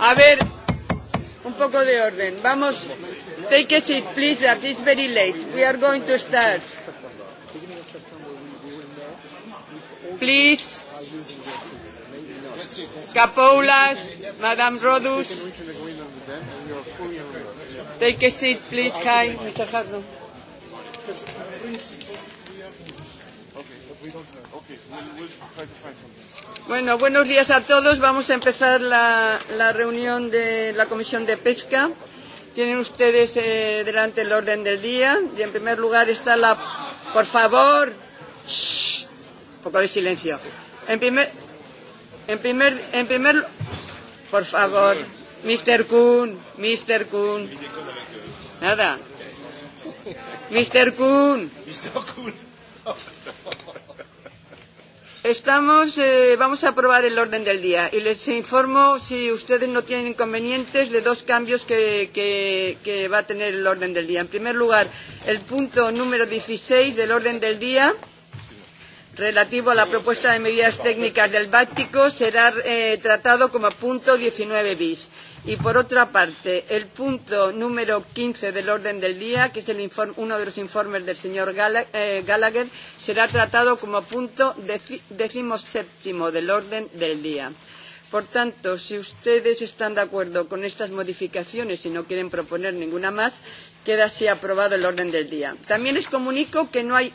A ver, un poco de orden. Vamos, take a seat, please, that is very late. We are going to start. Please. Capoulas, Madame Rodus. Take a seat, please. Hi, Mr. Harlow. Okay, we don't know. Okay, we'll, we'll try to find something. Bueno, buenos días a todos. Vamos a empezar la, la reunión de la Comisión de Pesca. Tienen ustedes eh, delante el orden del día. Y en primer lugar está la... Por favor. Shh, un poco de silencio. En primer... En primer... En primer por favor. Mr. Kuhn. Mr. Kuhn. Nada. Mr. Kuhn. Mr. Kuhn. Estamos, eh, vamos a aprobar el orden del día y les informo, si ustedes no tienen inconvenientes, de dos cambios que, que, que va a tener el orden del día. En primer lugar, el punto número 16 del orden del día relativo a la propuesta de medidas técnicas del Báltico será eh, tratado como punto 19 bis Y por otra parte, el punto número 15 del orden del día, que es el informe, uno de los informes del señor eh, Gallagher, será tratado como punto décimo deci-, séptimo del orden del día. Por tanto, si ustedes están de acuerdo con estas modificaciones y no quieren proponer ninguna más, Queda así aprobado el orden del día. También les comunico que no hay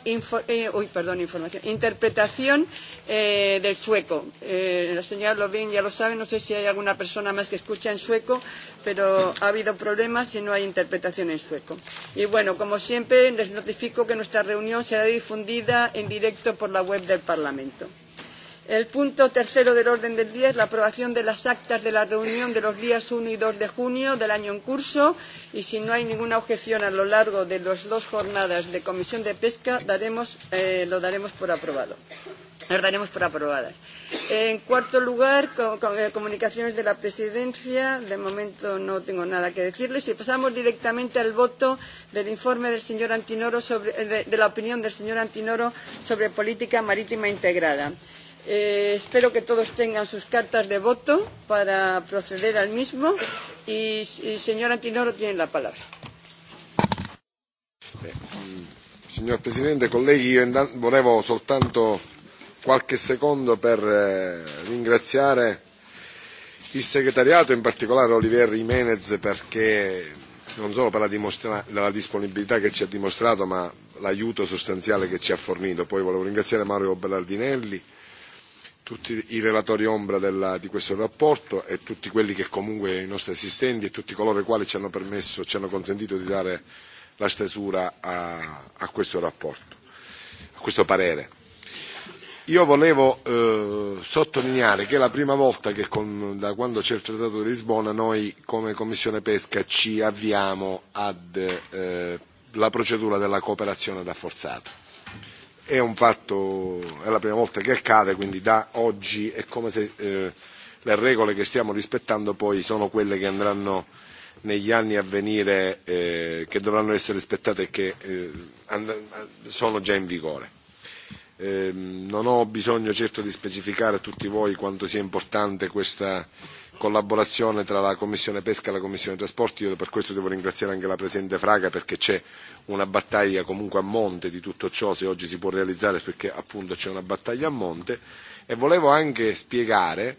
eh, uy, perdón, información, interpretación eh, del sueco. Eh, la señora Lovin ya lo sabe, no sé si hay alguna persona más que escucha en sueco, pero ha habido problemas y no hay interpretación en sueco. Y bueno, como siempre, les notifico que nuestra reunión será difundida en directo por la web del Parlamento. El punto tercero del orden del día es la aprobación de las actas de la reunión de los días 1 y 2 de junio del año en curso y si no hay ninguna objeción a lo largo de las dos jornadas de Comisión de Pesca daremos, eh, lo daremos por aprobado. Las daremos por aprobadas. En cuarto lugar, con, con, eh, comunicaciones de la presidencia. De momento no tengo nada que decirles. Y pasamos directamente al voto del informe del señor Antinoro sobre, eh, de, de la opinión del señor Antinoro sobre política marítima integrada. Eh, espero que todos tengan sus cartas de voto para proceder al mismo. Y, y señor Antinoro tiene la palabra. signor Presidente, colleghi, io volevo soltanto qualche secondo per eh, ringraziare il segretariato, in particolare Olivier Jimenez, perché non solo per la, dimostra- la disponibilità che ci ha dimostrato, ma l'aiuto sostanziale che ci ha fornito. Poi volevo ringraziare Mario Bellardinelli tutti i relatori ombra della, di questo rapporto e tutti quelli che comunque i nostri assistenti e tutti coloro i quali ci hanno permesso, ci hanno consentito di dare la stesura a, a questo rapporto, a questo parere. Io volevo eh, sottolineare che è la prima volta che con, da quando c'è il Trattato di Lisbona noi come Commissione Pesca ci avviamo alla eh, procedura della cooperazione rafforzata è un fatto, è la prima volta che accade, quindi da oggi è come se eh, le regole che stiamo rispettando poi sono quelle che andranno negli anni a venire, eh, che dovranno essere rispettate e che eh, sono già in vigore. Eh, non ho bisogno certo di specificare a tutti voi quanto sia importante questa collaborazione tra la Commissione Pesca e la Commissione Trasporti, io per questo devo ringraziare anche la Presidente Fraga perché c'è una battaglia comunque a monte di tutto ciò, se oggi si può realizzare perché appunto c'è una battaglia a monte e volevo anche spiegare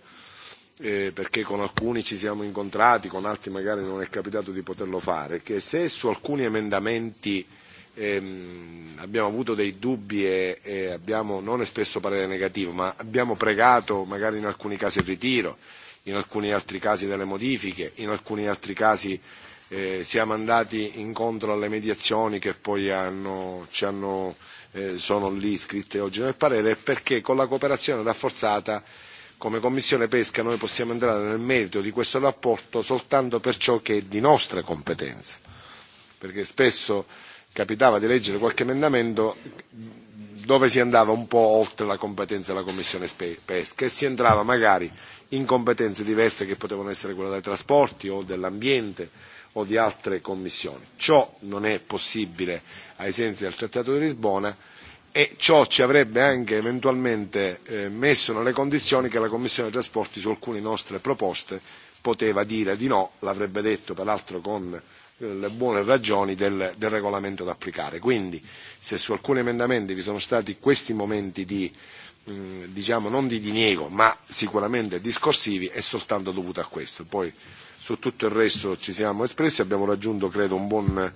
eh, perché con alcuni ci siamo incontrati, con altri magari non è capitato di poterlo fare, che se su alcuni emendamenti ehm, abbiamo avuto dei dubbi e, e abbiamo non espresso parere negativo, ma abbiamo pregato magari in alcuni casi il ritiro, in alcuni altri casi delle modifiche, in alcuni altri casi eh, siamo andati incontro alle mediazioni che poi hanno, ci hanno, eh, sono lì scritte oggi nel parere è perché con la cooperazione rafforzata come Commissione Pesca noi possiamo entrare nel merito di questo rapporto soltanto per ciò che è di nostra competenza, perché spesso capitava di leggere qualche emendamento dove si andava un po' oltre la competenza della Commissione Pesca e si entrava magari in competenze diverse che potevano essere quelle dei trasporti o dell'ambiente o di altre commissioni. Ciò non è possibile ai sensi del Trattato di Lisbona e ciò ci avrebbe anche eventualmente eh, messo nelle condizioni che la Commissione dei Trasporti su alcune nostre proposte poteva dire di no, l'avrebbe detto peraltro con eh, le buone ragioni del, del regolamento da applicare. Quindi se su alcuni emendamenti vi sono stati questi momenti di Eh, diciamo non di diniego ma sicuramente discorsivi è soltanto dovuta a questo. Poi su tutto il resto ci siamo espressi, abbiamo raggiunto credo un buon,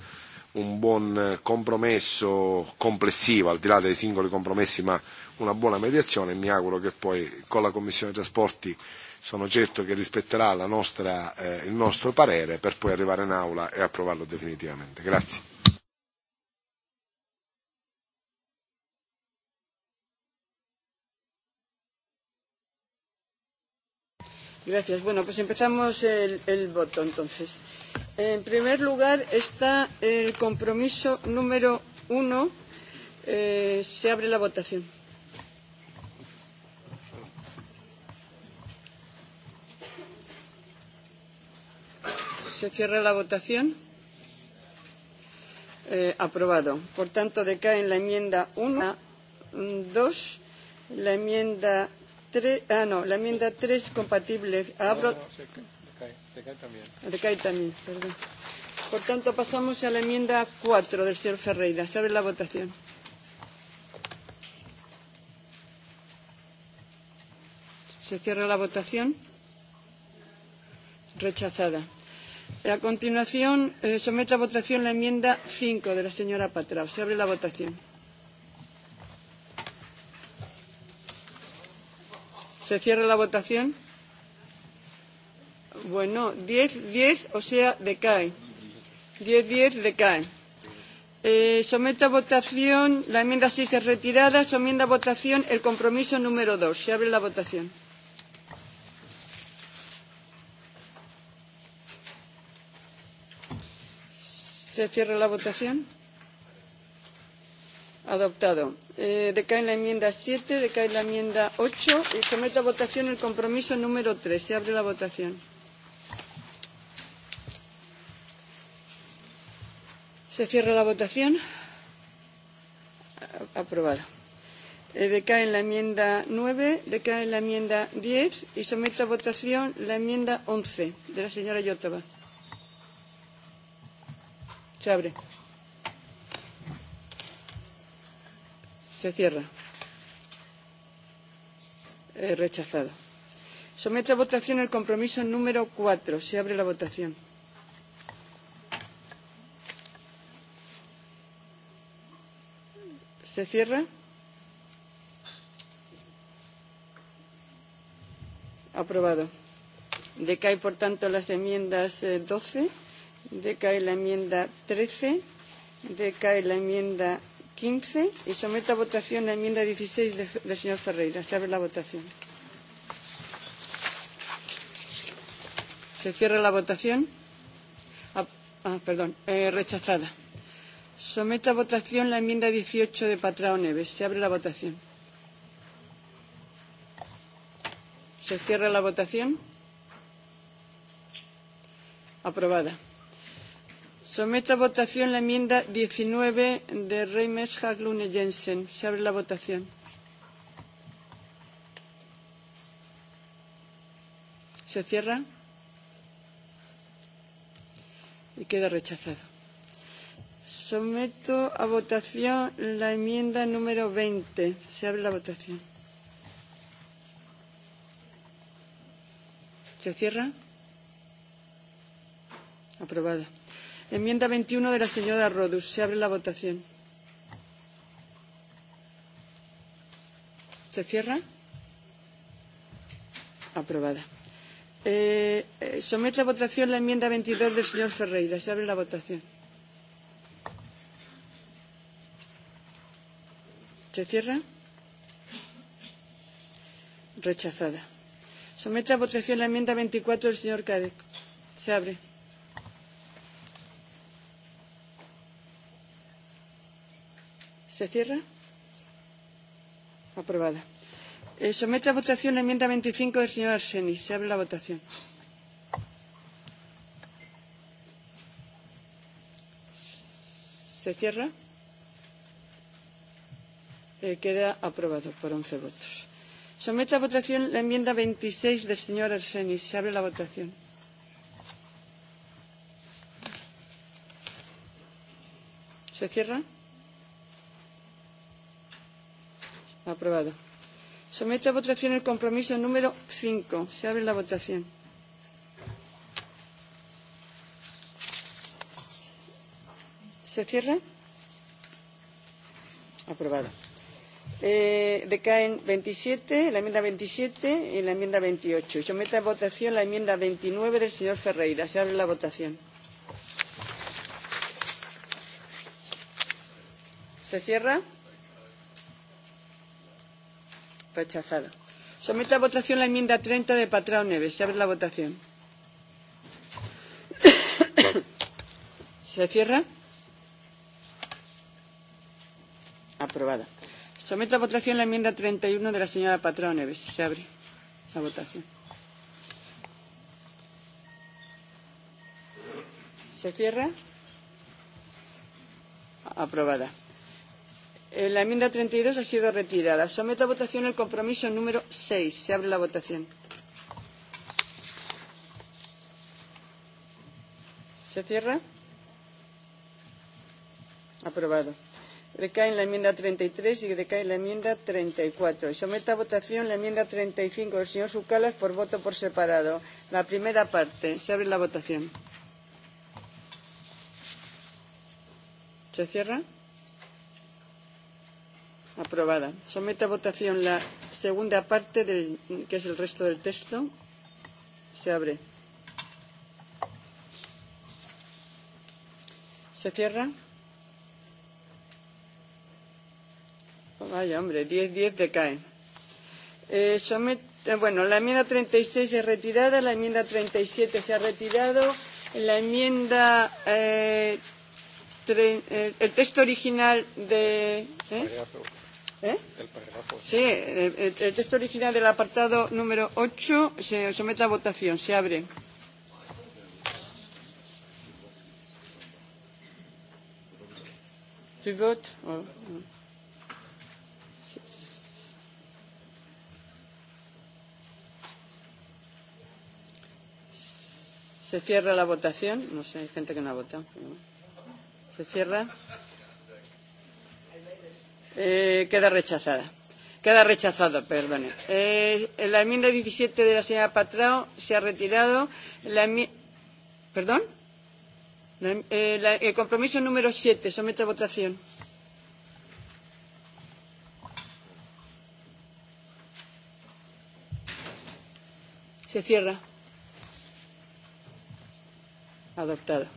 un buon compromesso complessivo, al di là dei singoli compromessi, ma una buona mediazione e mi auguro che poi con la Commissione Trasporti sono certo che rispetterà la nostra, eh, il nostro parere per poi arrivare in aula e approvarlo definitivamente. Grazie. Gracias. Bueno, pues empezamos el, el voto entonces. En primer lugar está el compromiso número uno. Eh, se abre la votación. Se cierra la votación. Eh, aprobado. Por tanto, decae en la enmienda 1, 2, la enmienda 3, ah, no, la enmienda 3 compatible. Abro. No, no, se cae, se cae también. Recae también, perdón. Por tanto, pasamos a la enmienda 4 del señor Ferreira. Se abre la votación. Se cierra la votación. Rechazada. A continuación, eh, someto a votación la enmienda 5 de la señora Patrao. Se abre la votación. ¿Se cierra la votación? Bueno, 10, 10, o sea, decae. 10, 10, decae. Eh, someto a votación, la enmienda 6 es retirada, someto a votación el compromiso número 2. Se abre la votación. Se cierra la votación. Adoptado. Eh, decae la enmienda 7, decae la enmienda 8 y someto a votación el compromiso número 3. Se abre la votación. Se cierra la votación. Aprobado. Eh, decae la enmienda 9, decae la enmienda 10 y someto a votación la enmienda 11 de la señora Yotova. Se abre. Se cierra. Eh, rechazado. Somete a votación el compromiso número 4. Se abre la votación. Se cierra. Aprobado. Decae, por tanto, las enmiendas 12. Eh, Decae la enmienda 13. Decae la enmienda 15 y someto a votación la enmienda 16 del de señor Ferreira. Se abre la votación. Se cierra la votación. Ah, ah perdón, eh, rechazada. Someto a votación la enmienda 18 de Patrao Neves. Se abre la votación. Se cierra la votación. Aprobada. Someto a votación la enmienda 19 de Reimers, Haglund Jensen. Se abre la votación. Se cierra. Y queda rechazado. Someto a votación la enmienda número 20. Se abre la votación. Se cierra. Aprobada. Enmienda 21 de la señora Rodus. Se abre la votación. ¿Se cierra? Aprobada. Eh, eh, someto a votación la enmienda 22 del señor Ferreira. Se abre la votación. ¿Se cierra? Rechazada. Somete a votación la enmienda 24 del señor Cadec. Se abre. ¿Se cierra? Aprobada. Eh, someto a votación la enmienda 25 del señor Arseni. Se abre la votación. Se cierra. Eh, queda aprobado por 11 votos. Somete a votación la enmienda 26 del señor Arseni. Se abre la votación. ¿Se cierra? Aprobado. Someto a votación el compromiso número 5. Se abre la votación. ¿Se cierra? Aprobado. Eh, decaen 27, la enmienda 27 y la enmienda 28. Someto a votación la enmienda 29 del señor Ferreira. Se abre la votación. ¿Se cierra? Rechazada. Someto a votación la enmienda 30 de Patrao Neves. Se abre la votación. ¿Se cierra? Aprobada. Someto a votación la enmienda 31 de la señora Patrao Neves. Se abre la votación. ¿Se cierra? Aprobada. Eh, la enmienda 32 ha sido retirada. Someto a votación el compromiso número 6. Se abre la votación. ¿Se cierra? Aprobado. Recae en la enmienda 33 y recae en la enmienda 34. Y someto a votación la enmienda 35 del señor Zucalas por voto por separado. La primera parte. Se abre la votación. ¿Se cierra? Aprobada. Someto a votación la segunda parte, del, que es el resto del texto. Se abre. ¿Se cierra? Oh, vaya, hombre, 10-10 decae. Eh, somet, eh, bueno, la enmienda 36 es retirada, la enmienda 37 se ha retirado, la enmienda... Eh, tre, eh, el texto original de... ¿eh? ¿Eh? El párrafo. Sí, el, el texto original del apartado número 8 se somete a votación. Se abre. To vote? Oh, Se cierra la votación. No sé, hay gente que no ha votado. Se cierra. Eh, queda rechazada. Queda rechazado, perdone. Eh, la enmienda 17 de la señora Patrao se ha retirado. La ¿Perdón? La, eh, la, el compromiso número 7. Someto a votación. Se cierra. Adoptado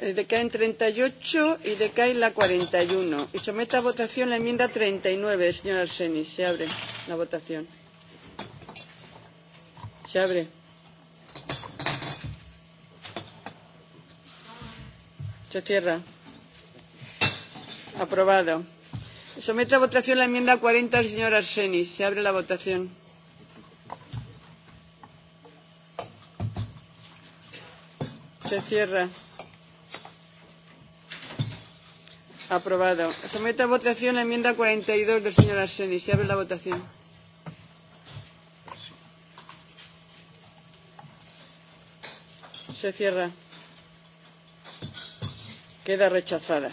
decae en 38 y decae la 41. Y someto a votación la enmienda 39, señor Arsenis. Se abre la votación. Se abre. Se cierra. Aprobado. Someto a votación la enmienda 40 del señor Arsenis. Se abre la votación. Se cierra. Aprobado. Someto a votación la enmienda 42 del señor Arseni. Se abre la votación. Se cierra. Queda rechazada.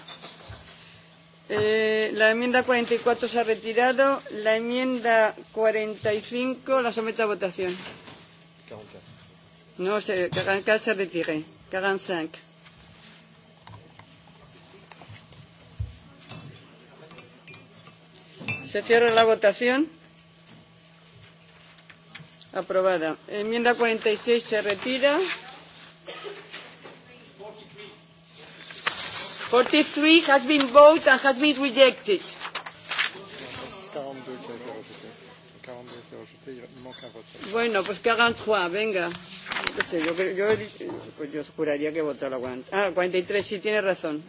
Eh, la enmienda 44 se ha retirado. La enmienda 45 la someto a votación. No, se, que se retire. 45. Se cierra la votación. Aprobada. Enmienda 46 se retira. 43 has been voted and has been rejected. 42 Bueno, pues que hagan trois, venga. No sé, yo, yo, pues yo juraría que votó la 40. Ah, 43, sí, tiene razón.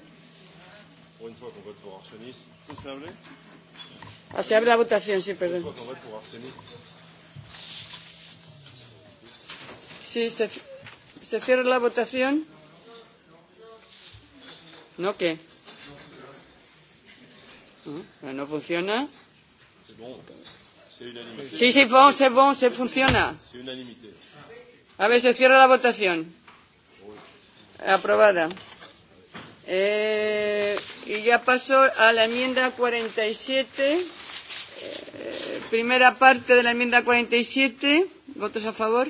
Pour une fois qu'on vote pour Arsenis, c'est Ah, se abre la votación, sí, perdón. Sí, se, se cierra la votación. ¿No qué? ¿No, ah, ¿No funciona? Sí, sí, bon, se bon, se funciona. A ver, se cierra la votación. Aprobada. Eh, y ya paso a la enmienda 47 primera parte de la enmienda 47. ¿Votos a favor?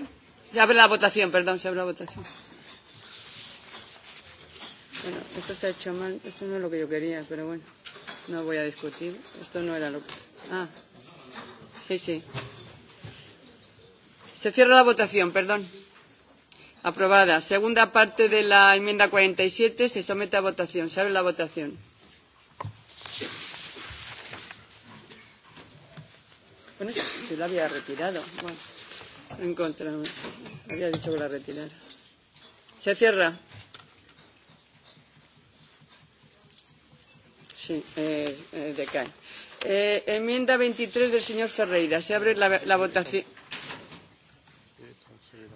Se abre la votación, perdón, se abre la votación. Bueno, esto se ha hecho mal. Esto no es lo que yo quería, pero bueno. No voy a discutir. Esto no era lo que... Ah, sí, sí. Se cierra la votación, perdón. Aprobada. Segunda parte de la enmienda 47 se somete a votación. Se abre la votación. Bueno, yo la había retirado. Bueno, en contra. Había dicho que la retirara. Se cierra. Sí, eh, eh, decae. Eh, enmienda 23 del señor Ferreira. Se abre la, la votación.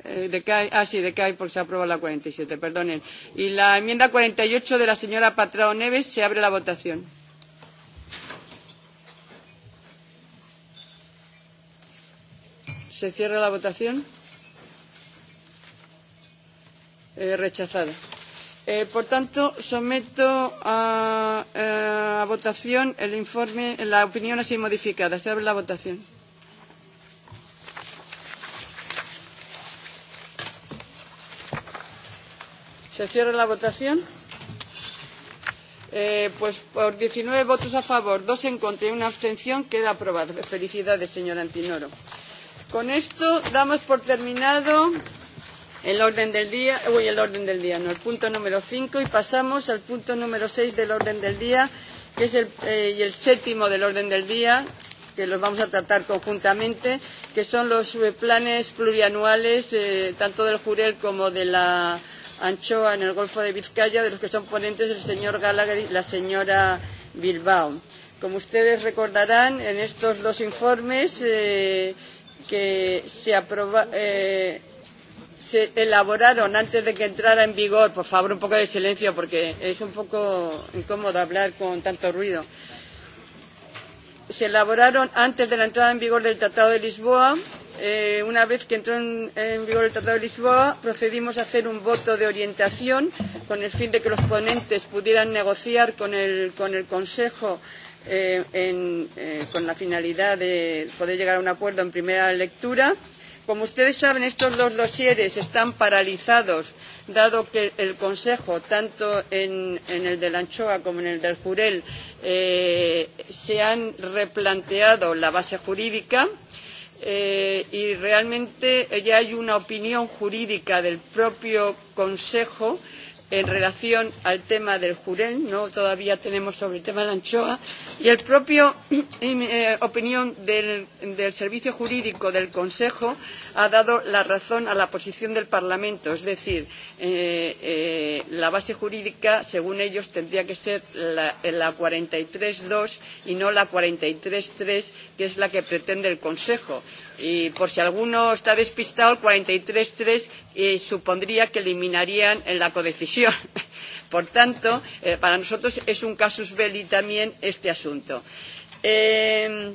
Eh, decae, ah, sí, decae porque se aprueba la 47, perdonen. Y la enmienda 48 de la señora Patrao Neves se abre la votación. Se cierra la votación. Eh, rechazada. Eh, por tanto, someto a, eh, a votación el informe, la opinión así modificada. Se abre la votación. Se cierra la votación. Eh, pues por 19 votos a favor, dos en contra y una abstención queda aprobado. Felicidades, señor Antinoro. Con esto damos por terminado el orden del día, uy, el orden del día, no, el punto número 5 y pasamos al punto número 6 del orden del día, que es el, eh, y el séptimo del orden del día, que los vamos a tratar conjuntamente, que son los eh, planes plurianuales, eh, tanto del Jurel como de la anchoa en el Golfo de Vizcaya, de los que son ponentes el señor Gallagher y la señora Bilbao. Como ustedes recordarán, en estos dos informes eh, que se, aproba, eh, se elaboraron antes de que entrara en vigor, por favor un poco de silencio porque es un poco incómodo hablar con tanto ruido, se elaboraron antes de la entrada en vigor del Tratado de Lisboa. Eh, una vez que entró en, en vigor el Tratado de Lisboa, procedimos a hacer un voto de orientación con el fin de que los ponentes pudieran negociar con el, con el Consejo eh, en, eh, con la finalidad de poder llegar a un acuerdo en primera lectura. Como ustedes saben, estos dos dosieres están paralizados, dado que el Consejo, tanto en, en el de la anchoa como en el del jurel, eh, se han replanteado la base jurídica eh, y realmente ya hay una opinión jurídica del propio Consejo eh, en relación al tema del Jurel, no todavía tenemos sobre el tema de la anchoa, y el propio eh, opinión del, del Servicio Jurídico del Consejo ha dado la razón a la posición del Parlamento, es decir, eh, eh, la base jurídica, según ellos, tendría que ser la, la 43.2 y no la 43.3, que es la que pretende el Consejo. Y por si alguno está despistado, el 43.3 eh, supondría que eliminarían la codecisión comisión. Por tanto, eh, para nosotros es un casus belli también este asunto. Eh,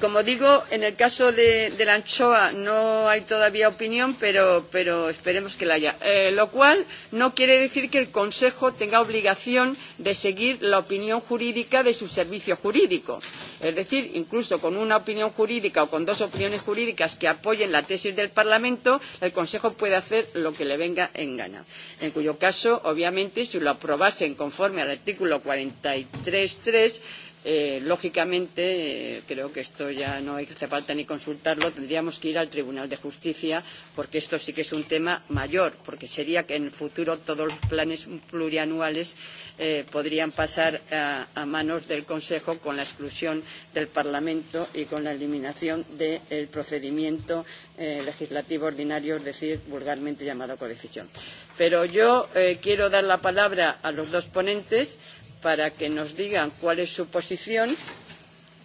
como digo, en el caso de, de la anchoa no hay todavía opinión, pero, pero esperemos que la haya. Eh, lo cual no quiere decir que el Consejo tenga obligación de seguir la opinión jurídica de su servicio jurídico. Es decir, incluso con una opinión jurídica o con dos opiniones jurídicas que apoyen la tesis del Parlamento, el Consejo puede hacer lo que le venga en gana. En cuyo caso, obviamente, si lo aprobasen conforme al artículo 43.3, Eh, lógicamente, eh, creo que esto ya no hace falta ni consultarlo, tendríamos que ir al Tribunal de Justicia, porque esto sí que es un tema mayor, porque sería que en el futuro todos los planes plurianuales eh, podrían pasar a, a manos del Consejo con la exclusión del Parlamento y con la eliminación del de procedimiento eh, legislativo ordinario, es decir, vulgarmente llamado codecisión. Pero yo eh, quiero dar la palabra a los dos ponentes para que nos digan cuál es su posición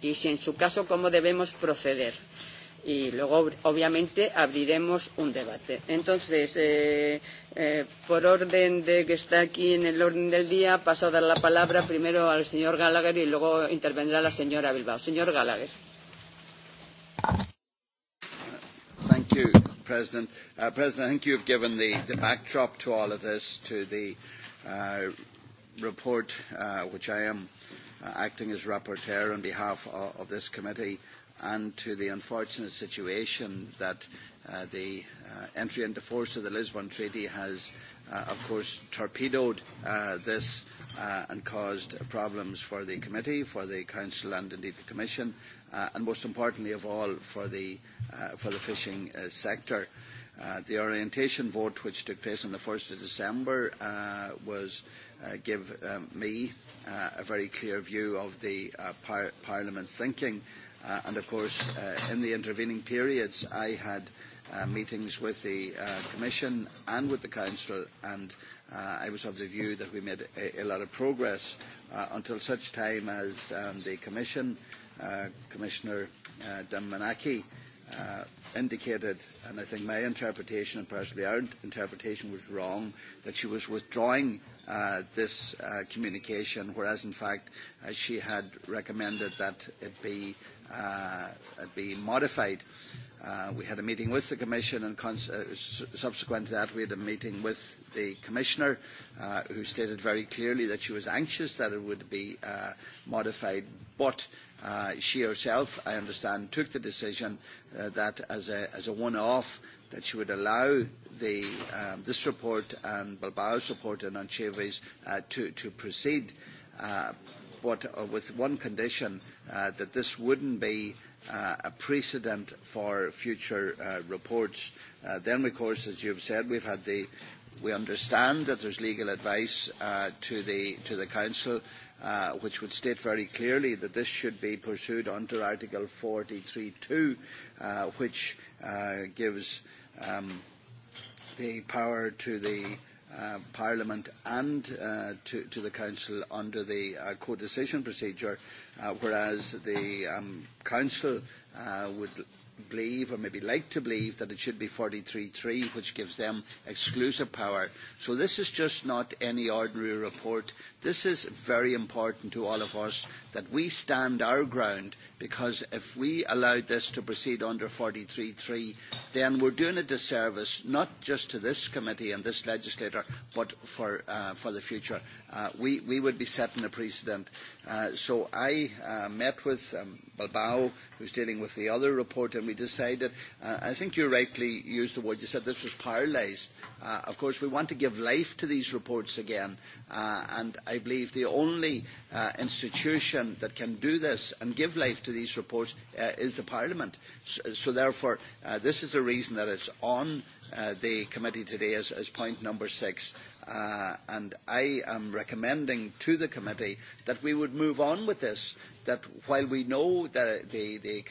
y si en su caso cómo debemos proceder. Y luego, obviamente, abriremos un debate. Entonces, eh, eh, por orden de que está aquí en el orden del día, paso a dar la palabra primero al señor Gallagher y luego intervendrá la señora Bilbao. Señor Gallagher. Thank you, President. Uh, President, I think you've given the, the backdrop to all of this, to the uh, report, uh, which I am uh, acting as rapporteur on behalf of, of this committee, and to the unfortunate situation that uh, the uh, entry into force of the Lisbon Treaty has, uh, of course, torpedoed uh, this uh, and caused problems for the committee, for the council, and indeed the commission, uh, and most importantly of all, for the uh, for the fishing uh, sector. Uh, the orientation vote, which took place on the 1st of December, uh, was Uh, give um, me uh, a very clear view of the uh, par Parliament's thinking. Uh, and of course, uh, in the intervening periods, I had uh, meetings with the uh, Commission and with the Council, and uh, I was of the view that we made a, a lot of progress uh, until such time as um, the Commission, uh, Commissioner uh, Damanaki, uh, indicated, and I think my interpretation and possibly our interpretation was wrong, that she was withdrawing Uh, this uh, communication, whereas in fact uh, she had recommended that it be, uh, it be modified. Uh, we had a meeting with the Commission and uh, subsequent to that we had a meeting with the Commissioner uh, who stated very clearly that she was anxious that it would be uh, modified but uh, she herself, I understand, took the decision uh, that as a, as a one-off that she would allow the, um, this report and Bilbao's report and Anchevi's uh, to, to proceed, uh, but uh, with one condition, uh, that this wouldn't be uh, a precedent for future uh, reports. Uh, then, of course, as you've said, we've had the we understand that there's legal advice uh, to, the, to the Council Uh, which would state very clearly that this should be pursued under Article 43.2, uh, which uh, gives um, the power to the uh, Parliament and uh, to, to, the Council under the uh, co-decision procedure, uh, whereas the um, Council uh, would believe or maybe like to believe that it should be 43.3 which gives them exclusive power. So this is just not any ordinary report. This is very important to all of us that we stand our ground because if we allow this to proceed under 43.3, then we're doing a disservice not just to this committee and this legislator, but for, uh, for the future. Uh, we, we would be setting a precedent. Uh, so I uh, met with um, Bilbao, who's dealing with the other report, and we decided, uh, I think you rightly used the word, you said this was paralysed. Uh, of course, we want to give life to these reports again, uh, and I believe the only uh, institution that can do this and give life to these reports uh, is the Parliament. So, so therefore, uh, this is the reason that it's on uh, the committee today as, as point number six. Uh, and I am recommending to the committee that we would move on with this, that while we know that the, the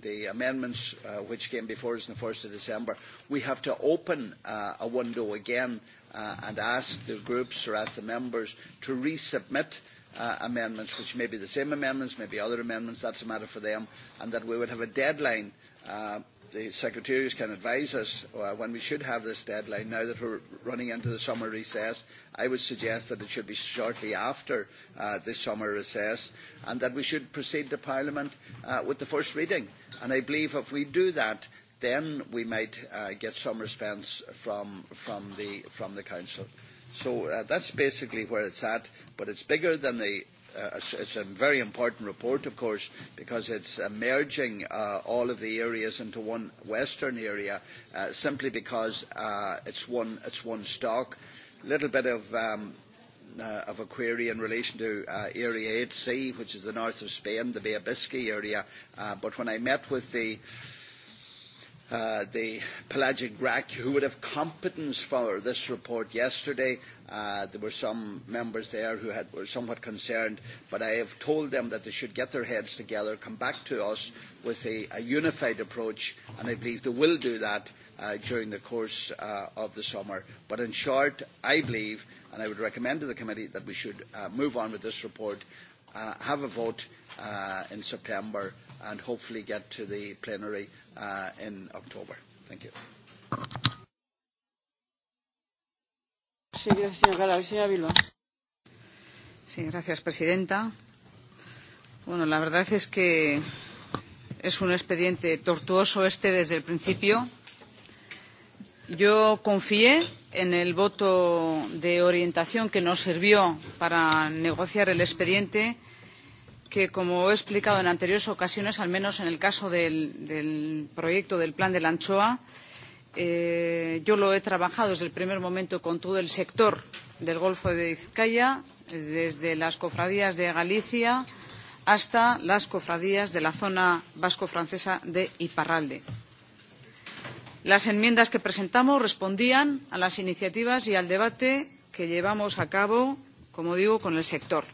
the amendments uh, which came before us on the 1st of December, we have to open uh, a window again uh, and ask the groups or ask the members to resubmit uh, amendments, which may be the same amendments, maybe other amendments, that's a matter for them, and that we would have a deadline. Uh, the secretaries can advise us uh, when we should have this deadline. Now that we're running into the summer recess, I would suggest that it should be shortly after uh, the summer recess, and that we should proceed to Parliament uh, with the first reading. And I believe if we do that, then we might uh, get some response from, from, the, from the Council. So uh, that's basically where it's at, but it's bigger than the uh, it's, it's a very important report, of course, because it's uh, merging uh, all of the areas into one western area, uh, simply because uh, it's one it's one stock. Little bit of um, uh, of a query in relation to uh, Area 8C, which is the north of Spain, the Bay of Biscay area. Uh, but when I met with the uh, the pelagic rack who would have competence for this report yesterday. Uh, there were some members there who had, were somewhat concerned, but I have told them that they should get their heads together, come back to us with a, a unified approach, and I believe they will do that uh, during the course uh, of the summer. But in short, I believe and I would recommend to the committee that we should uh, move on with this report, uh, have a vote uh, in September, and hopefully get to the plenary uh, in October. Thank you. Sí, gracias, presidenta. Bueno, la verdad es que es un expediente tortuoso este desde el principio. Sí Yo confié en el voto de orientación que nos sirvió para negociar el expediente, que, como he explicado en anteriores ocasiones, al menos en el caso del, proyecto del plan de la anchoa, eh, yo lo he trabajado desde el primer momento con todo el sector del Golfo de Vizcaya, desde las cofradías de Galicia hasta las cofradías de la zona vasco-francesa de Iparralde. Las enmiendas que presentamos respondían a las iniciativas y al debate que llevamos a cabo, como digo, con el sector.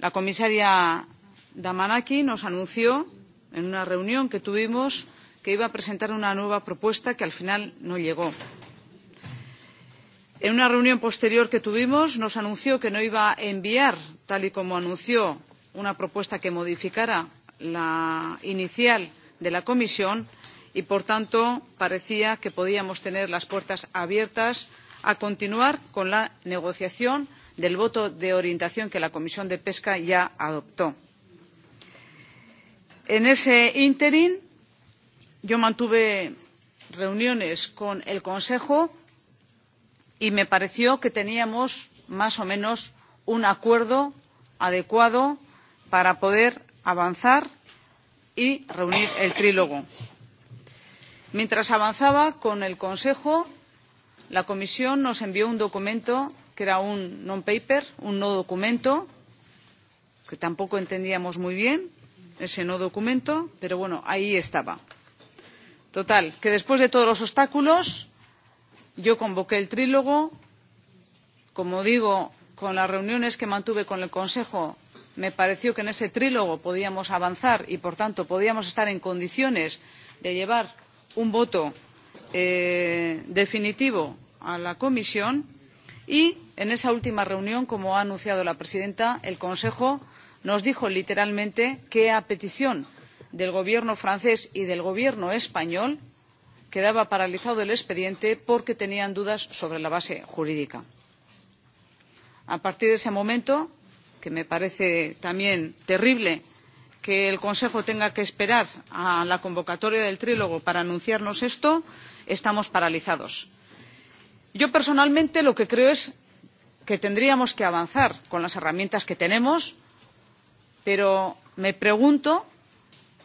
La comisaria Damanaki nos anunció en una reunión que tuvimos que iba a presentar una nueva propuesta que al final no llegó. En una reunión posterior que tuvimos nos anunció que no iba a enviar, tal y como anunció, una propuesta que modificara la inicial de la Comisión y por tanto parecía que podíamos tener las puertas abiertas a continuar con la negociación del voto de orientación que la comisión de pesca ya adoptó. en ese ínterin yo mantuve reuniones con el consejo y me pareció que teníamos más o menos un acuerdo adecuado para poder avanzar y reunir el diálogo trílogo mientras avanzaba con el consejo la comisión nos envió un documento que era un non paper un no documento que tampoco entendíamos muy bien ese no documento pero bueno ahí estaba. total que después de todos los obstáculos yo convoqué el trílogo como digo con las reuniones que mantuve con el consejo me pareció que en ese trílogo podíamos avanzar y por tanto podíamos estar en condiciones de llevar un voto eh, definitivo a la comisión y en esa última reunión como ha anunciado la presidenta el consejo nos dijo literalmente que a petición del gobierno francés y del gobierno español quedaba paralizado el expediente porque tenían dudas sobre la base jurídica. a partir de ese momento que me parece también terrible que el Consejo tenga que esperar a la convocatoria del trílogo para anunciarnos esto, estamos paralizados. Yo personalmente lo que creo es que tendríamos que avanzar con las herramientas que tenemos, pero me pregunto,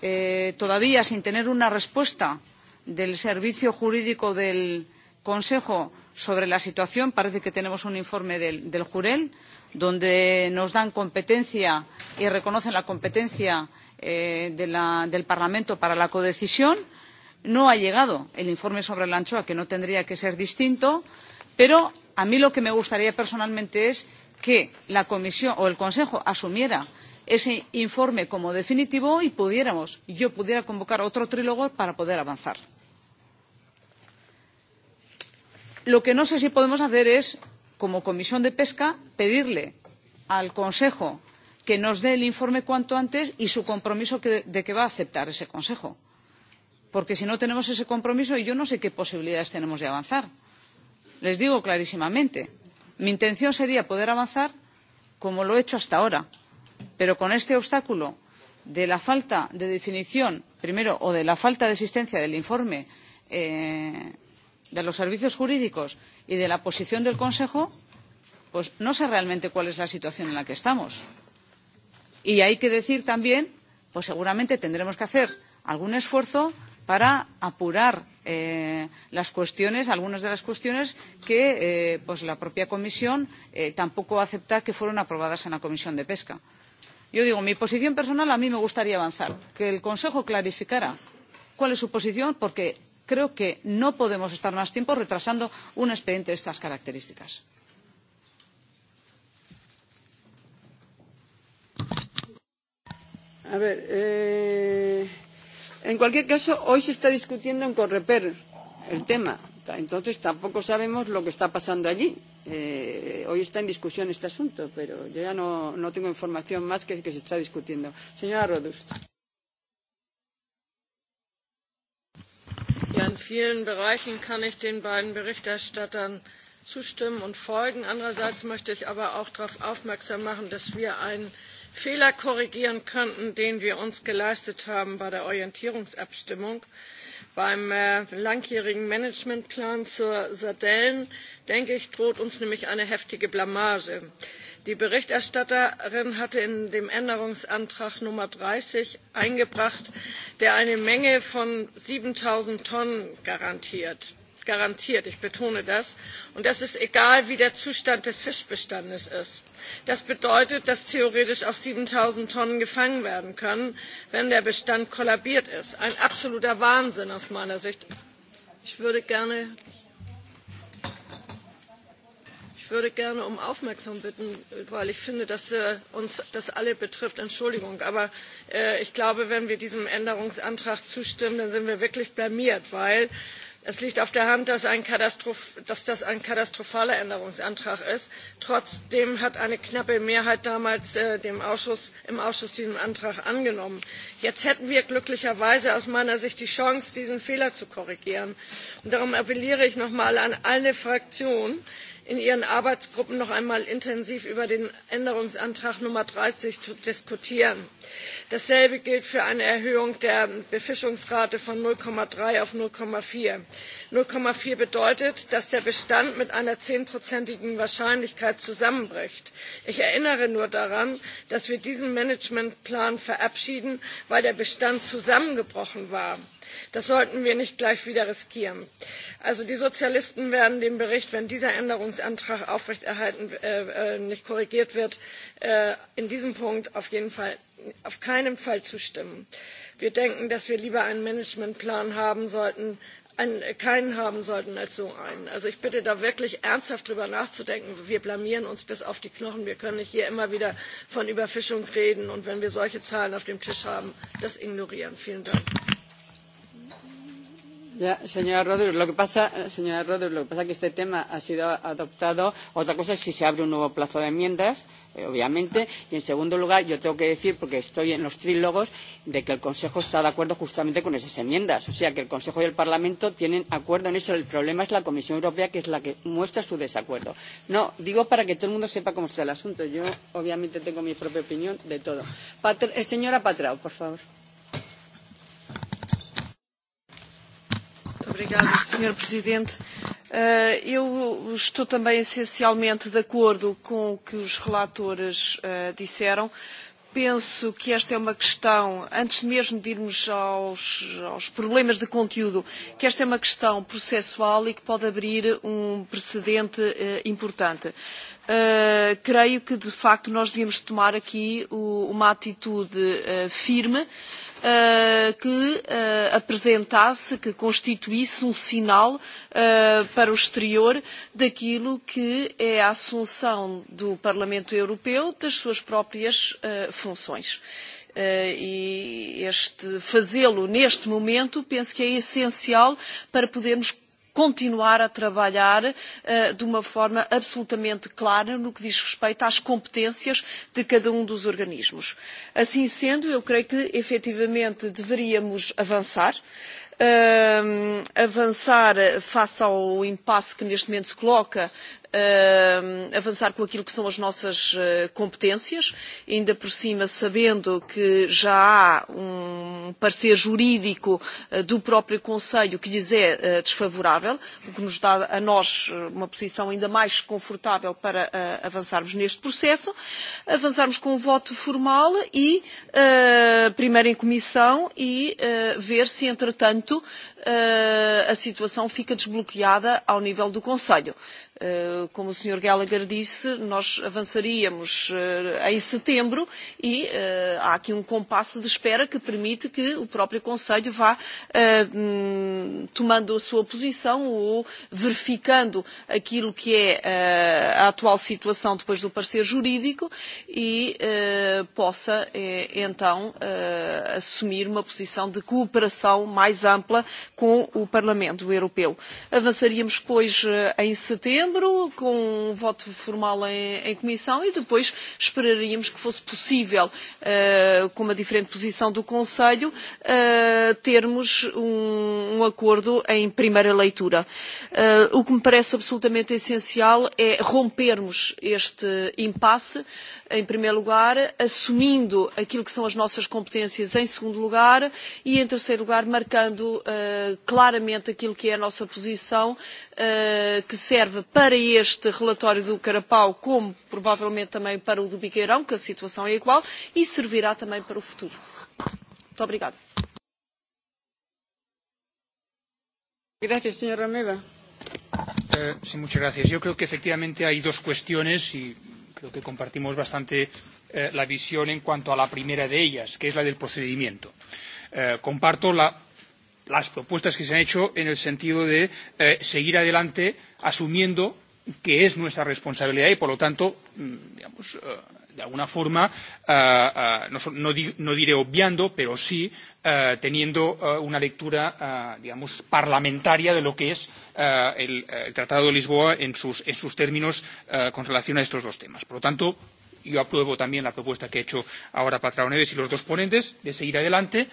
eh, todavía sin tener una respuesta del servicio jurídico del Consejo sobre la situación, parece que tenemos un informe del, del Jurel, donde nos dan competencia y reconocen la competencia eh, del parlamento para la codecisión no ha llegado el informe sobre la anchoa que no tendría que ser distinto pero a mí lo que me gustaría personalmente es que la comisión o el consejo asumiera ese informe como definitivo y pudiéramos yo pudiera convocar otro trílogo para poder avanzar. lo que no sé si podemos hacer es como comisión de pesca pedirle al consejo que nos dé el informe cuanto antes y su compromiso de que va a aceptar ese consejo porque si no tenemos ese compromiso yo no sé qué posibilidades tenemos de avanzar. les digo clarísimamente mi intención sería poder avanzar como lo he hecho hasta ahora pero con este obstáculo de la falta de definición primero o de la falta de existencia del informe eh, de los servicios jurídicos y de la posición del consejo pues no sé realmente cuál es la situación en la que estamos y hay que decir también que seguramente tendremos que hacer algún esfuerzo para apurar eh, algunas de las cuestiones que eh, la propia Comisión eh, tampoco acepta que fueron aprobadas en la Comisión de Pesca. Yo digo, mi posición personal a mí me gustaría avanzar, que el Consejo clarificara cuál es su posición, porque creo que no podemos estar más tiempo retrasando un expediente de estas características. A ver, eh, en cualquier caso, hoy se está discutiendo en Correper el tema. Entonces tampoco sabemos lo que está pasando allí. Eh, hoy está en discusión este asunto, pero yo ya no, no tengo información más que que se está discutiendo. Señora Rodust. Ja, in vielen Bereichen kann ich den beiden Berichterstattern zustimmen und folgen. Andererseits möchte ich aber auch darauf aufmerksam machen, dass wir einen fehler korrigieren könnten den wir uns geleistet haben bei der orientierungsabstimmung beim äh, langjährigen managementplan zur sardellen denke ich droht uns nämlich eine heftige blamage. die berichterstatterin hatte in dem änderungsantrag nummer dreißig eingebracht der eine menge von sieben null tonnen garantiert garantiert ich betone das und das ist egal wie der zustand des fischbestandes ist. das bedeutet dass theoretisch auch sieben null tonnen gefangen werden können wenn der bestand kollabiert ist ein absoluter wahnsinn aus meiner sicht. ich würde gerne um Aufmerksamkeit bitten, weil ich finde, dass äh, uns das alle betrifft. Entschuldigung, aber äh, ich glaube, wenn wir diesem Änderungsantrag zustimmen, dann sind wir wirklich blamiert, weil es liegt auf der hand dass, das ein katastrophaler änderungsantrag ist. trotzdem hat eine knappe mehrheit damals äh, im ausschuss diesen antrag angenommen. jetzt hätten wir glücklicherweise aus meiner sicht die chance diesen fehler zu korrigieren. darum appelliere ich noch einmal an alle fraktionen in ihren arbeitsgruppen noch einmal intensiv über den änderungsantrag nummer dreißig zu diskutieren. dasselbe gilt für eine erhöhung der befischungsrate von null drei auf. null vier null vier bedeutet dass der bestand mit einer zehnprozentigen wahrscheinlichkeit zusammenbricht. ich erinnere nur daran dass wir diesen managementplan verabschieden weil der bestand zusammengebrochen war das sollten wir nicht gleich wieder riskieren. also die sozialisten werden den bericht wenn dieser änderungsantrag aufrechterhalten äh, äh, nicht korrigiert wird äh, in diesem punkt auf jeden fall auf keinen fall zustimmen. wir denken dass wir lieber einen managementplan haben sollten keinen haben sollten als so einen. Also ich bitte da wirklich ernsthaft drüber nachzudenken. Wir blamieren uns bis auf die Knochen. Wir können nicht hier immer wieder von Überfischung reden und wenn wir solche Zahlen auf dem Tisch haben, das ignorieren. Vielen Dank señora rodust lo que pasa, señora Rodríguez, lo que pasa es que este tema ha sido adoptado. Otra cosa es si se abre un nuevo plazo de enmiendas, eh, obviamente. Y en segundo lugar, yo tengo que decir, porque estoy en los trílogos, de que el Consejo está de acuerdo justamente con esas enmiendas. O sea, que el Consejo y el Parlamento tienen acuerdo en eso. El problema es la Comisión Europea, que es la que muestra su desacuerdo. No, digo para que todo el mundo sepa cómo está el asunto. Yo, obviamente, tengo mi propia opinión de todo. Patr eh, señora Patrao, por favor. Obrigada, Sr. Presidente. Eh, eu estou também essencialmente de acordo com o que os relatores eh, disseram. Penso que esta é uma questão, antes mesmo de irmos aos, aos problemas de conteúdo, que esta é uma questão processual e que pode abrir um precedente eh, importante. Uh, creio que, de facto, nós devíamos tomar aqui o, uma atitude uh, firme uh, que uh, apresentasse, que constituísse um sinal uh, para o exterior daquilo que é a assunção do Parlamento Europeu das suas próprias uh, funções. Uh, e este fazê-lo neste momento penso que é essencial para podermos continuar a trabalhar uh, de uma forma absolutamente clara no que diz respeito às competências de cada um dos organismos. Assim sendo, eu creio que efetivamente deveríamos avançar. Uh, avançar face ao impasse que neste momento se coloca uh, avançar com aquilo que são as nossas uh, competências, ainda por cima sabendo que já há um parecer jurídico uh, do próprio Conselho que lhes é uh, desfavorável, o que nos dá a nós uma posição ainda mais confortável para uh, avançarmos neste processo, avançarmos com o um voto formal e uh, primeiro em comissão e uh, ver se entretanto uh, a situação fica desbloqueada ao nível do Conselho. Eh, como o Sr. Gallagher disse, nós avançaríamos eh, em setembro e eh, há aqui um compasso de espera que permite que o próprio Conselho vá tomando a sua posição ou verificando aquilo que é a atual situação depois do parecer jurídico e possa então assumir uma posição de cooperação mais ampla com o Parlamento Europeu. Avançaríamos, pois, em setembro novembro, com um voto formal em, em comissão e depois esperaríamos que fosse possível, uh, com uma diferente posição do Conselho, uh, termos um, um acordo em primeira leitura. Uh, o que me parece absolutamente essencial é rompermos este impasse uh, em primeiro lugar, assumindo aquilo que são as nossas competências em segundo lugar e, em terceiro lugar, marcando uh, claramente aquilo que é a nossa posição, uh, que serve para este relatório do Carapau, como provavelmente também para o do Biqueirão, que a situação é igual, e servirá também para o futuro. Muito obrigada. Gracias, señora Meva. Eh, sí, muchas gracias. Yo creo que efectivamente hay dos cuestiones y creo que compartimos bastante eh, la visión en cuanto a la primera de ellas, que es la del procedimiento. Eh, comparto la, las propuestas que se han hecho en el sentido de eh, seguir adelante asumiendo que es nuestra responsabilidad y, por lo tanto, mm, digamos, eh, de alguna forma, uh, uh, no, no, di, no diré obviando, pero sí uh, teniendo uh, una lectura, uh, digamos, parlamentaria de lo que es uh, el, el Tratado de Lisboa en sus, en sus términos uh, con relación a estos dos temas. Por lo tanto, yo apruebo también la propuesta que ha hecho ahora Patrao Neves y los dos ponentes de seguir adelante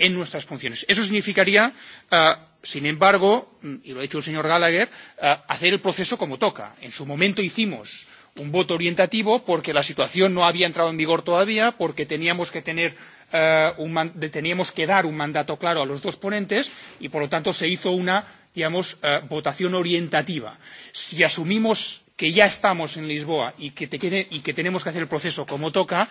en nuestras funciones. Eso significaría, uh, sin embargo, y lo ha dicho el señor Gallagher, uh, hacer el proceso como toca. En su momento hicimos un voto orientativo porque la situación no había entrado en vigor todavía, porque teníamos que tener eh, un teníamos que dar un mandato claro a los dos ponentes y, por lo tanto, se hizo una, digamos, eh, votación orientativa. Si asumimos que ya estamos en Lisboa y que, te quiere, y que tenemos que hacer el proceso como toca,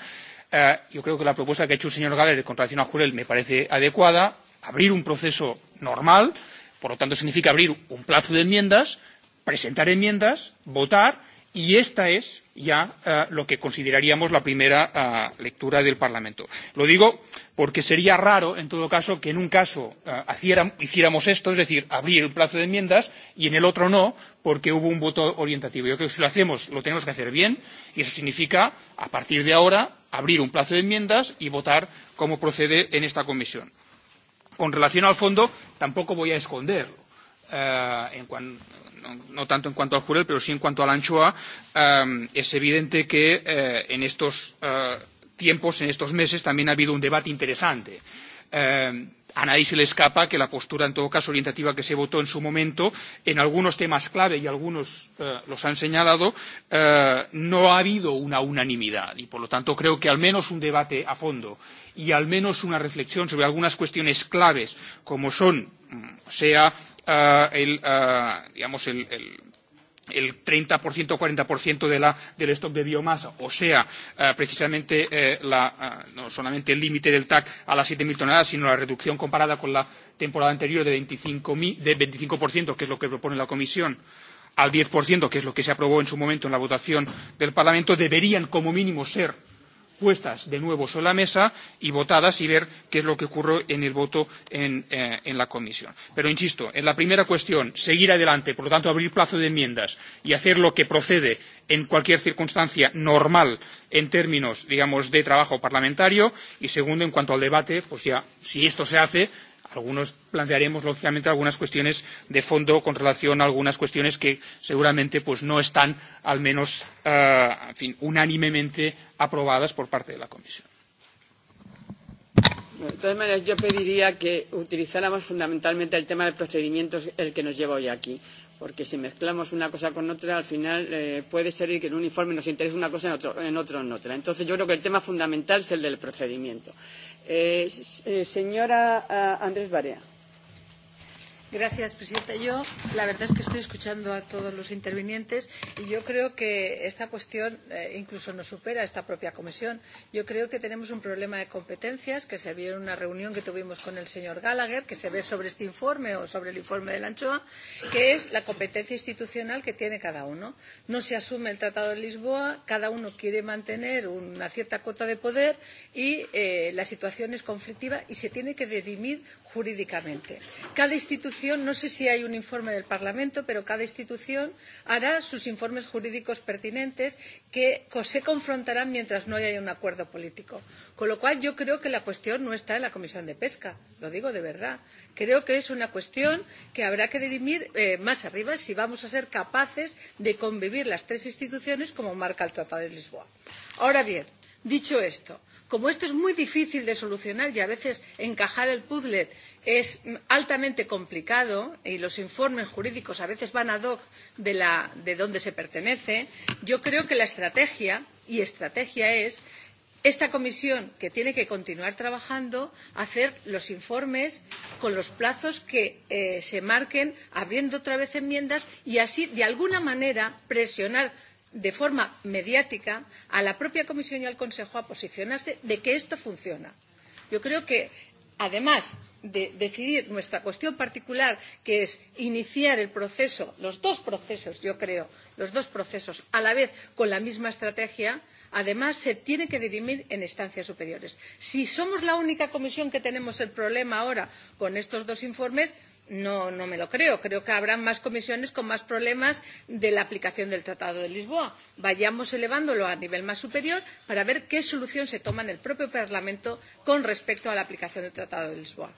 eh, yo creo que la propuesta que ha hecho el señor Galler con relación a Jurel me parece adecuada. Abrir un proceso normal, por lo tanto, significa abrir un plazo de enmiendas, presentar enmiendas, votar Y esta es ya uh, lo que consideraríamos la primera uh, lectura del Parlamento. Lo digo porque sería raro, en todo caso, que en un caso uh, haciera, hiciéramos esto, es decir, abrir el plazo de enmiendas y en el otro no, porque hubo un voto orientativo. Yo creo que si lo hacemos, lo tenemos que hacer bien y eso significa, a partir de ahora, abrir un plazo de enmiendas y votar como procede en esta comisión. Con relación al fondo, tampoco voy a esconderlo. Uh, en, cuanto, no tanto en cuanto al jurel, pero sí en cuanto a la anchoa, eh, es evidente que eh, en estos eh, tiempos, en estos meses, también ha habido un debate interesante Eh, a nadie se le escapa que la postura, en todo caso, orientativa que se votó en su momento, en algunos temas clave, y algunos eh, los han señalado, eh, no ha habido una unanimidad. Y, por lo tanto, creo que al menos un debate a fondo y al menos una reflexión sobre algunas cuestiones claves, como son, mm, sea uh, el, uh, digamos, el, el el 30% o 40% de la, del stock de biomasa, o sea, eh, precisamente eh, la, eh, no solamente el límite del TAC a las 7.000 toneladas, sino la reducción comparada con la temporada anterior de 25%, de 25 que es lo que propone la Comisión, al 10%, que es lo que se aprobó en su momento en la votación del Parlamento, deberían como mínimo ser puestas de nuevo sobre la mesa y votadas y ver qué es lo que ocurre en el voto en, eh, en la comisión. Pero insisto, en la primera cuestión, seguir adelante, por lo tanto abrir plazo de enmiendas y hacer lo que procede en cualquier circunstancia normal en términos, digamos, de trabajo parlamentario. Y segundo, en cuanto al debate, pues ya, si esto se hace, Algunos plantearemos, lógicamente, algunas cuestiones de fondo con relación a algunas cuestiones que seguramente pues, no están, al menos, eh, en fin, unánimemente aprobadas por parte de la Comisión. De todas maneras, yo pediría que utilizáramos fundamentalmente el tema de procedimientos, el que nos lleva hoy aquí. Porque si mezclamos una cosa con otra, al final eh, puede ser que en un informe nos interese una cosa, en otro, en otro en otra. Entonces, yo creo que el tema fundamental es el del procedimiento. Eh, eh, señora eh, Andrés Barea. Gracias, presidenta. Yo la verdad es que estoy escuchando a todos los intervinientes y yo creo que esta cuestión eh, incluso nos supera a esta propia comisión. Yo creo que tenemos un problema de competencias que se vio en una reunión que tuvimos con el señor Gallagher, que se ve sobre este informe o sobre el informe de la anchoa, que es la competencia institucional que tiene cada uno. No se asume el Tratado de Lisboa, cada uno quiere mantener una cierta cuota de poder y eh, la situación es conflictiva y se tiene que dirimir jurídicamente. Cada institución institución, no sé si hay un informe del Parlamento, pero cada institución hará sus informes jurídicos pertinentes que se confrontarán mientras no haya un acuerdo político. Con lo cual, yo creo que la cuestión no está en la Comisión de Pesca, lo digo de verdad. Creo que es una cuestión que habrá que dirimir eh, más arriba si vamos a ser capaces de convivir las tres instituciones como marca el Tratado de Lisboa. Ahora bien, dicho esto, Como esto es muy difícil de solucionar y a veces encajar el puzzle es altamente complicado y los informes jurídicos a veces van ad hoc de, la, de donde se pertenece, yo creo que la estrategia, y estrategia es, esta comisión que tiene que continuar trabajando hacer los informes con los plazos que eh, se marquen abriendo otra vez enmiendas y así de alguna manera presionar de forma mediática a la propia Comisión y al Consejo a posicionarse de que esto funciona. Yo creo que, además de decidir nuestra cuestión particular, que es iniciar el proceso, los dos procesos, yo creo, los dos procesos a la vez con la misma estrategia, además se tiene que dirimir en instancias superiores. Si somos la única comisión que tenemos el problema ahora con estos dos informes, no, no me lo creo. Creo que habrá más comisiones con más problemas de la aplicación del Tratado de Lisboa. Vayamos elevándolo a nivel más superior para ver qué solución se toma en el propio Parlamento con respecto a la aplicación del Tratado de Lisboa.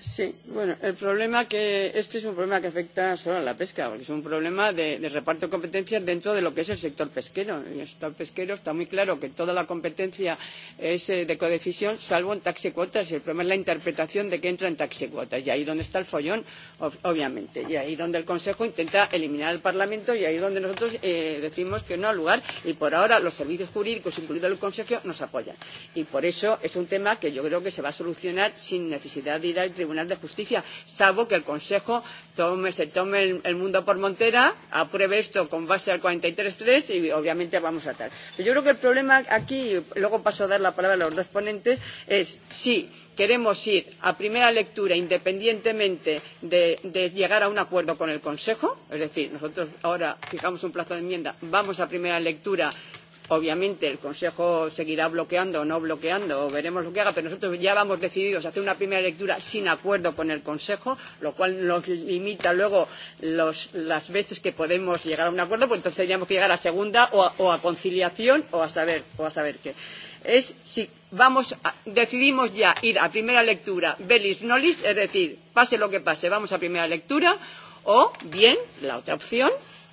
Sí, bueno, el problema que este es un problema que afecta solo a la pesca, porque es un problema de, de reparto de competencias dentro de lo que es el sector pesquero. En el sector pesquero está muy claro que toda la competencia es eh, de codecisión, salvo en taxe cuotas, y el problema es la interpretación de que entra en taxe cuotas, y ahí donde está el follón, obviamente, y ahí donde el Consejo intenta eliminar al Parlamento, y ahí donde nosotros eh, decimos que no al lugar, y por ahora los servicios jurídicos, incluido el Consejo, nos apoyan. Y por eso es un tema que yo creo que se va a solucionar sin necesidad de ir al tribunal Tribunal de Justicia, salvo que el Consejo tome, se tome el, el mundo por montera, apruebe esto con base al 43.3 y obviamente vamos a tal. Yo creo que el problema aquí, y luego paso a dar la palabra a los dos ponentes, es si queremos ir a primera lectura independientemente de, de llegar a un acuerdo con el Consejo, es decir, nosotros ahora fijamos un plazo de enmienda, vamos a primera lectura Obviamente el Consejo seguirá bloqueando o no bloqueando, o veremos lo que haga, pero nosotros ya vamos decididos a hacer una primera lectura sin acuerdo con el Consejo, lo cual nos limita luego los, las veces que podemos llegar a un acuerdo, pues entonces tendríamos que llegar a segunda o a, o a conciliación o a saber, o a saber qué. Es si vamos a, decidimos ya ir a primera lectura, belis nolis, es decir, pase lo que pase, vamos a primera lectura, o bien la otra opción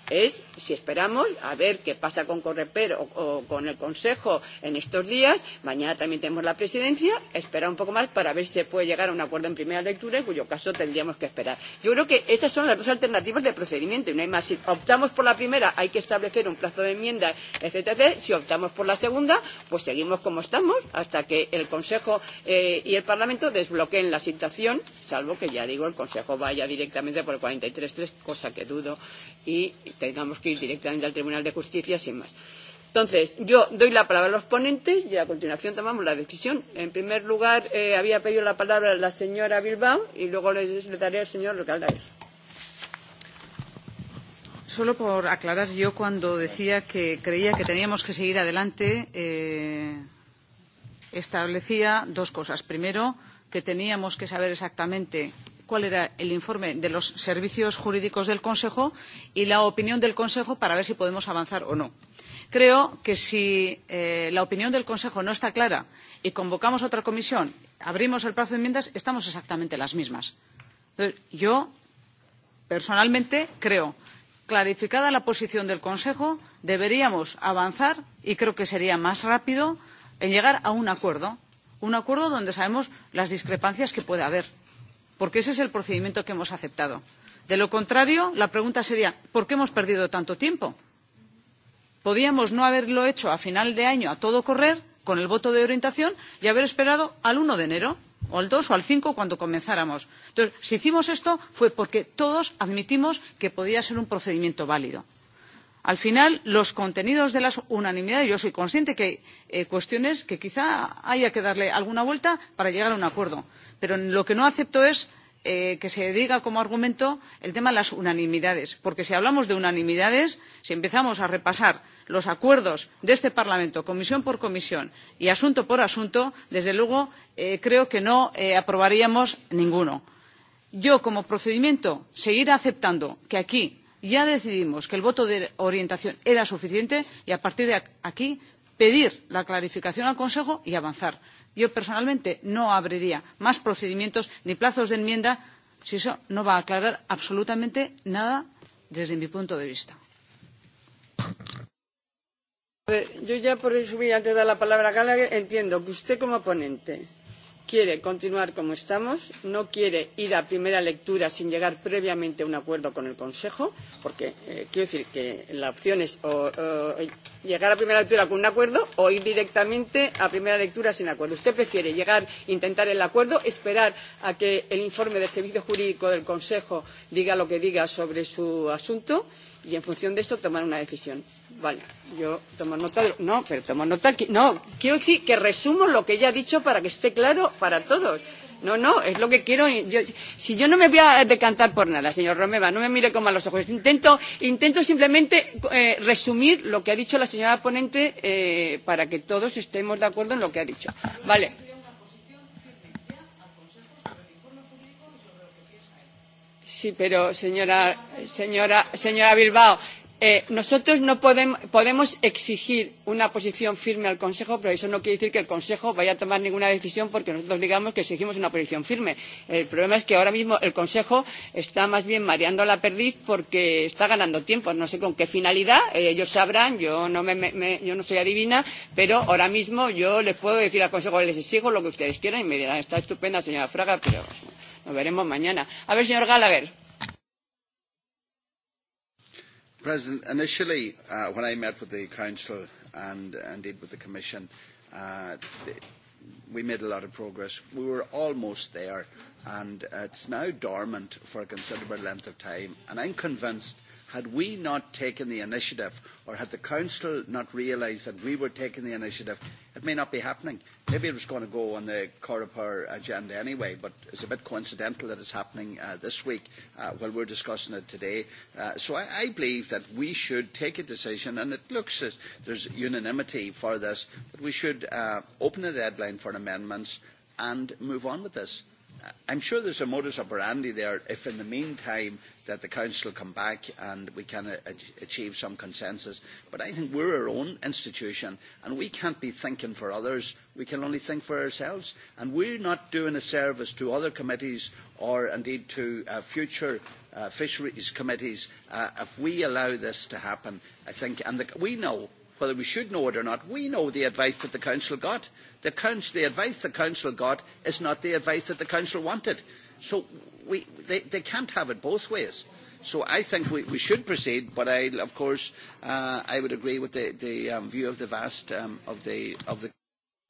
es si esperamos a ver qué pasa con Correper o, o con el Consejo en estos días. Mañana también tenemos la presidencia. Esperar un poco más para ver si se puede llegar a un acuerdo en primera lectura, en cuyo caso tendríamos que esperar. Yo creo que estas son las dos alternativas de procedimiento. Y no hay más. Si optamos por la primera, hay que establecer un plazo de enmienda, etcétera, etcétera. Si optamos por la segunda, pues seguimos como estamos hasta que el Consejo eh, y el Parlamento desbloqueen la situación, salvo que, ya digo, el Consejo vaya directamente por el 43.3, cosa que dudo, y tengamos que ir directamente al Tribunal de Justicia sin más. Entonces, yo doy la palabra a los ponentes y a continuación tomamos la decisión. En primer lugar, eh, había pedido la palabra la señora Bilbao y luego le, daré al señor Caldair. Solo por aclarar, yo cuando decía que creía que teníamos que seguir adelante, eh, establecía dos cosas. Primero, que teníamos que saber exactamente cuál era el informe de los servicios jurídicos del Consejo y la opinión del Consejo para ver si podemos avanzar o no. Creo que si eh, la opinión del Consejo no está clara y convocamos otra comisión, abrimos el plazo de enmiendas, estamos exactamente las mismas. Entonces, yo personalmente creo clarificada la posición del Consejo, deberíamos avanzar y creo que sería más rápido en llegar a un acuerdo, un acuerdo donde sabemos las discrepancias que puede haber porque ese es el procedimiento que hemos aceptado. de lo contrario la pregunta sería por qué hemos perdido tanto tiempo? podíamos no haberlo hecho a final de año a todo correr con el voto de orientación y haber esperado al uno de enero o al dos o al cinco cuando comenzáramos. entonces si hicimos esto fue porque todos admitimos que podía ser un procedimiento válido al final los contenidos de la unanimidad yo soy consciente de que hay eh, cuestiones que quizá haya que darle alguna vuelta para llegar a un acuerdo pero lo que no acepto es eh, que se diga como argumento el tema de las unanimidades, porque si hablamos de unanimidades, si empezamos a repasar los acuerdos de este Parlamento, comisión por comisión y asunto por asunto, desde luego eh, creo que no eh, aprobaríamos ninguno. Yo, como procedimiento, seguiré aceptando que aquí ya decidimos que el voto de orientación era suficiente y a partir de aquí pedir la clarificación al Consejo y avanzar. Yo personalmente no abriría más procedimientos ni plazos de enmienda si eso no va a aclarar absolutamente nada desde mi punto de vista. yo ya por resumir antes de dar la palabra a Gallagher entiendo que usted como ponente quiere continuar como estamos, no quiere ir a primera lectura sin llegar previamente a un acuerdo con el Consejo, porque eh, quiero decir que la opción es o, o llegar a primera lectura con un acuerdo o ir directamente a primera lectura sin acuerdo. Usted prefiere llegar, intentar el acuerdo, esperar a que el informe del servicio jurídico del Consejo diga lo que diga sobre su asunto y en función de eso tomar una decisión. Vale, yo tomo nota, de, no, pero tomo nota, no, quiero decir que resumo lo que ella ha dicho para que esté claro para todos. No, no, es lo que quiero. Yo, si yo no me voy a decantar por nada, señor Romeva, no me mire con malos ojos. Intento, intento simplemente eh, resumir lo que ha dicho la señora ponente eh, para que todos estemos de acuerdo en lo que ha dicho. Vale. Sí, pero señora, señora, señora Bilbao, Eh, nosotros podemos, exigir una posición firme al Consejo, pero eso no quiere decir que el Consejo vaya a tomar ninguna decisión porque nosotros digamos que exigimos una posición firme. El problema es que ahora mismo el Consejo está más bien mareando la perdiz porque está ganando tiempo. No sé con qué finalidad, eh, ellos sabrán, yo no, me, me, yo no soy adivina, pero ahora mismo yo les puedo decir al Consejo, les exijo lo que ustedes quieran y me dirán, está estupenda señora Fraga, pero nos veremos mañana. A ver, señor Gallagher. President, initially uh, when I met with the Council and indeed with the Commission, uh, the, we made a lot of progress. We were almost there and it's now dormant for a considerable length of time and I'm convinced had we not taken the initiative or had the council not realised that we were taking the initiative, it may not be happening. Maybe it was going to go on the Coreper agenda anyway, but it's a bit coincidental that it's happening uh, this week uh, while we're discussing it today. Uh, so I, I believe that we should take a decision, and it looks as there's unanimity for this, that we should uh, open a deadline for amendments and move on with this. I'm sure there's a modus operandi there if in the meantime that the Council come back and we can achieve some consensus. But I think we're our own institution and we can't be thinking for others. We can only think for ourselves. And we're not doing a service to other committees or indeed to uh, future uh, fisheries committees uh, if we allow this to happen, I think. And the, we know whether we should know it or not we know the advice that the council got. the, council, the advice the council got is not the advice that the council wanted so we, they, they can't have it both ways. So I think we, we should proceed, but I, of course, uh, I would agree with the, the um, view of the vast um, of the of the.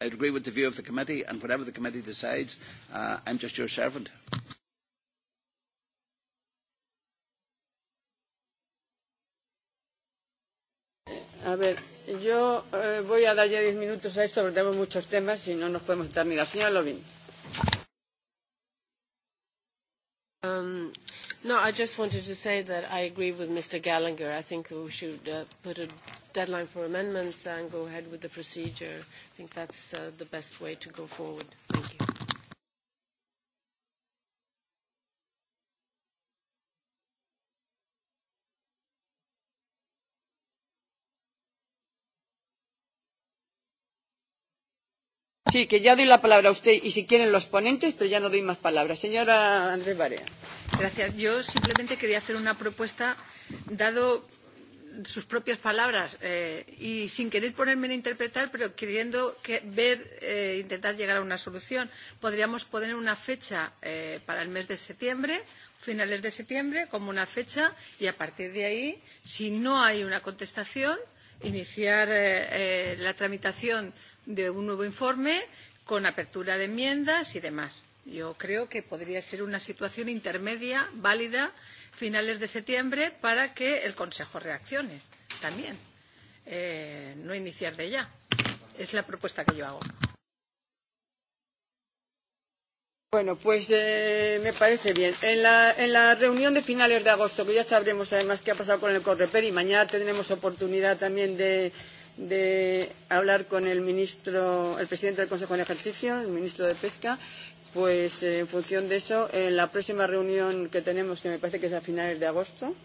I would agree with the view of the committee, and whatever the committee decides, uh, I'm just your servant. A ver, Yo eh, voy a dar ya diez minutos a esto porque tenemos muchos temas y no nos podemos terminar. Señora Lovin. Um, no, I just wanted to say that I agree with Mr. Gallagher. I think we should uh, put a deadline for amendments and go ahead with the procedure. I think that's uh, the best way to go forward. Thank you. Sí, que ya doy la palabra a usted y si quieren los ponentes, pero ya no doy más palabras. Señora Andrés Barea. Gracias. Yo simplemente quería hacer una propuesta, dado sus propias palabras eh, y sin querer ponerme a interpretar, pero queriendo que, ver, eh, intentar llegar a una solución. Podríamos poner una fecha eh, para el mes de septiembre, finales de septiembre, como una fecha y a partir de ahí, si no hay una contestación, iniciar eh, eh, la tramitación de un nuevo informe con apertura de enmiendas y demás. Yo creo que podría ser una situación intermedia, válida, finales de septiembre, para que el Consejo reaccione también, eh, no iniciar de ya. Es la propuesta que yo hago. Bueno, pues eh, me parece bien. En la, en la reunión de finales de agosto, que ya sabremos además qué ha pasado con el Correper y mañana tendremos oportunidad también de, de hablar con el ministro, el presidente del Consejo de Ejercicio, el ministro de Pesca, pues eh, en función de eso, en la próxima reunión que tenemos, que me parece que es a finales de agosto,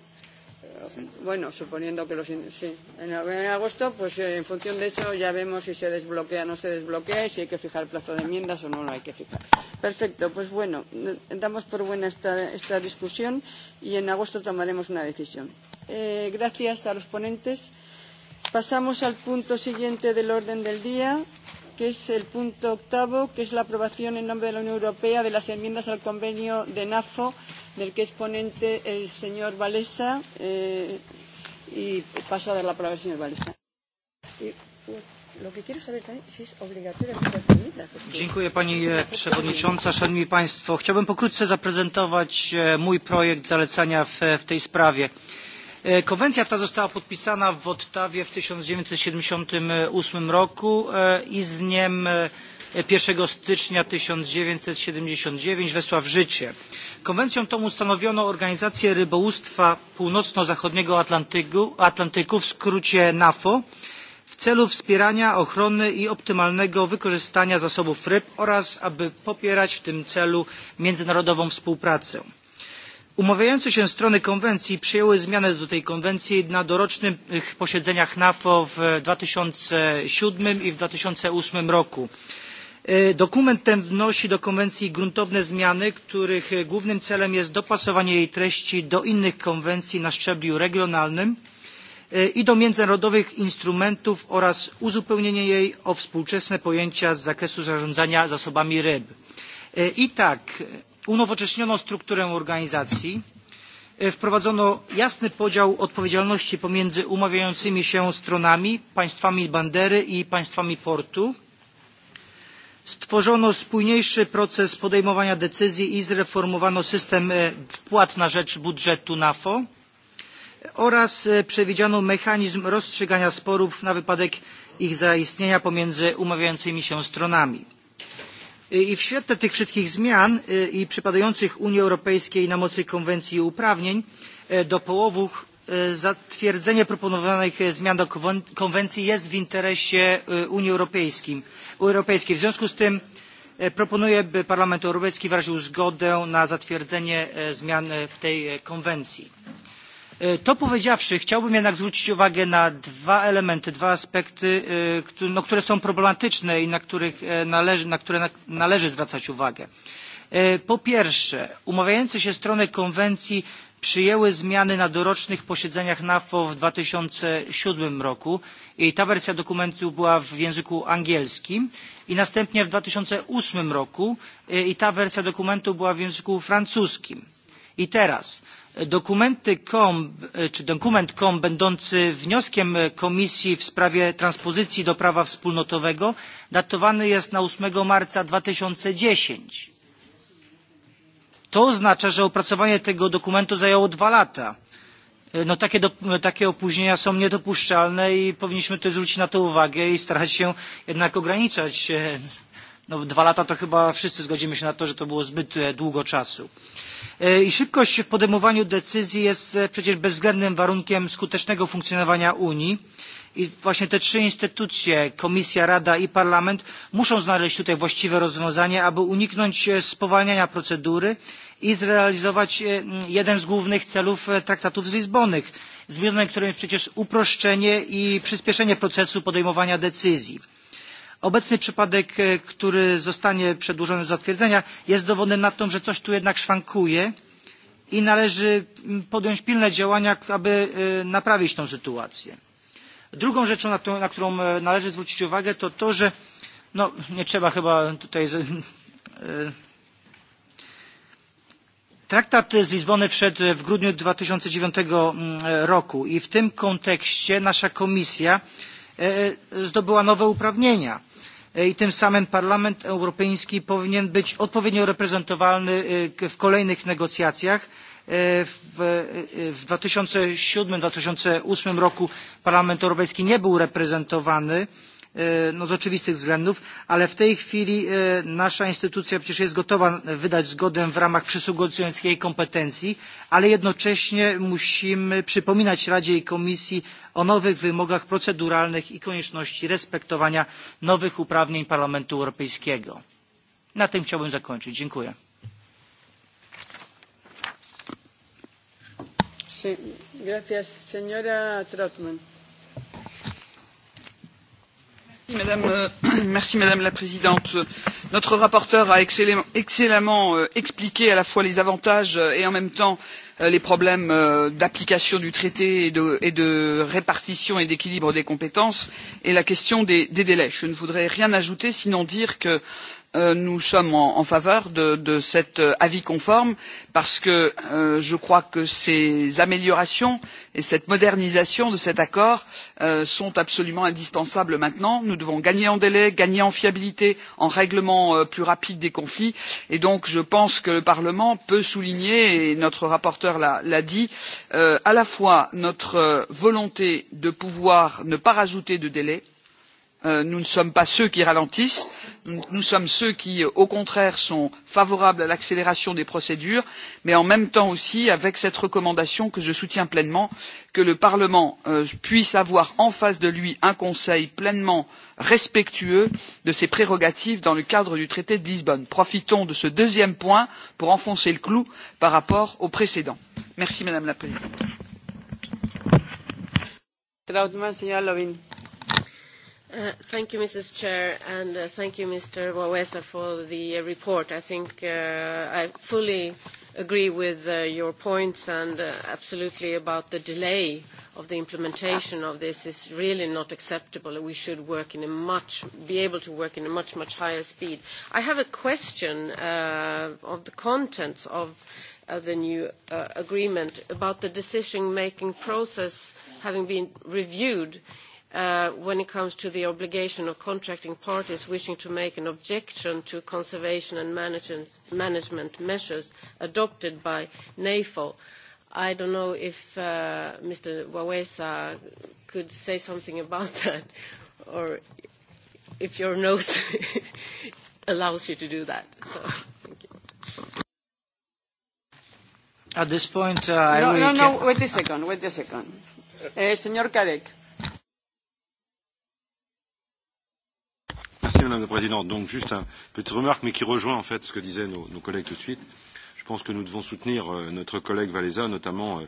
bueno, suponiendo que los... Sí, en, en agosto, pues eh, en función de eso ya vemos si se desbloquea o no se desbloquea y si hay que fijar el plazo de enmiendas o no lo no hay que fijar. Perfecto, pues bueno, eh, damos por buena esta, esta discusión y en agosto tomaremos una decisión. Eh, gracias a los ponentes. Pasamos al punto siguiente del orden del día, que es el punto octavo, que es la aprobación en nombre de la Unión Europea de las enmiendas al convenio de NAFO del que es ponente el señor Valesa. Eh, y paso a dar la palabra al señor Valesa. Y, uh, lo que quiero saber también si es obligatoria la Dziękuję Pani eh, Przewodnicząca. Szanowni Państwo, chciałbym pokrótce zaprezentować eh, mój projekt zalecenia w, w tej sprawie. Eh, konwencja ta została podpisana w Ottawie w 1978 roku i z dniem 1 stycznia 1979 wesła w życie. Konwencją tą ustanowiono Organizację Rybołówstwa Północno-Zachodniego Atlantyku, Atlantyku, w skrócie NAFO, w celu wspierania ochrony i optymalnego wykorzystania zasobów ryb oraz aby popierać w tym celu międzynarodową współpracę. Umawiające się strony konwencji przyjęły zmiany do tej konwencji na dorocznych posiedzeniach NAFO w 2007 i w 2008 roku. Dokument ten wnosi do konwencji gruntowne zmiany, których głównym celem jest dopasowanie jej treści do innych konwencji na szczeblu regionalnym i do międzynarodowych instrumentów oraz uzupełnienie jej o współczesne pojęcia z zakresu zarządzania zasobami ryb. I tak unowocześniono strukturę organizacji, wprowadzono jasny podział odpowiedzialności pomiędzy umawiającymi się stronami, państwami bandery i państwami portu, Stworzono spójniejszy proces podejmowania decyzji i zreformowano system wpłat na rzecz budżetu NAFO oraz przewidziano mechanizm rozstrzygania sporów na wypadek ich zaistnienia pomiędzy umawiającymi się stronami. I w świetle tych wszystkich zmian i przypadających Unii Europejskiej na mocy konwencji uprawnień do połowów zatwierdzenie proponowanych zmian do konwencji jest w interesie Unii Europejskiej. W związku z tym proponuję, by Parlament Europejski wyraził zgodę na zatwierdzenie zmian w tej konwencji. To powiedziawszy, chciałbym jednak zwrócić uwagę na dwa elementy, dwa aspekty, no, które są problematyczne i na, których należy, na które należy zwracać uwagę. Po pierwsze, umawiające się strony konwencji przyjęły zmiany na dorocznych posiedzeniach NAFO w 2007 roku i ta wersja dokumentu była w języku angielskim i następnie w 2008 roku i ta wersja dokumentu była w języku francuskim. I teraz dokumenty com, czy dokument com będący wnioskiem komisji w sprawie transpozycji do prawa wspólnotowego datowany jest na 8 marca 2010 To oznacza, że opracowanie tego dokumentu zajęło dwa lata. No, takie, do, takie opóźnienia są niedopuszczalne i powinniśmy tutaj zwrócić na to uwagę i starać się jednak ograniczać. No, dwa lata to chyba wszyscy zgodzimy się na to, że to było zbyt długo czasu. I szybkość w podejmowaniu decyzji jest przecież bezwzględnym warunkiem skutecznego funkcjonowania Unii i właśnie te trzy instytucje, Komisja, Rada i Parlament muszą znaleźć tutaj właściwe rozwiązanie, aby uniknąć spowalniania procedury i zrealizować jeden z głównych celów traktatów z Lizbony, zmiany, którym jest przecież uproszczenie i przyspieszenie procesu podejmowania decyzji. Obecny przypadek, który zostanie przedłużony do zatwierdzenia, jest dowodem na to, że coś tu jednak szwankuje i należy podjąć pilne działania, aby naprawić tę sytuację. Drugą rzeczą, na, którą, na którą należy zwrócić uwagę, to to, że no, nie trzeba chyba tutaj Traktat z Lizbony wszedł w grudniu 2009 mm, roku i w tym kontekście nasza komisja zdobyła nowe uprawnienia i tym samym Parlament Europejski powinien być odpowiednio reprezentowalny w kolejnych negocjacjach w 2007-2008 roku Parlament Europejski nie był reprezentowany no z oczywistych względów, ale w tej chwili nasza instytucja przecież jest gotowa wydać zgodę w ramach przysługującej kompetencji, ale jednocześnie musimy przypominać Radzie i Komisji o nowych wymogach proceduralnych i konieczności respektowania nowych uprawnień Parlamentu Europejskiego. Na tym chciałbym zakończyć. Dziękuję. Euh, madame, la Présidente. Notre rapporteure a excellemment, euh, expliqué à la fois les avantages euh, et en même temps les problèmes d'application du traité et de, répartition et d'équilibre des compétences et la question des, délais. Je ne voudrais rien ajouter sinon dire que la commission que nous tous Euh, nous sommes en faveur de, cet euh, avis conforme parce que euh, je crois que ces améliorations et cette modernisation de cet accord sont absolument indispensables maintenant. nous devons gagner en délai gagner en fiabilité en règlement plus rapide des conflits et donc je pense que le parlement peut souligner et notre rapporteur l'a dit à la fois notre volonté de pouvoir ne pas rajouter de délai Euh, nous ne sommes pas ceux qui ralentissent nous sommes ceux qui au contraire sont favorables à l'accélération des procédures mais en même temps aussi avec cette recommandation que je soutiens pleinement que le parlement euh, puisse avoir en face de lui un conseil pleinement respectueux de ses prérogatives dans le cadre du traité de lisbonne. profitons de ce deuxième point pour enfoncer le clou par rapport au précédent. madame la présidente. Uh, thank you, Mrs. Chair, and uh, thank you, Mr. Wawesa, for the uh, report. I think uh, I fully agree with uh, your points and absolutely about the delay of the implementation of this is really not acceptable. We should work in a much, be able to work in a much, much higher speed. I have a question of the contents of the new agreement about the decision-making process having been reviewed Uh, when it comes to the obligation of contracting parties wishing to make an objection to conservation and management measures adopted by NAFO. I don't know if uh, Mr. Wawesa could say something about that, or if your nose allows you to do that. So, thank you. At this point, uh, no, No, no, wait a second, wait a second. Uh, Señor Merci Madame la Présidente. Donc juste une petite remarque, mais qui rejoint en fait ce que disaient nos, nos collègues tout de suite. Je pense que nous devons soutenir euh, notre collègue Valéza, notamment euh,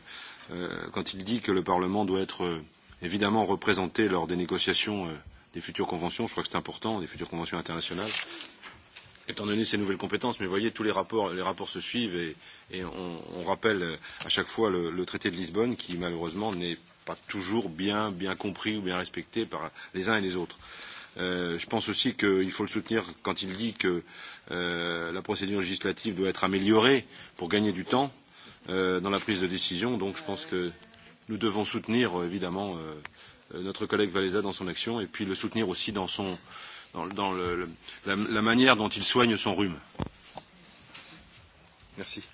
euh, quand il dit que le Parlement doit être euh, évidemment représenté lors des négociations euh, des futures conventions. Je crois que c'est important, des futures conventions internationales étant donné ces nouvelles compétences, mais vous voyez, tous les rapports, les rapports se suivent et, et on, on rappelle euh, à chaque fois le, le traité de Lisbonne qui malheureusement n'est pas toujours bien, bien compris ou bien respecté par les uns et les autres. Euh, je pense aussi qu'il faut le soutenir quand il dit que euh, la procédure législative doit être améliorée pour gagner du temps euh, dans la prise de décision. Donc je pense que nous devons soutenir évidemment euh, notre collègue Valéza dans son action et puis le soutenir aussi dans, son, dans, dans le, la, la manière dont il soigne son rhume. Merci.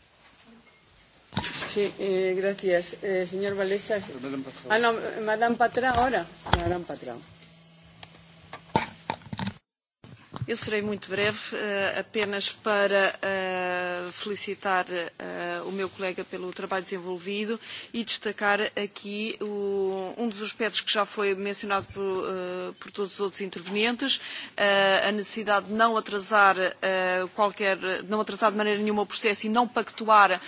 Sí, eh, gracias. Eh, señor Valesa. Ah, no, Madame Patra ahora. Madame Patra. Eu serei muito breve, eh, apenas para eh, felicitar eh, o meu colega pelo trabalho desenvolvido e destacar aqui um dos aspectos que já foi mencionado por, todos os outros intervenientes, a necessidade de não atrasar qualquer, não atrasar de maneira nenhuma o processo e não pactuar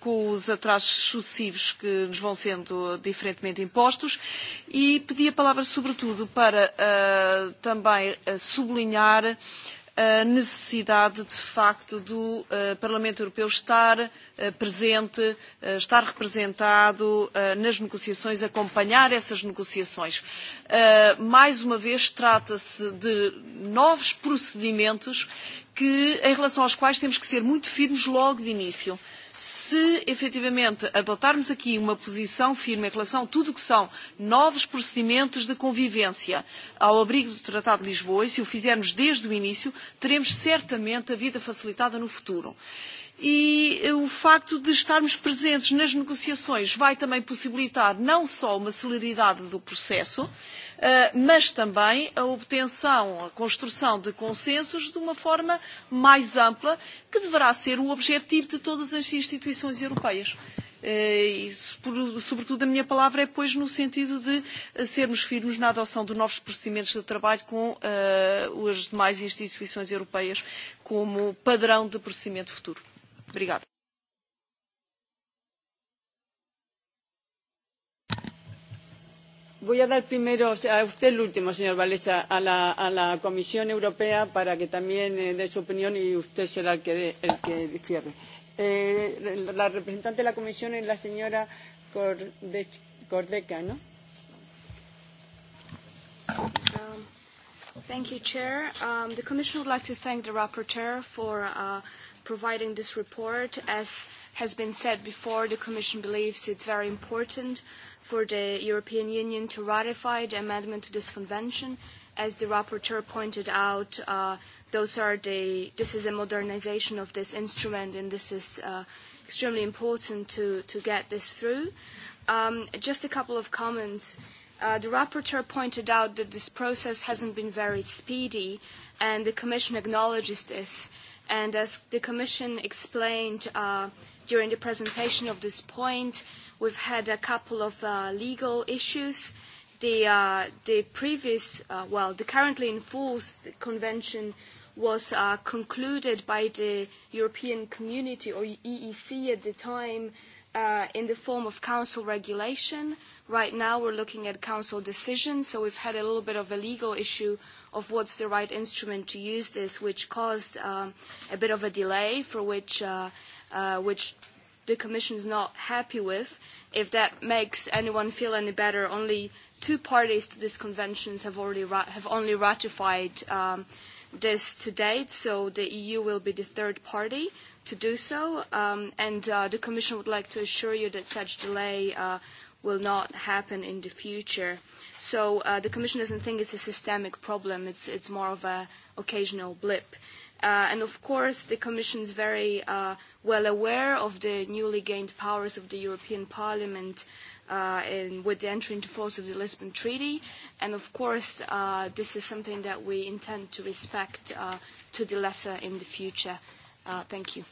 com os atrasos sucessivos que nos vão sendo diferentemente impostos e pedi a palavra sobretudo para também sublinhar sublinhar a necessidade, de facto, do eh, Parlamento Europeu estar eh, presente, eh, estar representado nas negociações, acompanhar essas negociações. Mais uma vez, trata-se de novos procedimentos que, em relação aos quais temos que ser muito firmes logo de início se efetivamente adotarmos aqui uma posição firme em relação a tudo o que são novos procedimentos de convivência ao abrigo do Tratado de Lisboa, e se o fizermos desde o início, teremos certamente a vida facilitada no futuro e eh, o facto de estarmos presentes nas negociações vai também possibilitar não só uma celeridade do processo, Eh, mas também a obtenção, a construção de consensos de uma forma mais ampla, que deverá ser o objetivo de todas as instituições europeias. Eh, e, sobretudo, a minha palavra é, pois, no sentido de sermos firmes na adoção de novos procedimentos de trabalho com uh, as demais instituições europeias como padrão de procedimento futuro. Obrigada. Voy a dar primero a usted el último, señor wasa a la, a la Comisión Europea para que también eh, dé su opinión y usted será el que, el que cierre. Eh, la representante de la Comisión es la señora Corde, Cordeca, ¿no? Um, thank you, Chair. Um, the Commission would like to thank the Rapporteur for uh, providing this report. As has been said before, the Commission believes it's very important. Uh, for the European Union to ratify the amendment to this convention. As the rapporteur pointed out, uh, those are the, this is a modernization of this instrument and this is uh, extremely important to, to get this through. Um, just a couple of comments. Uh, the rapporteur pointed out that this process hasn't been very speedy and the Commission acknowledges this. And as the Commission explained uh, during the presentation of this point, uh, We've had a couple of uh, legal issues. The, uh, the previous, uh, well, the currently enforced convention was uh, concluded by the European Community, or EEC at the time, uh, in the form of council regulation. Right now we're looking at council decisions, so we've had a little bit of a legal issue of what's the right instrument to use this, which caused um, a bit of a delay for which, uh, uh, which the Commission is not happy with. If that makes anyone feel any better, only two parties to these conventions have, already have only ratified um, this to date, so the EU will be the third party to do so, um, and uh, the Commission would like to assure you that such delay uh, will not happen in the future. So uh, the Commission doesn't think it's a systemic problem, it's, it's more of an occasional blip. Uh, and of course, the Commission is very uh, well aware of the newly gained powers of the European Parliament uh, in, with the entry into force of the Lisbon Treaty. And of course, uh, this is something that we intend to respect uh, to the letter in the future. Uh, thank you.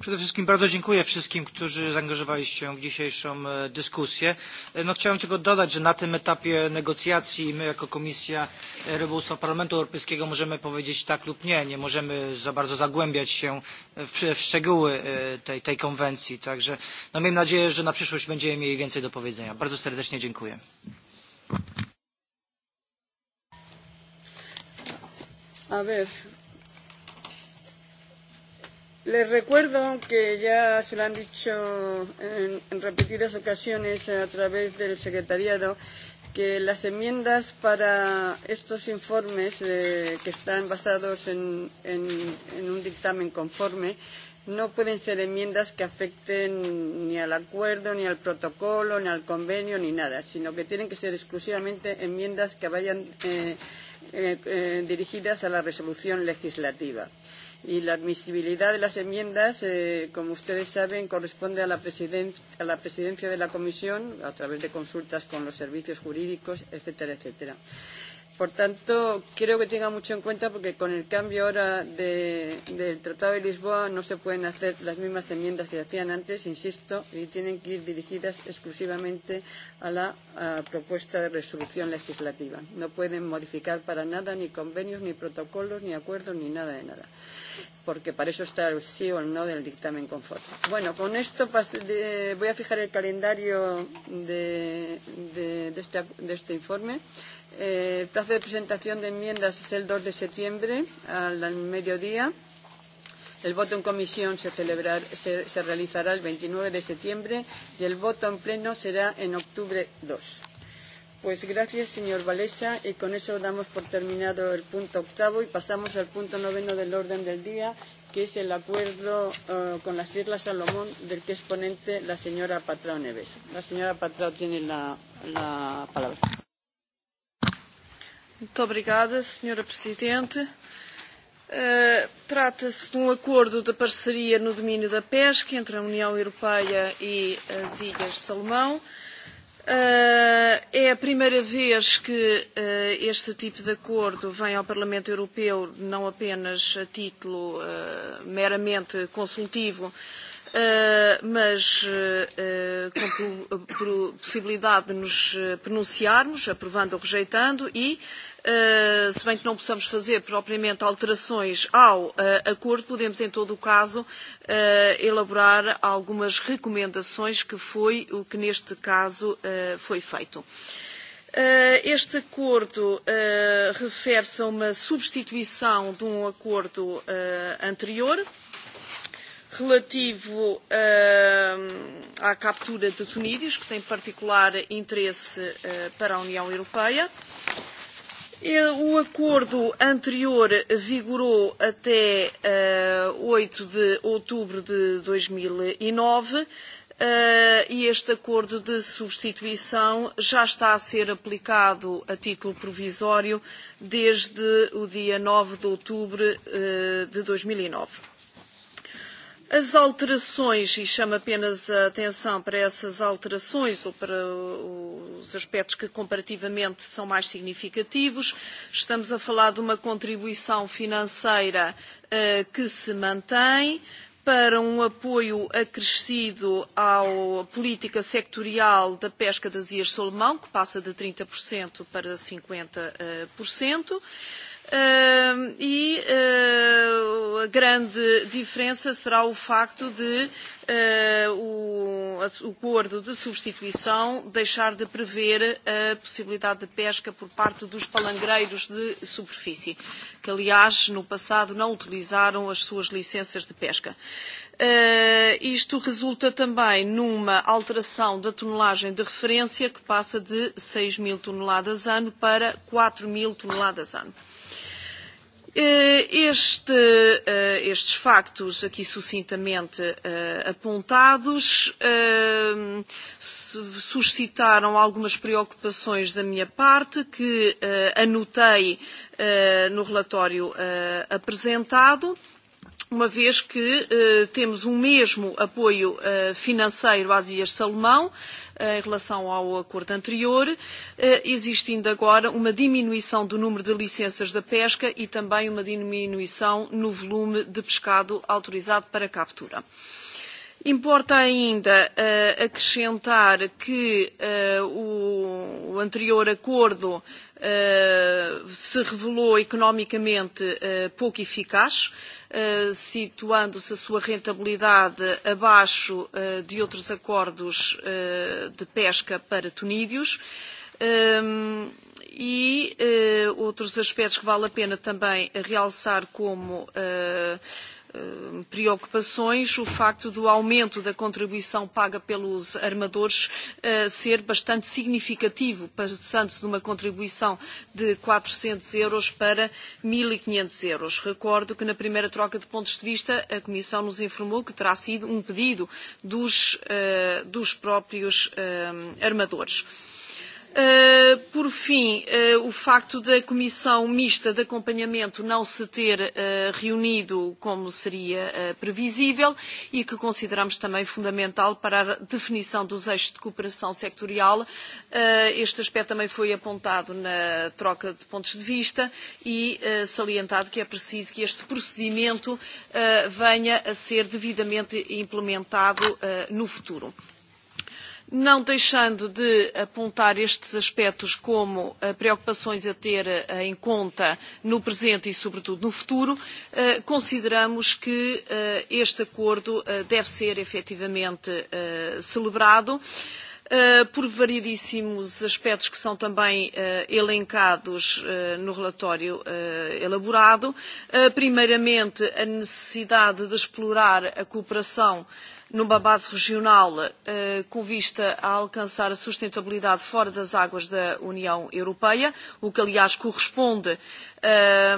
Przede wszystkim bardzo dziękuję wszystkim, którzy zaangażowali się w dzisiejszą dyskusję. No, chciałem tylko dodać, że na tym etapie negocjacji my jako Komisja Rybołówstwa Parlamentu Europejskiego możemy powiedzieć tak lub nie. Nie możemy za bardzo zagłębiać się w, w szczegóły tej, tej konwencji. Także no, miejmy nadzieję, że na przyszłość będziemy mieli więcej do powiedzenia. Bardzo serdecznie dziękuję. A ver, Les recuerdo que ya se lo han dicho en, en repetidas ocasiones a través del secretariado que las enmiendas para estos informes eh, que están basados en, en, en un dictamen conforme no pueden ser enmiendas que afecten ni al acuerdo, ni al protocolo, ni al convenio, ni nada, sino que tienen que ser exclusivamente enmiendas que vayan eh, eh, eh, dirigidas a la resolución legislativa Y la admisibilidad de las enmiendas, eh, como ustedes saben, corresponde a la, a la presidencia de la comisión a través de consultas con los servicios jurídicos, etcétera, etcétera. Por tanto, creo que tenga mucho en cuenta porque con el cambio ahora de, del Tratado de Lisboa no se pueden hacer las mismas enmiendas que hacían antes, insisto, y tienen que ir dirigidas exclusivamente a la a propuesta de resolución legislativa. No pueden modificar para nada ni convenios, ni protocolos, ni acuerdos, ni nada de nada porque para eso está el sí o el no del dictamen conforme. Bueno, con esto de, voy a fijar el calendario de, de, de, este, de este informe. Eh, el plazo de presentación de enmiendas es el 2 de septiembre al, al mediodía. El voto en comisión se, celebrar, se, se realizará el 29 de septiembre y el voto en pleno será en octubre 2. Pues gracias, señor Valesa. Y con eso damos por terminado el punto octavo y pasamos al punto noveno del orden del día, que es el acuerdo uh, con las Islas Salomón, del que es ponente la señora Patrao Neves. La señora Patrao tiene la, la palabra. Muito obrigada, Sra. Presidente. Uh, Trata-se de um acordo de parceria no domínio da pesca entre a União Europeia e as Ilhas Salomão. Uh, Uh, é a primeira vez que uh, este tipo de acordo vem ao Parlamento Europeu, não apenas a título uh, meramente consultivo, Uh, mas uh, uh, com possibilidade de nos pronunciarmos, aprovando ou rejeitando, e Eh, se bem que não possamos fazer propriamente alterações ao uh, acordo, podemos, em todo o caso, uh, elaborar algumas recomendações, que foi o que neste caso foi feito. Este acordo refere-se a uma substituição de um acordo anterior relativo uh, à captura de tunídeos, que tem particular interesse uh, para a União Europeia Eh, o acordo anterior vigorou até uh, eh, 8 de outubro de 2009 uh, eh, e este acordo de substituição já está a ser aplicado a título provisório desde o dia 9 de outubro uh, de 2009 As alterações, e chamo apenas a atenção para essas alterações ou para os aspectos que comparativamente são mais significativos, estamos a falar de uma contribuição financeira uh, que se mantém para um apoio acrescido à política sectorial da pesca das Ias Solomão, que passa de 30% para 50%. Uh, eh, Uh, e uh, a grande diferença será o facto de uh, o, o acordo de substituição deixar de prever a possibilidade de pesca por parte dos palangreiros de superfície, que aliás no passado não utilizaram as suas licenças de pesca. Uh, isto resulta também numa alteração da tonelagem de referência que passa de 6 mil toneladas ano para 4 mil toneladas ano. Eh, este, eh, estes factos aqui sucintamente eh, apontados suscitaram algumas preocupações da minha parte que anotei no relatório apresentado uma vez que eh, temos o mesmo apoio eh, financeiro às Ilhas Salomão eh, em relação ao acordo anterior, eh, existindo agora uma diminuição do número de licenças da pesca e também uma diminuição no volume de pescado autorizado para captura. Importa ainda uh, acrescentar que uh, o, o anterior acordo uh, Eh, se revelou economicamente uh, pouco eficaz, uh, situando-se a sua rentabilidade abaixo de outros acordos de pesca para tunídeos. Um, e outros aspectos que vale a pena também realçar, como Eh, preocupações o facto do aumento da contribuição paga pelos armadores eh, ser bastante significativo, passando de uma contribuição de 400 euros para 1.500 euros. Recordo que na primeira troca de pontos de vista a Comissão nos informou que terá sido um pedido dos, eh, dos próprios armadores. Eh, por fim, uh, o facto da Comissão Mista de Acompanhamento não se ter uh, reunido como seria previsível e que consideramos também fundamental para a definição dos eixos de cooperação sectorial. Este aspecto também foi apontado na troca de pontos de vista e salientado que é preciso que este procedimento venha a ser devidamente implementado no futuro não deixando de apontar estes aspectos como eh, preocupações a ter eh, em conta no presente e, sobretudo, no futuro, eh, consideramos que este acordo deve ser efetivamente celebrado por variedíssimos aspectos que são também elencados no relatório elaborado. Primeiramente, a necessidade de explorar a cooperação uh, numa base regional eh, com vista a alcançar a sustentabilidade fora das águas da União Europeia, o que aliás corresponde eh,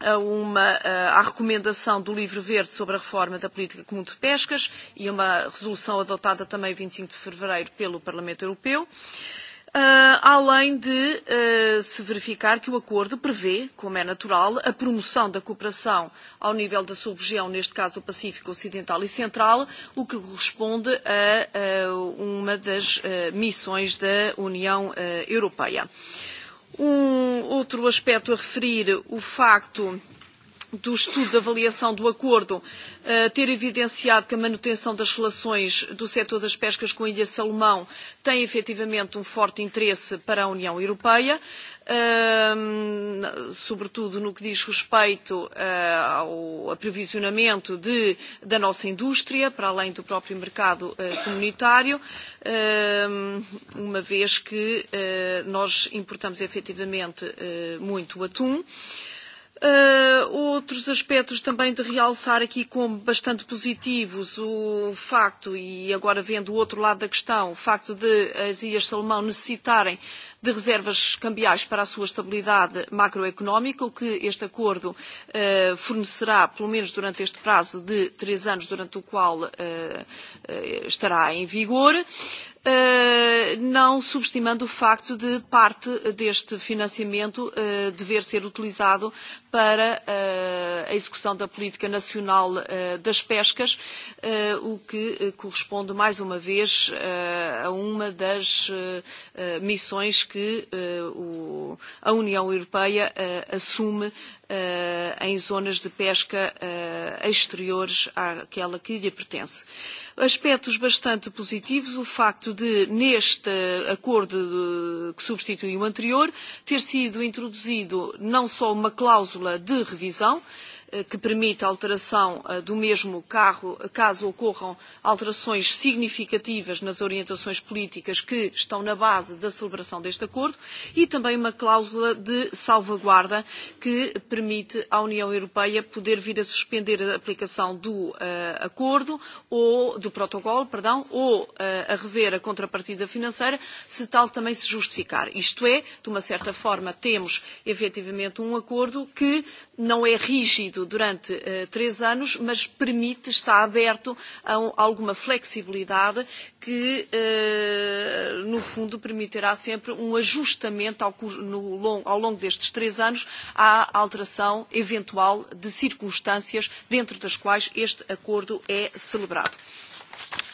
a uma, eh, à recomendação do Livro Verde sobre a reforma da política comum de pescas e uma resolução adotada também 25 de fevereiro pelo Parlamento Europeu. Uh, Uh, além de uh, se verificar que o acordo prevê, como é natural, a promoção da cooperação ao nível da sub-região, neste caso o Pacífico Ocidental e Central, o que corresponde a uh, uma das missões da União Europeia. Um outro aspecto a referir, o facto do estudo de avaliação do acordo eh, ter evidenciado que a manutenção das relações do setor das pescas com a Ilha Salomão tem efetivamente um forte interesse para a União Europeia, ehm, sobretudo no que diz respeito eh, ao aprovisionamento de, da nossa indústria, para além do próprio mercado eh, comunitário, ehm, uma vez que nós importamos efetivamente muito atum. Uh, outros aspectos também de realçar aqui como bastante positivos o facto, e agora vendo o outro lado da questão, o facto de as Ilhas Salomão necessitarem de reservas cambiais para a sua estabilidade macroeconómica, o que este acordo eh, fornecerá, pelo menos durante este prazo de três anos, durante o qual eh, eh estará em vigor. Uh, não subestimando o facto de parte deste financiamento uh, dever ser utilizado para uh, a execução da política nacional das pescas, o que corresponde mais uma vez a uma das missões que que uh, o, a União Europeia uh, assume uh, em zonas de pesca uh, exteriores àquela que lhe pertence. Aspectos bastante positivos, o facto de, neste acordo de, que substitui o anterior, ter sido introduzido não só uma cláusula de revisão, uh, Eh, que permite a alteração eh, do mesmo carro, eh, caso ocorram alterações significativas nas orientações políticas que estão na base da celebração deste acordo, e também uma cláusula de salvaguarda que permite à União Europeia poder vir a suspender a aplicação do uh, acordo ou do protocolo, perdão, ou uh, a rever a contrapartida financeira, se tal também se justificar. Isto é, de uma certa forma, temos efetivamente um acordo que não é rígido durante uh, três anos, mas permite, está aberto a, um, alguma flexibilidade que, uh, no fundo, permitirá sempre um ajustamento ao, no, long, ao longo destes três anos à alteração eventual de circunstâncias dentro das quais este acordo é celebrado.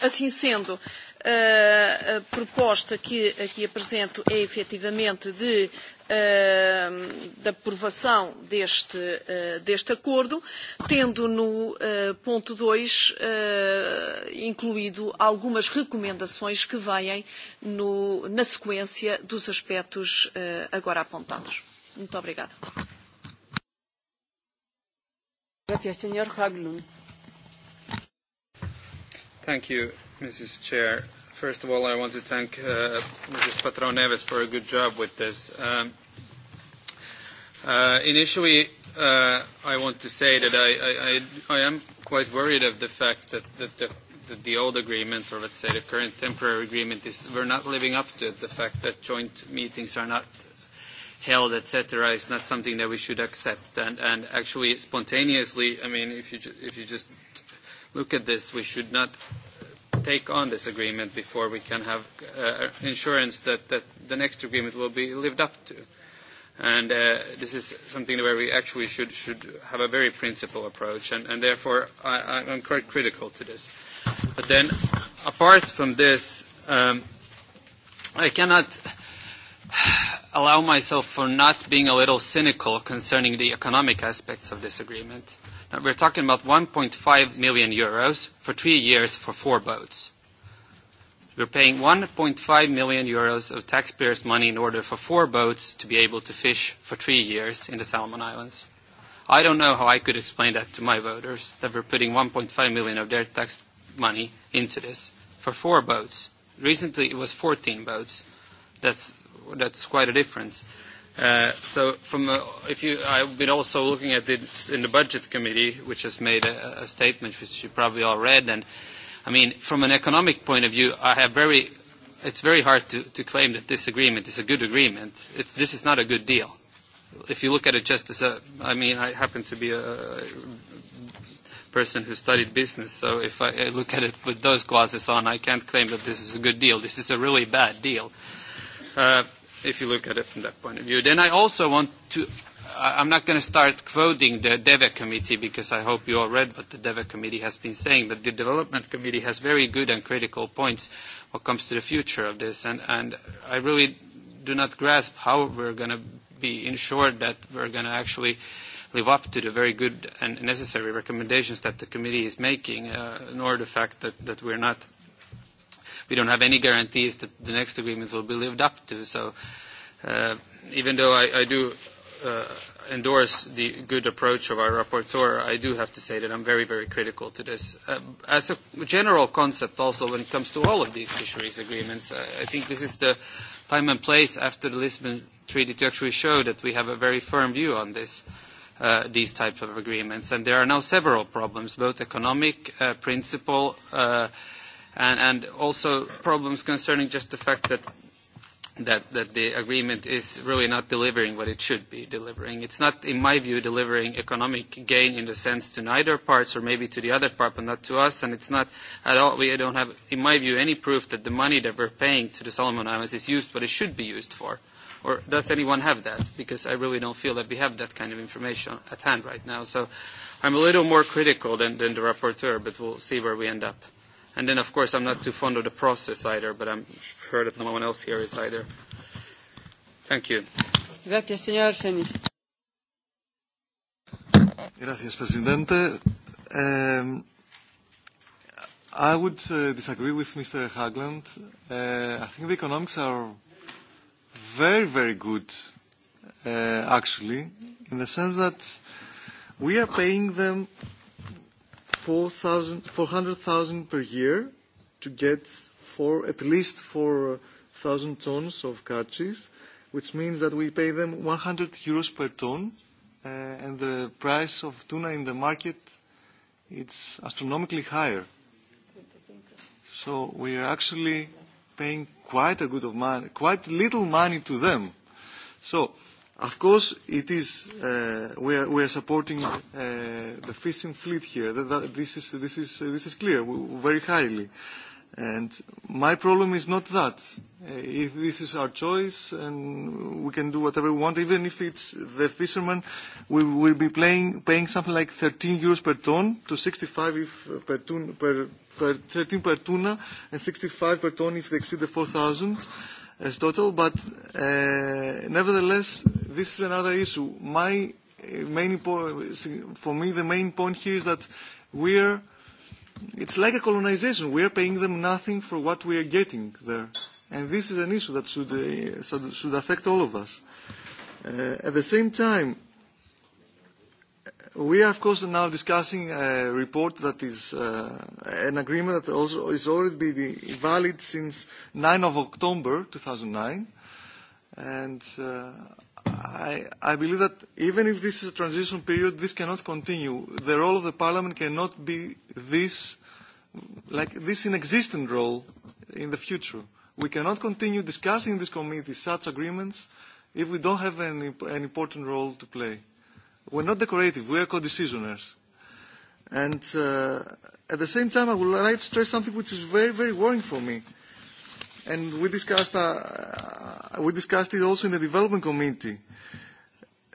Assim sendo, eh, a proposta que aqui apresento é efetivamente de Ehm, da aprovação deste, eh, deste acordo, tendo no eh, ponto 2 eh, incluído algumas recomendações que vêm no, na sequência dos aspectos agora apontados. Muito obrigada. Gracias, señor Haglund. Thank you, Mrs. Chair. First of all, I want to thank uh, Mrs. Patron-Neves for a good job with this. Um, Uh, initially, uh, I want to say that I, I, I am quite worried of the fact that, that, the, that the old agreement, or let's say the current temporary agreement, is we're not living up to it. The fact that joint meetings are not held, etc., is not something that we should accept. And, and actually, spontaneously, I mean, if you, ju- if you just look at this, we should not take on this agreement before we can have uh, insurance that, that the next agreement will be lived up to. And uh, this is something where we actually should, should have a very principled approach, and, and therefore I, I'm quite critical to this. But then, apart from this, um, I cannot allow myself for not being a little cynical concerning the economic aspects of this agreement. Now, we're talking about 1.5 million euros for three years for four boats. We're paying 1.5 million euros of taxpayers' money in order for four boats to be able to fish for three years in the Salomon Islands. I don't know how I could explain that to my voters, that we're putting 1.5 million of their tax money into this for four boats. Recently, it was 14 boats. That's, quite a difference. Uh, so uh, if you, I've been also looking at this in the budget committee, which has made a, a statement which you probably all read, and I mean, from an economic point of view, I have very, it's very hard to, to claim that this agreement is a good agreement. It's, this is not a good deal. If you look at it just as a, I mean, I happen to be a person who studied business, so if I look at it with those glasses on, I can't claim that this is a good deal. This is a really bad deal, uh, if you look at it from that point of view. Then I also want to I'm not going to start quoting the DEVE committee because I hope you all read what the DEVE committee has been saying, but the development committee has very good and critical points when it comes to the future of this, and, and I really do not grasp how we're going to be ensured that we're going to actually live up to the very good and necessary recommendations that the committee is making, uh, nor the fact that, that we're not, we don't have any guarantees that the next agreement will be lived up to. So uh, even though I, I do uh, endorse the good approach of our rapporteur, I do have to say that I'm very, very critical to this. Uh, as a general concept also when it comes to all of these fisheries agreements, I think this is the time and place after the Lisbon Treaty to actually show that we have a very firm view on this, uh, these types of agreements. And there are now several problems, both economic, uh, principle, uh, and, and also problems concerning just the fact that that, that the agreement is really not delivering what it should be delivering. It's not, in my view, delivering economic gain in the sense to neither parts or maybe to the other part, but not to us. And it's not at all, we don't have, in my view, any proof that the money that we're paying to the Solomon Islands is used what it should be used for. Or does anyone have that? Because I really don't feel that we have that kind of information at hand right now. So I'm a little more critical than, than the rapporteur, but we'll see where we end up. And then, of course, I'm not too fond of the process either, but I'm sure that no one else here is either. Thank you. Gracias, señor Arsenis. Gracias, Presidente. Um, I would uh, disagree with Mr. Hagland. Uh, I think the economics are very, very good, uh, actually, in the sense that we are paying them 400,000 per year to get four, at least 4,000 tons of catches, which means that we pay them 100 euros per ton, uh, and the price of tuna in the market it's astronomically higher. So we are actually paying quite a good of money, quite little money to them. So Of course, it is, uh, we, are, we are supporting uh, the fishing fleet here. That, that, this, is, this, is, uh, this is clear, very highly. And my problem is not that. Uh, if this is our choice and we can do whatever we want, even if it's the fishermen, we will be playing, paying something like 13 euros per ton to 65 if per, tun, per, per 13 per tuna and 65 per ton if they exceed the 4,000 as total, but uh, nevertheless, this is another issue. My uh, main for me, the main point here is that we're, it's like a colonization. We are paying them nothing for what we are getting there. And this is an issue that should, uh, should affect all of us. Uh, at the same time, We are, of course, now discussing a report that is uh, an agreement that also is already valid since 9 of October 2009. And uh, I, I believe that even if this is a transition period, this cannot continue. The role of the Parliament cannot be this, like this inexistent role in the future. We cannot continue discussing in this committee such agreements if we don't have an, an important role to play. We're not decorative. We are co-decisioners. And uh, at the same time, I would like to stress something which is very, very worrying for me. And we discussed, uh, uh we discussed it also in the Development Committee.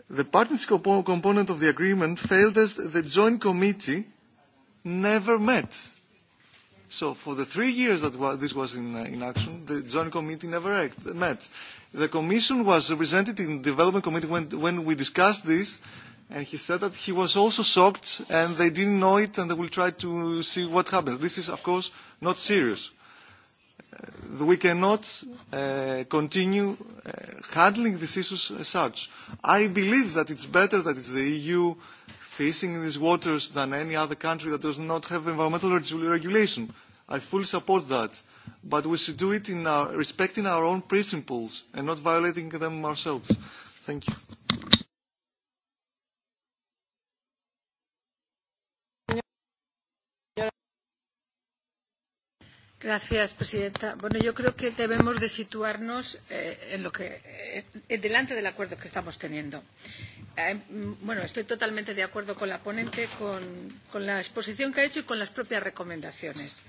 The partnership component of the agreement failed as the joint committee never met. So for the three years that this was in, uh, in action, the joint committee never met. The Commission was represented in the Development Committee when, when we discussed this, And he said that he was also shocked and they didn't know it and they will try to see what happens. This is, of course, not serious. Uh, we cannot uh, continue uh, handling these issues as such. I believe that it's better that it's the EU facing these waters than any other country that does not have environmental regulation. I fully support that. But we should do it in our, respecting our own principles and not violating them ourselves. Thank you. Gracias, presidenta. Bueno, yo creo que debemos de situarnos eh, en lo que, eh, delante del acuerdo que estamos teniendo. Eh, bueno, estoy totalmente de acuerdo con la ponente, con, con la exposición que ha hecho y con las propias recomendaciones.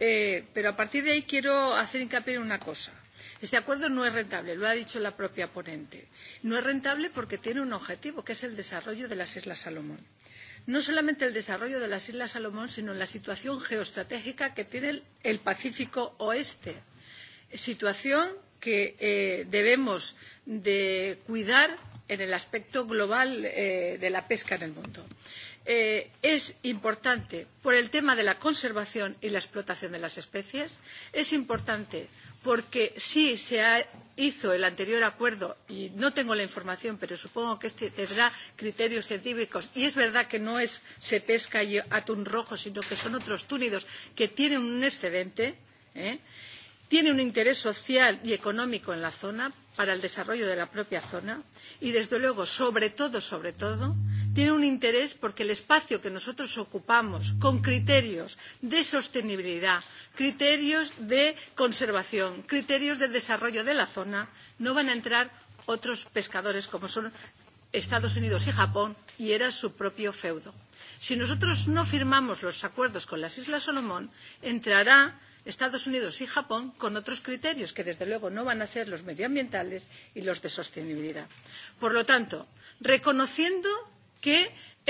Eh, pero a partir de ahí quiero hacer hincapié en una cosa. Este acuerdo no es rentable, lo ha dicho la propia ponente. No es rentable porque tiene un objetivo, que es el desarrollo de las Islas Salomón. Eh, no solamente el desarrollo de las Islas Salomón, sino la situación geoestratégica que tiene el Pacífico Oeste. Situación que eh, debemos de cuidar en el aspecto global eh, de la pesca en el mundo. Eh, es importante por el tema de la conservación y la explotación de las especies, es importante porque sí se ha, hizo el anterior acuerdo, y no tengo la información, pero supongo que este tendrá criterios científicos, y es verdad que no es se pesca y atún rojo, sino que son otros túnidos que tienen un excedente, ¿eh? tiene un interés social y económico en la zona, para el desarrollo de la propia zona, y desde luego, sobre todo, sobre todo, eh, tiene un interés porque el espacio que nosotros ocupamos con criterios de sostenibilidad, criterios de conservación, criterios de desarrollo de la zona, no van a entrar otros pescadores como son Estados Unidos y Japón y era su propio feudo. Si nosotros no firmamos los acuerdos con las Islas Solomón, entrará Estados Unidos y Japón con otros criterios que desde luego no van a ser los medioambientales y los de sostenibilidad. Por lo tanto, reconociendo que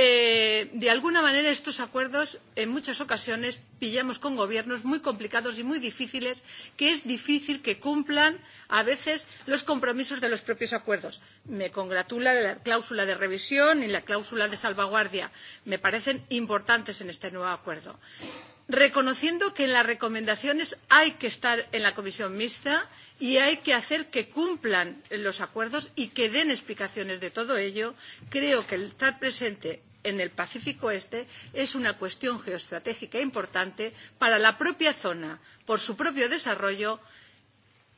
eh, de alguna manera estos acuerdos en muchas ocasiones pillamos con gobiernos muy complicados y muy difíciles que es difícil que cumplan a veces los compromisos de los propios acuerdos. Me congratula de la cláusula de revisión y la cláusula de salvaguardia. Me parecen importantes en este nuevo acuerdo reconociendo que en las recomendaciones hay que estar en la comisión mixta y hay que hacer que cumplan los acuerdos y que den explicaciones de todo ello. Creo que el estar presente en el Pacífico Este es una cuestión geoestratégica importante para la propia zona, por su propio desarrollo,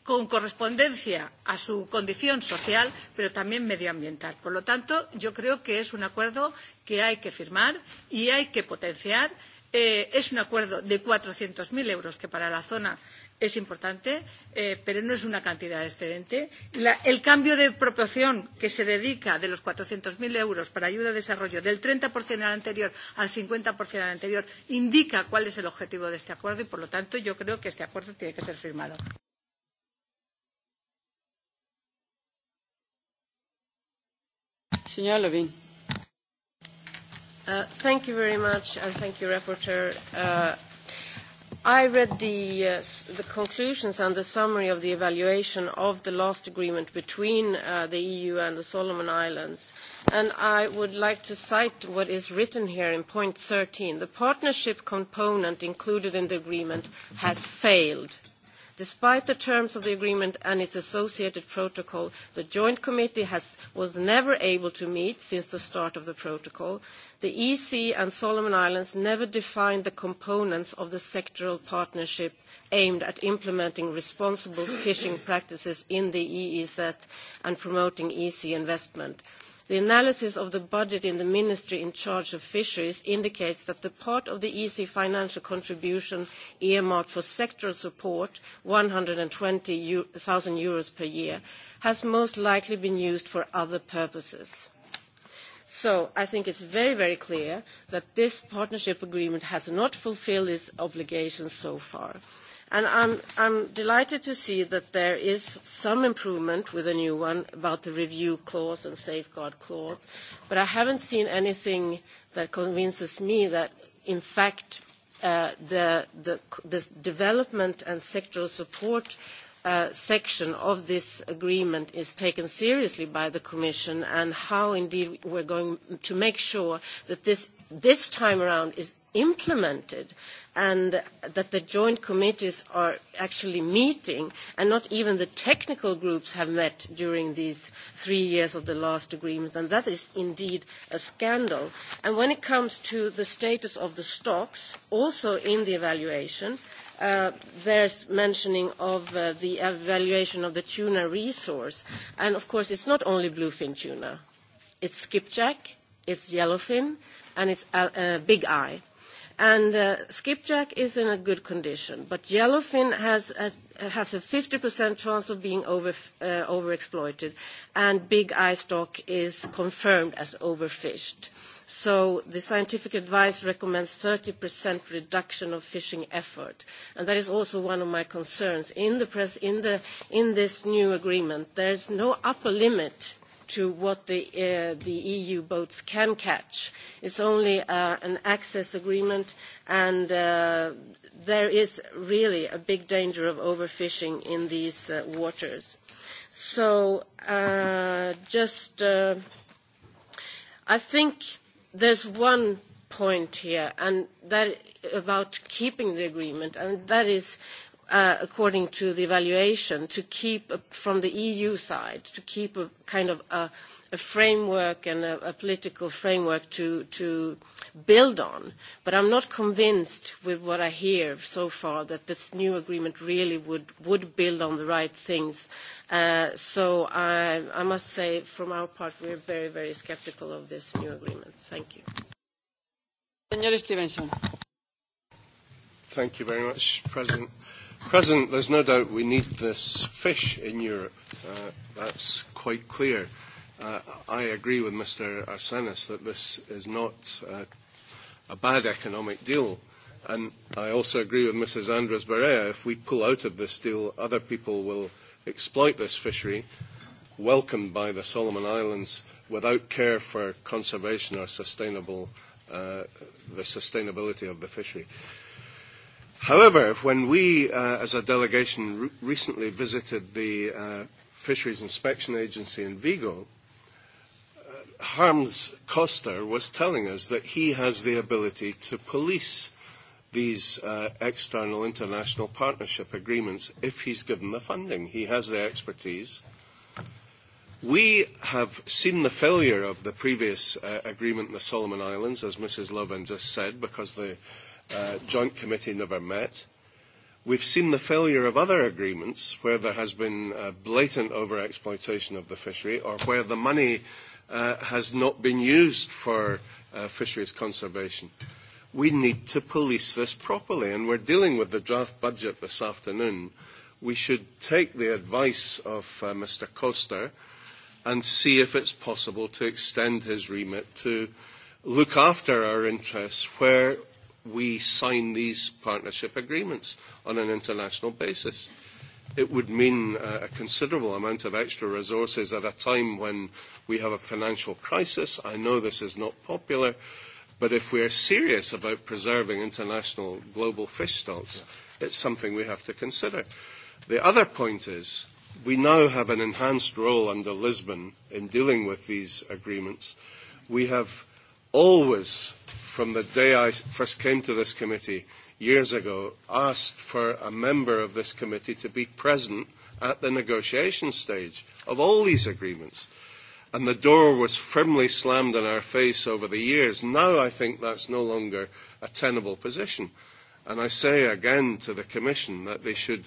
con correspondencia a su condición social, pero también medioambiental. Por lo tanto, yo creo que es un acuerdo que hay que firmar y hay que potenciar. Eh, es un acuerdo de 400.000 euros, que para la zona es importante, eh, pero no es una cantidad excedente. La, el cambio de proporción que se dedica de los 400.000 euros para ayuda a desarrollo del 30% al anterior al 50% al anterior indica cuál es el objetivo de este acuerdo y, por lo tanto, yo creo que este acuerdo tiene que ser firmado. Señora Levin. Uh, thank you very much, and thank you, Rapporteur. Uh, I read the, uh, the, conclusions and the summary of the evaluation of the last agreement between uh, the EU and the Solomon Islands, and I would like to cite what is written here in point 13. The partnership component included in the agreement has failed. Despite the terms of the agreement and its associated protocol, the Joint Committee has, was never able to meet since the start of the protocol the EC and Solomon Islands never defined the components of the sectoral partnership aimed at implementing responsible fishing practices in the EEZ and promoting EC investment. The analysis of the budget in the ministry in charge of fisheries indicates that the part of the EC financial contribution earmarked for sectoral support, 120,000 euros per year, has most likely been used for other purposes. So I think it's very, very clear that this partnership agreement has not fulfilled its obligations so far. And I'm, I'm delighted to see that there is some improvement with a new one about the review clause and safeguard clause, but I haven't seen anything that convinces me that, in fact, uh, the, the, the development and sectoral support Uh, section of this agreement is taken seriously by the Commission and how indeed we're going to make sure that this, this time around is implemented and that the joint committees are actually meeting and not even the technical groups have met during these three years of the last agreement and that is indeed a scandal. And when it comes to the status of the stocks, also in the evaluation, Uh, there's mentioning of uh, the evaluation of the tuna resource. And of course, it's not only bluefin tuna. It's skipjack, it's yellowfin, and it's uh, big eye. And uh, skipjack is in a good condition, but yellowfin has a has a 50% chance of being over, uh, overexploited, and big eye stock is confirmed as overfished. So the scientific advice recommends 30% reduction of fishing effort, and that is also one of my concerns. In, the press, in, the, in this new agreement, there is no upper limit to what the, uh, the EU boats can catch. It's only uh, an access agreement and uh, there is really a big danger of overfishing in these uh, waters. So uh, just, uh, I think there's one point here, and that about keeping the agreement, and that is Uh, according to the evaluation, to keep uh, from the EU side, to keep a kind of a, a framework and a, a political framework to, to, build on. But I'm not convinced with what I hear so far that this new agreement really would, would build on the right things. Uh, so I, I must say, from our part, we're very, very skeptical of this new agreement. Thank you. Senor Stevenson. Thank you very much, President. President, there's no doubt we need this fish in Europe. Uh, that's quite clear. Uh, I agree with Mr. Arsenis that this is not uh, a bad economic deal. And I also agree with Mrs. Andres Barea, if we pull out of this deal, other people will exploit this fishery, welcomed by the Solomon Islands, without care for conservation or sustainable, uh, the sustainability of the fishery. Uh, However, when we, uh, as a delegation, re- recently visited the uh, Fisheries Inspection Agency in Vigo, uh, Harms Coster was telling us that he has the ability to police these uh, external international partnership agreements if he's given the funding. He has the expertise. We have seen the failure of the previous uh, agreement in the Solomon Islands, as Mrs. Lovin just said, because the Uh, joint committee never met. We've seen the failure of other agreements where there has been uh, blatant overexploitation of the fishery or where the money uh, has not been used for uh, fisheries conservation. We need to police this properly, and we're dealing with the draft budget this afternoon. We should take the advice of uh, Mr. Coster and see if it's possible to extend his remit to look after our interests where we sign these partnership agreements on an international basis. It would mean uh, a considerable amount of extra resources at a time when we have a financial crisis. I know this is not popular, but if we are serious about preserving international global fish stocks, it's something we have to consider. The other point is we now have an enhanced role under Lisbon in dealing with these agreements. We have always from the day I first came to this committee years ago, asked for a member of this committee to be present at the negotiation stage of all these agreements. And the door was firmly slammed in our face over the years. Now I think that's no longer a tenable position. And I say again to the Commission that they should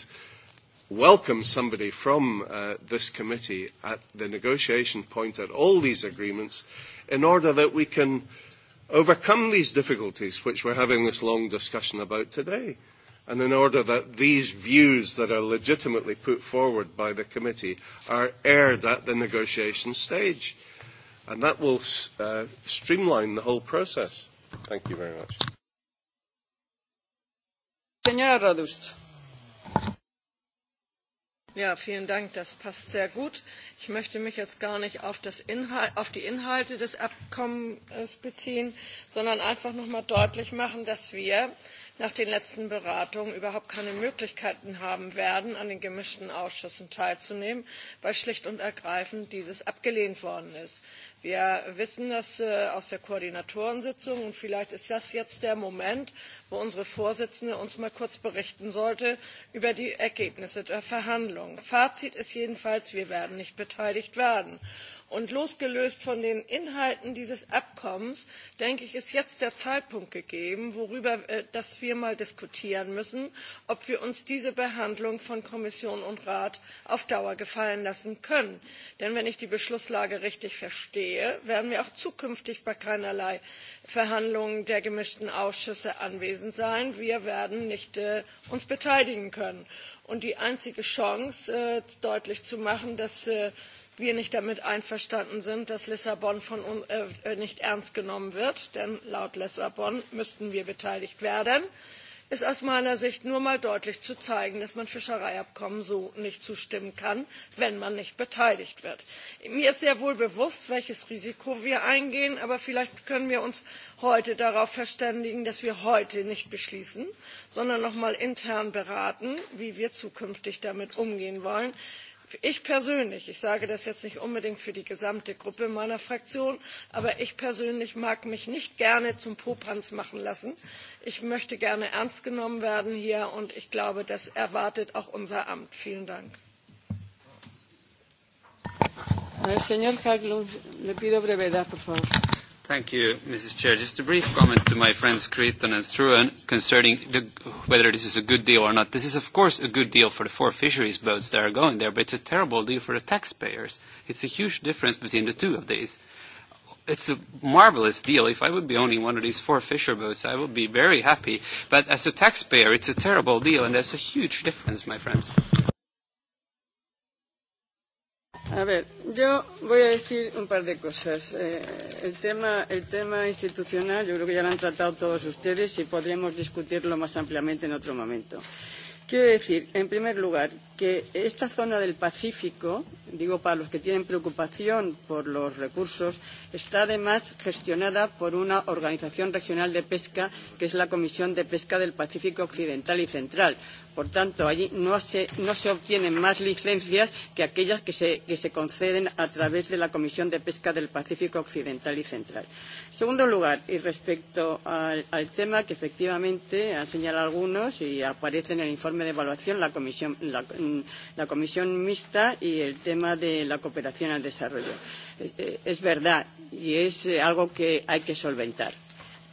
welcome somebody from uh, this committee at the negotiation point at all these agreements in order that we can overcome these difficulties which we're having this long discussion about today, and in order that these views that are legitimately put forward by the committee are aired at the negotiation stage. And that will uh, streamline the whole process. Thank you very much. Señora Radust. Ja, vielen Dank. Das passt sehr gut. Ich möchte mich jetzt gar nicht auf, das Inhal auf die Inhalte des Abkommens beziehen, sondern einfach noch mal deutlich machen, dass wir nach den letzten beratungen überhaupt keine möglichkeiten haben werden an den gemischten ausschüssen teilzunehmen weil schlicht und ergreifend dieses abgelehnt worden ist. wir wissen das äh, aus der koordinatorensitzung und vielleicht ist das jetzt der moment wo unsere vorsitzende uns mal kurz berichten sollte über die ergebnisse der verhandlungen. fazit ist jedenfalls wir werden nicht beteiligt werden und losgelöst von den inhalten dieses abkommens denke ich ist jetzt der zeitpunkt gegeben äh, dass wir mal diskutieren müssen ob wir uns diese behandlung von kommission und rat auf dauer gefallen lassen können. denn wenn ich die beschlusslage richtig verstehe werden wir auch zukünftig bei keinerlei verhandlungen der gemischten ausschüsse anwesend sein. wir werden äh, uns nicht beteiligen können. und die einzige chance äh, deutlich zu machen dass wir nicht damit einverstanden sind dass lissabon äh, äh, nicht ernst genommen wird denn laut lissabon müssten wir beteiligt werden ist aus meiner sicht nur mal deutlich zu zeigen, dass man Fischereiabkommen so nicht zustimmen kann, wenn man nicht beteiligt wird. Mir ist sehr wohl bewusst, welches Risiko wir eingehen, aber vielleicht können wir uns heute darauf verständigen, dass wir heute nicht beschließen, sondern noch mal intern beraten, wie wir zukünftig damit umgehen wollen ich persönlich ich sage das jetzt nicht unbedingt für die gesamte gruppe meiner fraktion aber ich persönlich mag mich nicht gerne zum popanz machen lassen. ich möchte gerne ernst genommen werden hier und ich glaube das erwartet auch unser amt. vielen dank. Thank you, Mrs. Chair. Just a brief comment to my friends Creighton and Struan concerning the, whether this is a good deal or not. This is, of course, a good deal for the four fisheries boats that are going there, but it's a terrible deal for the taxpayers. It's a huge difference between the two of these. It's a marvelous deal. If I would be owning one of these four fisher boats, I would be very happy. But as a taxpayer, it's a terrible deal, and there's a huge difference, my friends. A ver, yo voy a decir un par de cosas. Eh, el, tema, el tema institucional yo creo que ya lo han tratado todos ustedes y podremos discutirlo más ampliamente en otro momento. Quiero decir, en primer lugar, que esta zona del Pacífico, digo para los que tienen preocupación por los recursos, está además gestionada por una organización regional de pesca que es la Comisión de Pesca del Pacífico Occidental y Central, Por tanto, allí no se, no se obtienen más licencias que aquellas que se, que se conceden a través de la Comisión de Pesca del Pacífico Occidental y Central. En segundo lugar, y respecto al, al tema que efectivamente han señalado algunos y aparece en el informe de evaluación la comisión, la, la comisión mixta y el tema de la cooperación al desarrollo. Es, eh, eh, es verdad y es algo que hay que solventar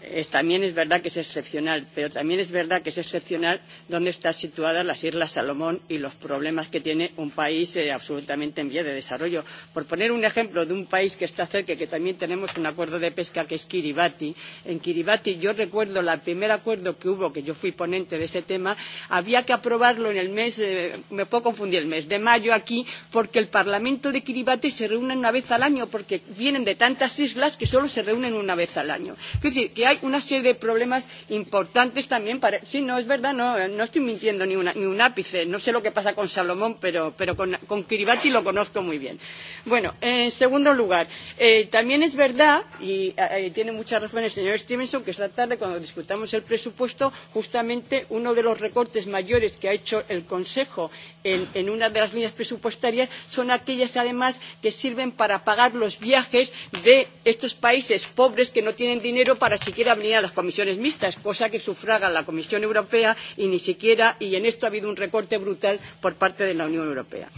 es, también es verdad que es excepcional, pero también es verdad que es excepcional dónde están situadas las Islas Salomón y los problemas que tiene un país eh, absolutamente en vía de desarrollo. Por poner un ejemplo de un país que está cerca y que también tenemos un acuerdo de pesca que es Kiribati. En Kiribati yo recuerdo el primer acuerdo que hubo, que yo fui ponente de ese tema, había que aprobarlo en el mes, eh, me puedo confundir, el mes de mayo aquí, porque el Parlamento de Kiribati se reúne una vez al año, porque vienen de tantas islas que solo se reúnen una vez al año. Es decir, que hay una serie de problemas importantes también para... Sí, no, es verdad, no, eh, no estoy mintiendo ni, una, ni un ápice. No sé lo que pasa con Salomón, pero, pero con, con Kiribati lo conozco muy bien. Bueno, en segundo lugar, eh, también es verdad, y eh, eh, tiene mucha razón el señor Stevenson, que esta tarde cuando discutamos el presupuesto, justamente uno de los recortes mayores que ha hecho el Consejo en, en una de las líneas presupuestarias son aquellas, además, que sirven para pagar los viajes de estos países pobres que no tienen dinero para siquiera siquiera venir a las comisiones mixtas, cosa que sufraga la Comisión Europea y ni siquiera, y en esto ha habido un recorte brutal por parte de la Unión Europea.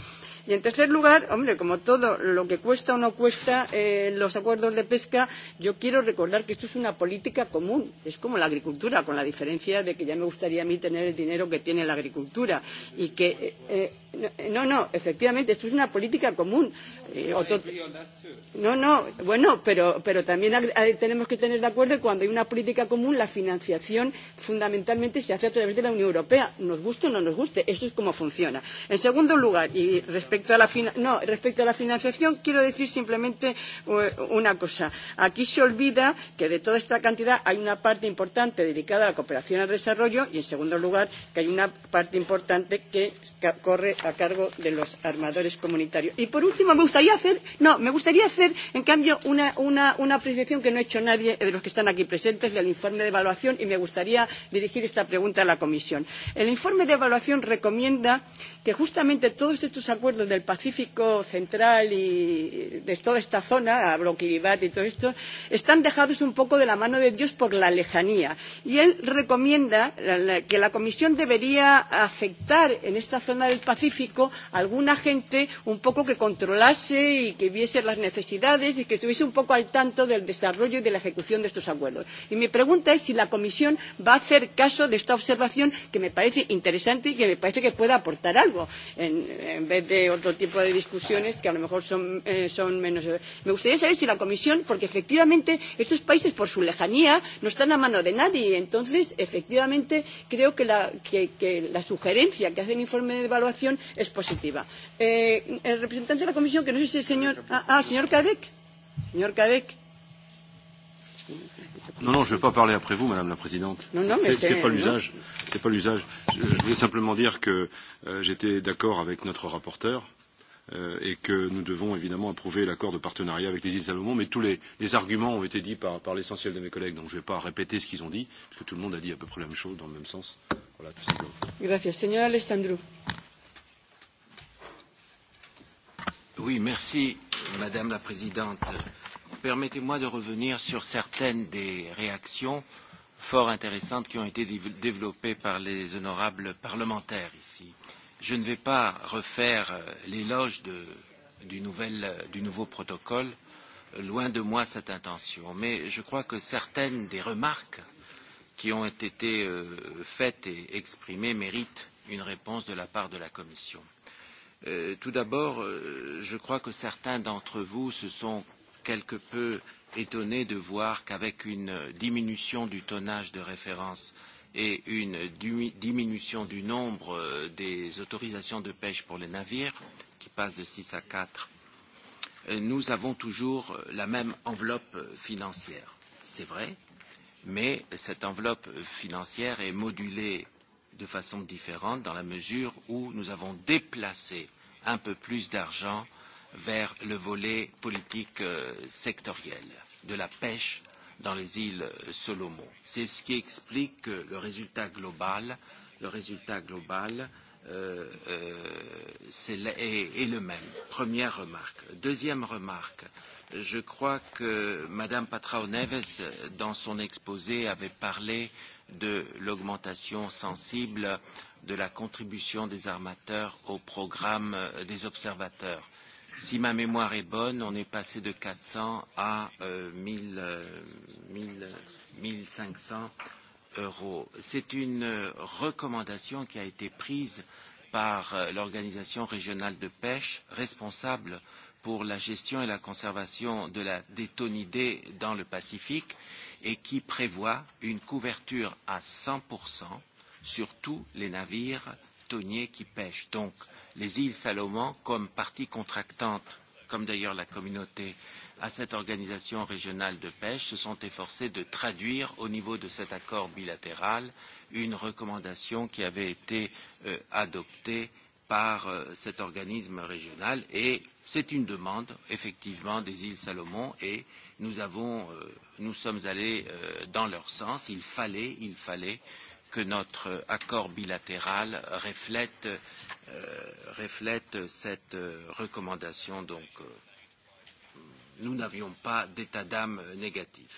Y en tercer lugar, hombre, como todo lo que cuesta o no cuesta eh, los acuerdos de pesca, yo quiero recordar que esto es una política común. Es como la agricultura, con la diferencia de que ya me gustaría a mí tener el dinero que tiene la agricultura y que eh, eh No, no, efectivamente, esto es una política común. Eh, otro... No, no, bueno, pero, pero también tenemos que tener de acuerdo que cuando hay una política común, la financiación fundamentalmente se hace a través de la Unión Europea, nos guste o no nos guste, eso es como funciona. En segundo lugar, y respecto a la, fina... no, respecto a la financiación, quiero decir simplemente eh, una cosa. Aquí se olvida que de toda esta cantidad hay una parte importante dedicada a la cooperación al desarrollo y, en segundo lugar, que hay una parte importante que corre a cargo de los armadores comunitarios. Y por último, me gustaría hacer, no, me gustaría hacer, en cambio, una, una, una apreciación que no ha hecho nadie de los que están aquí presentes del informe de evaluación y me gustaría dirigir esta pregunta a la Comisión. El informe de evaluación recomienda que justamente todos estos acuerdos del Pacífico Central y de toda esta zona, hablo Kiribati y todo esto, están dejados un poco de la mano de Dios por la lejanía. Y él recomienda que la Comisión debería afectar en esta zona del Pacífico científico, alguna gente un poco que controlase y que viese las necesidades y que estuviese un poco al tanto del desarrollo y de la ejecución de estos acuerdos. Y mi pregunta es si la Comisión va a hacer caso de esta observación que me parece interesante y que me parece que puede aportar algo en, en vez de otro tipo de discusiones que a lo mejor son, eh, son menos. Me gustaría saber si la Comisión, porque efectivamente estos países por su lejanía no están a mano de nadie. Entonces, efectivamente, creo que la, que, que la sugerencia que hace el informe de evaluación es positiva. Eh, el representante de la Comisión, que no sé si es el señor... Ah, ah señor Cadec. Señor Cadec. No, no, je ne vais pas parler après vous, Madame la Présidente. Non, non, c'est pas euh, l'usage. C'est pas l'usage. Je, je voulais simplement dire que euh, j'étais d'accord avec notre rapporteur euh, et que nous devons évidemment approuver l'accord de partenariat avec les îles Salomon, mais tous les, les arguments ont été dits par, par l'essentiel de mes collègues, donc je ne vais pas répéter ce qu'ils ont dit, parce que tout le monde a dit à peu près la même chose, dans le même sens. Voilà, tout simplement. Merci. Monsieur Alessandro. Oui, merci, Madame la Présidente. Permettez-moi de revenir sur certaines des réactions fort intéressantes qui ont été développées par les honorables parlementaires ici. Je ne vais pas refaire euh, l'éloge du, euh, du nouveau protocole, euh, loin de moi cette intention, mais je crois que certaines des remarques qui ont été faites et exprimées méritent une réponse de la part de la Commission. Euh, Euh, tout d'abord, euh, je crois que certains d'entre vous se sont quelque peu étonnés de voir qu'avec une diminution du tonnage de référence et une diminution du nombre euh, des autorisations de pêche pour les navires, qui passe de 6 à 4, nous avons toujours la même enveloppe financière. C'est vrai, mais cette enveloppe financière est modulée de façon différente dans la mesure où nous avons déplacé un peu plus d'argent vers le volet politique euh, sectoriel de la pêche dans les îles Solomon. C'est ce qui explique que le résultat global, le résultat global euh, euh, est, est, est le même. Première remarque. Deuxième remarque. Je crois que Madame Patrao Neves, dans son exposé, avait parlé euh, de l'augmentation sensible de la contribution des armateurs au programme euh, des observateurs. Si ma mémoire est bonne, on est passé de 400 à euh, 1000, euh, 1000, 1500 euros. C'est une euh, recommandation qui a été prise par euh, l'organisation régionale de pêche responsable pour la gestion et la conservation de la détonidée dans le Pacifique et qui prévoit une couverture à 100% sur tous les navires tonniers qui pêchent. Donc les îles Salomon, comme partie contractante, comme d'ailleurs la communauté à cette organisation régionale de pêche, se sont efforcés de traduire au niveau de cet accord bilatéral une recommandation qui avait été euh, adoptée par euh, cet organisme régional et c'est une demande effectivement des îles Salomon et nous avons euh, nous sommes allés euh, dans leur sens il fallait il fallait que notre accord bilatéral reflète euh, reflète cette recommandation donc nous n'avions pas d'état d'âme négatif.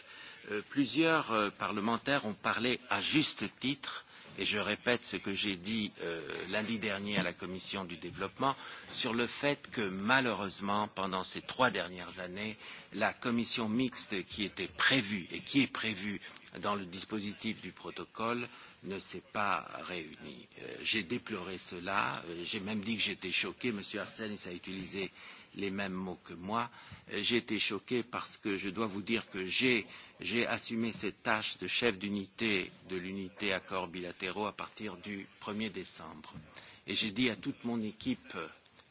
Euh, plusieurs euh, parlementaires ont parlé à juste titre et je répète ce que j'ai dit euh, lundi dernier à la commission du développement sur le fait que malheureusement pendant ces trois dernières années la commission mixte qui était prévue et qui est prévue dans le dispositif du protocole ne s'est pas réunie. Euh, j'ai déploré cela, euh, j'ai même dit que j'étais choqué, M. Arsène ça a utilisé les mêmes mots que moi. Euh, j'ai été choqué parce que je dois vous dire que j'ai assumé cette tâche de chef d'unité de l'unité accord bilatéraux à partir du 1er décembre. Et j'ai dit à toute mon équipe euh,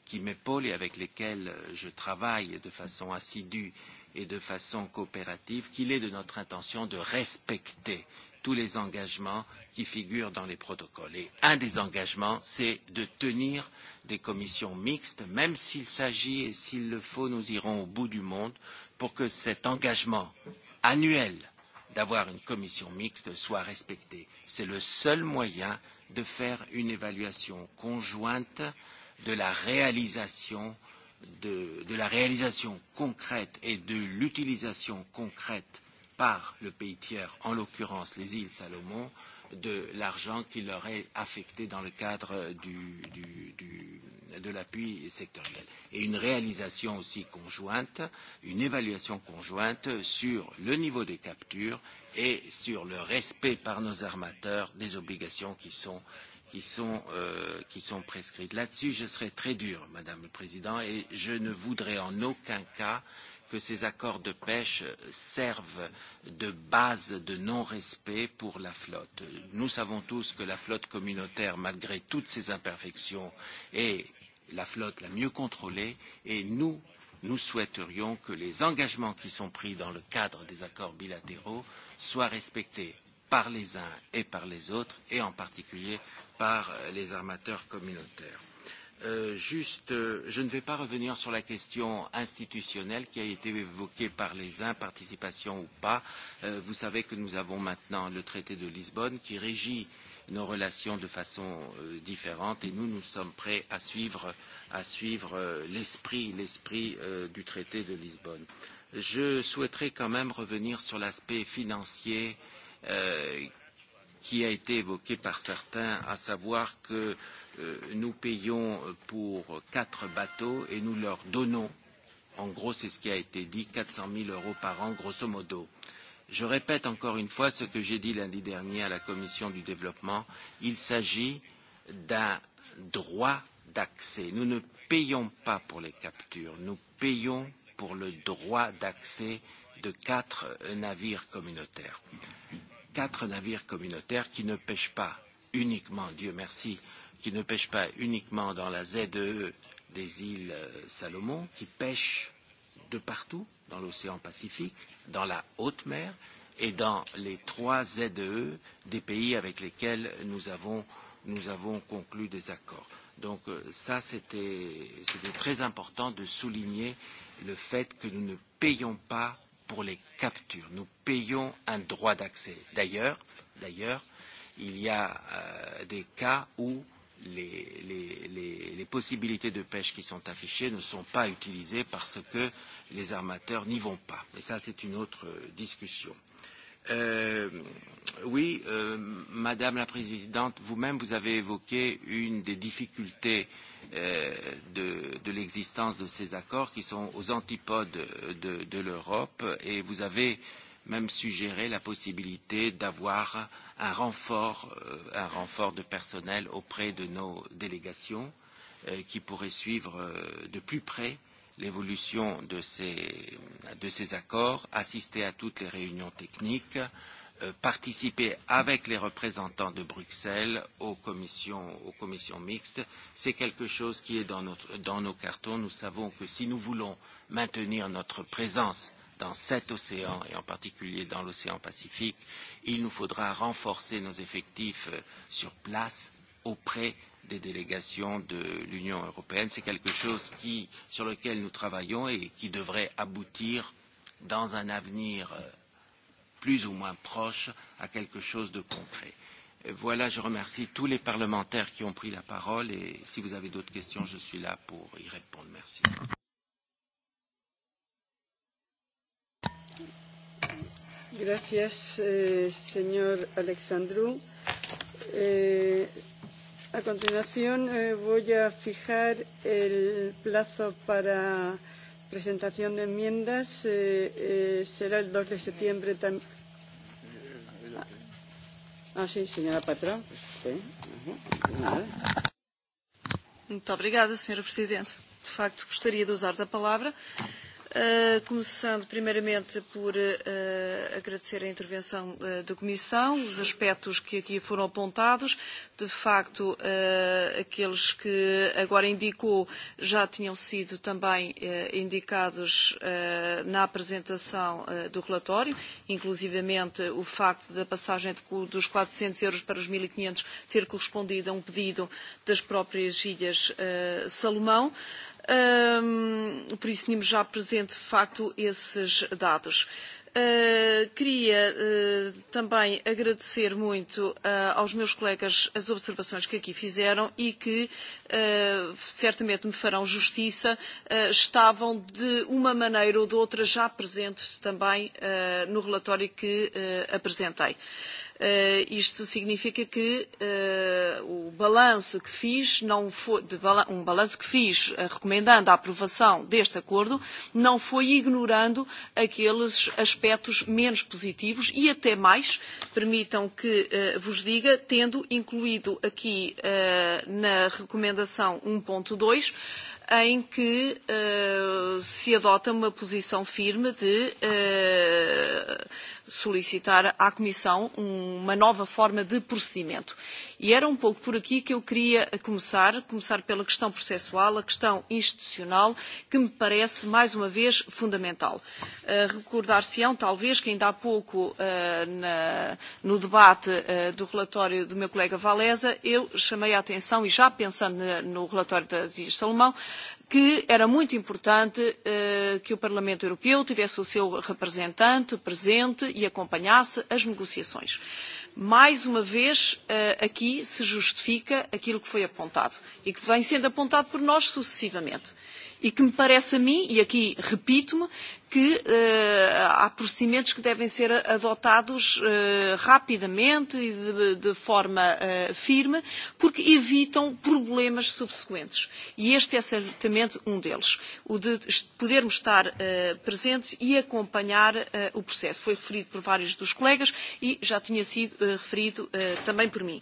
qui m'épaule et avec lesquelles euh, je travaille de façon assidue et de façon coopérative qu'il est de notre intention de respecter tous les engagements qui figurent dans les protocoles. Et un des engagements, c'est de tenir euh, des commissions mixtes, même s'il s'agit, et s'il le faut, nous irons au bout du monde pour que cet engagement annuel d'avoir une commission mixte soit respecté. C'est le seul moyen de faire une évaluation conjointe de la réalisation de, de la réalisation concrète et de l'utilisation concrète par le pays tiers, en l'occurrence les îles Salomon, de l'argent qui leur est affecté dans le cadre du, du, du, de l'appui sectoriel. Et une réalisation aussi conjointe, une évaluation conjointe sur le niveau des captures et sur le respect par nos armateurs des obligations qui sont qui sont, euh, qui sont prescrites. Là-dessus, je serai très dur, Madame le Président, et je ne voudrais en aucun cas euh, que ces accords de pêche servent de base de non-respect pour la flotte. Nous savons tous que la flotte communautaire, malgré toutes ses imperfections, est la flotte la mieux contrôlée et nous, nous souhaiterions que les engagements qui sont pris dans le cadre des accords bilatéraux soient respectés par les uns et par les autres, et en particulier par les armateurs communautaires. Euh, juste, euh, je ne vais pas revenir sur la question institutionnelle qui a été évoquée par les uns, participation ou pas. Euh, vous savez que nous avons maintenant le traité de Lisbonne qui régit nos relations de façon euh, différente et nous, nous sommes prêts à suivre, à suivre euh, l'esprit, l'esprit euh, du traité de Lisbonne. Je souhaiterais quand même revenir sur l'aspect financier euh, qui a été évoqué par certains, à savoir que Euh, nous payons pour quatre bateaux et nous leur donnons, en gros c'est ce qui a été dit, 400 000 euros par an, grosso modo. Je répète encore une fois ce que j'ai dit lundi dernier à la Commission du développement, il s'agit d'un droit d'accès. Nous ne payons pas pour les captures, nous payons pour le droit d'accès de quatre navires communautaires. Quatre navires communautaires qui ne pêchent pas uniquement, Dieu merci, euh, qui ne pêche pas uniquement dans la ZEE des îles euh, Salomon, qui pêche de partout dans l'océan Pacifique, dans la haute mer et dans les trois ZEE des pays avec lesquels nous avons, nous avons conclu des accords. Donc euh, ça, c'était très important de souligner le fait que nous ne payons pas pour les captures. Nous payons un droit d'accès. D'ailleurs, il y a euh, des cas où les, les, les, les possibilités de pêche qui sont affichées ne sont pas utilisées parce que les armateurs n'y vont pas. Et ça, c'est une autre discussion. Euh, oui, euh, Madame la Présidente, vous-même, vous avez évoqué une des difficultés euh, de, de l'existence de ces accords qui sont aux antipodes de, de l'Europe et vous avez euh, même suggéré la possibilité d'avoir un renfort, euh, un renfort de personnel auprès de nos délégations euh, qui pourraient suivre euh, de plus près l'évolution de ces, de ces accords, assister à toutes les réunions techniques, euh, participer avec les représentants de Bruxelles aux commissions, aux commissions mixtes. C'est quelque chose qui est dans, notre, dans nos cartons. Nous savons que si nous voulons maintenir notre présence dans cet océan et en particulier dans l'océan Pacifique, il nous faudra renforcer nos effectifs euh, sur place auprès des délégations de l'Union européenne. C'est quelque chose qui, sur lequel nous travaillons et qui devrait aboutir dans un avenir euh, plus ou moins proche à quelque chose de concret. Euh, voilà, je remercie tous les parlementaires qui ont pris la parole et si vous avez d'autres questions, je suis là pour y répondre. Merci. Gracias, eh, Alexandru. Eh, a continuación eh, voy a fijar el plazo para presentación de enmiendas. Eh, eh, será el 2 de septiembre también. Ah, sim, senhora patrão. Bem, uhum, Muito obrigada, senhora presidente. De facto, gostaria de usar da palavra Eh, começando primeiramente por uh, agradecer a intervenção uh, da Comissão, os aspectos que aqui foram apontados. De facto, uh, aqueles que agora indicou já tinham sido também uh, indicados uh, na apresentação uh, do relatório, inclusivamente o facto da passagem de, dos 400 euros para os 1.500 ter correspondido a um pedido das próprias Ilhas uh, Salomão. Uh, um, por isso tínhamos já presente, de facto, esses dados. Uh, queria uh, também agradecer muito uh, aos meus colegas as observações que aqui fizeram e que certamente me farão justiça, estavam de uma maneira ou de outra já presentes também no relatório que apresentei. Uh, Uh, isto significa que uh, o balanço que fiz não foi de balan um balanço que fiz uh, recomendando a aprovação deste acordo não foi ignorando aqueles aspectos menos positivos e até mais permitam que uh, vos diga tendo incluído aqui uh, na recomendação 1.2 um em que uh, se adota uma posição firme de uh, solicitar à Comissão um, uma nova forma de procedimento. E era um pouco por aqui que eu queria começar, começar pela questão processual, a questão institucional, que me parece, mais uma vez, fundamental. Uh, Recordar-se-ão, talvez, que ainda há pouco, uh, na, no debate uh, do relatório do meu colega Valesa, eu chamei a atenção, e já pensando no relatório da Ilhas Salomão, que era muito importante uh, que o Parlamento Europeu tivesse o seu representante presente e acompanhasse as negociações. Uh, mais uma vez eh, aqui se justifica aquilo que foi apontado e que vem sendo apontado por nós sucessivamente e que me parece a mim, e aqui repito-me, que uh, há procedimentos que devem ser adotados uh, rapidamente e de, de forma uh, firme, porque evitam problemas subsequentes. E este é certamente um deles, o de podermos estar uh, presentes e acompanhar uh, o processo. Foi referido por vários dos colegas e já tinha sido uh, referido uh, também por mim.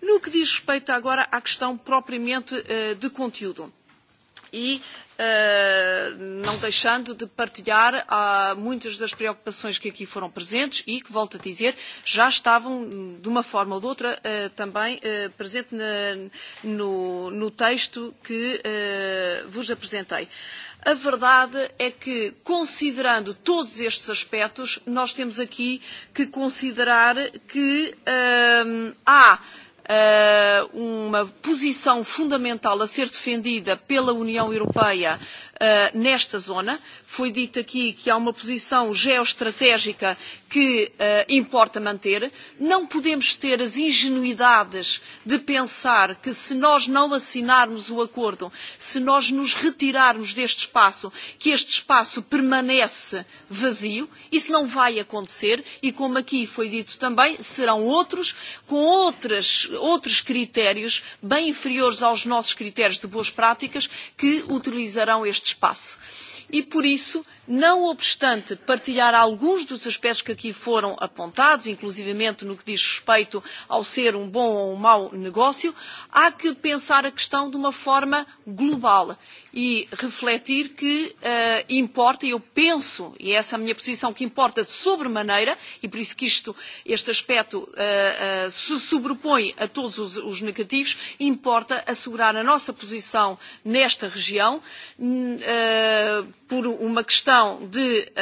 No que diz respeito agora à questão propriamente uh, de conteúdo e Uh, não deixando de partilhar uh, muitas das preocupações que aqui foram presentes e que, volto a dizer, já estavam, de uma forma ou de outra, uh, também uh, presente na, no, no texto que uh, vos apresentei. A verdade é que, considerando todos estes aspectos, nós temos aqui que considerar que uh, há Eh, uma posição fundamental a ser defendida pela União Europeia Eh, nesta zona. Foi dito aqui que há uma posição geoestratégica que uh, importa manter. Não podemos ter as ingenuidades de pensar que se nós não assinarmos o acordo, se nós nos retirarmos deste espaço, que este espaço permanece vazio. Isso não vai acontecer e, como aqui foi dito também, serão outros, com outras, outros critérios bem inferiores aos nossos critérios de boas práticas, que utilizarão este espaço. E, por isso, não obstante partilhar alguns dos aspectos que aqui foram apontados, inclusivamente no que diz respeito ao ser um bom ou um mau negócio, há que pensar a questão de uma forma global e refletir que uh, importa, eu penso, e essa é a minha posição, que importa de sobremaneira, e por isso que isto, este aspecto uh, uh, se sobrepõe a todos os, os negativos, importa assegurar a nossa posição nesta região uh, por uma questão dimensão de,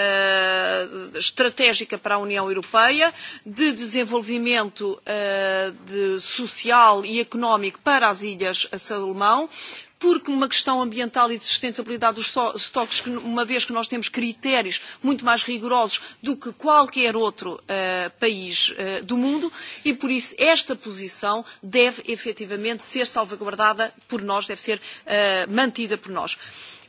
uh, estratégica para a União Europeia, de desenvolvimento uh, de social e económico para as Ilhas Salomão, porque uma questão ambiental e de sustentabilidade dos estoques, uma vez que nós temos critérios muito mais rigorosos do que qualquer outro uh, país uh, do mundo, e por isso esta posição deve efetivamente ser salvaguardada por nós, deve ser uh, mantida por nós.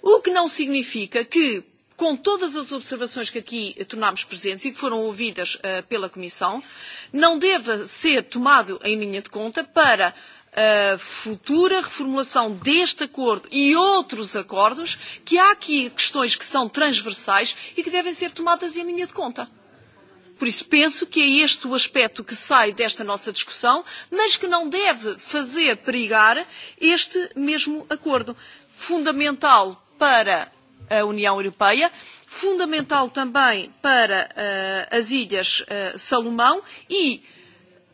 O que não significa que, com todas as observações que aqui tornámos presentes e que foram ouvidas uh, pela Comissão, não deva ser tomado em linha de conta para a eh, futura reformulação deste acordo e outros acordos, que há aqui questões que são transversais e que devem ser tomadas em linha de conta. Por isso, penso que é este o aspecto que sai desta nossa discussão, mas que não deve fazer perigar este mesmo acordo. Fundamental para a União Europeia, fundamental também para uh, as Ilhas uh, Salomão e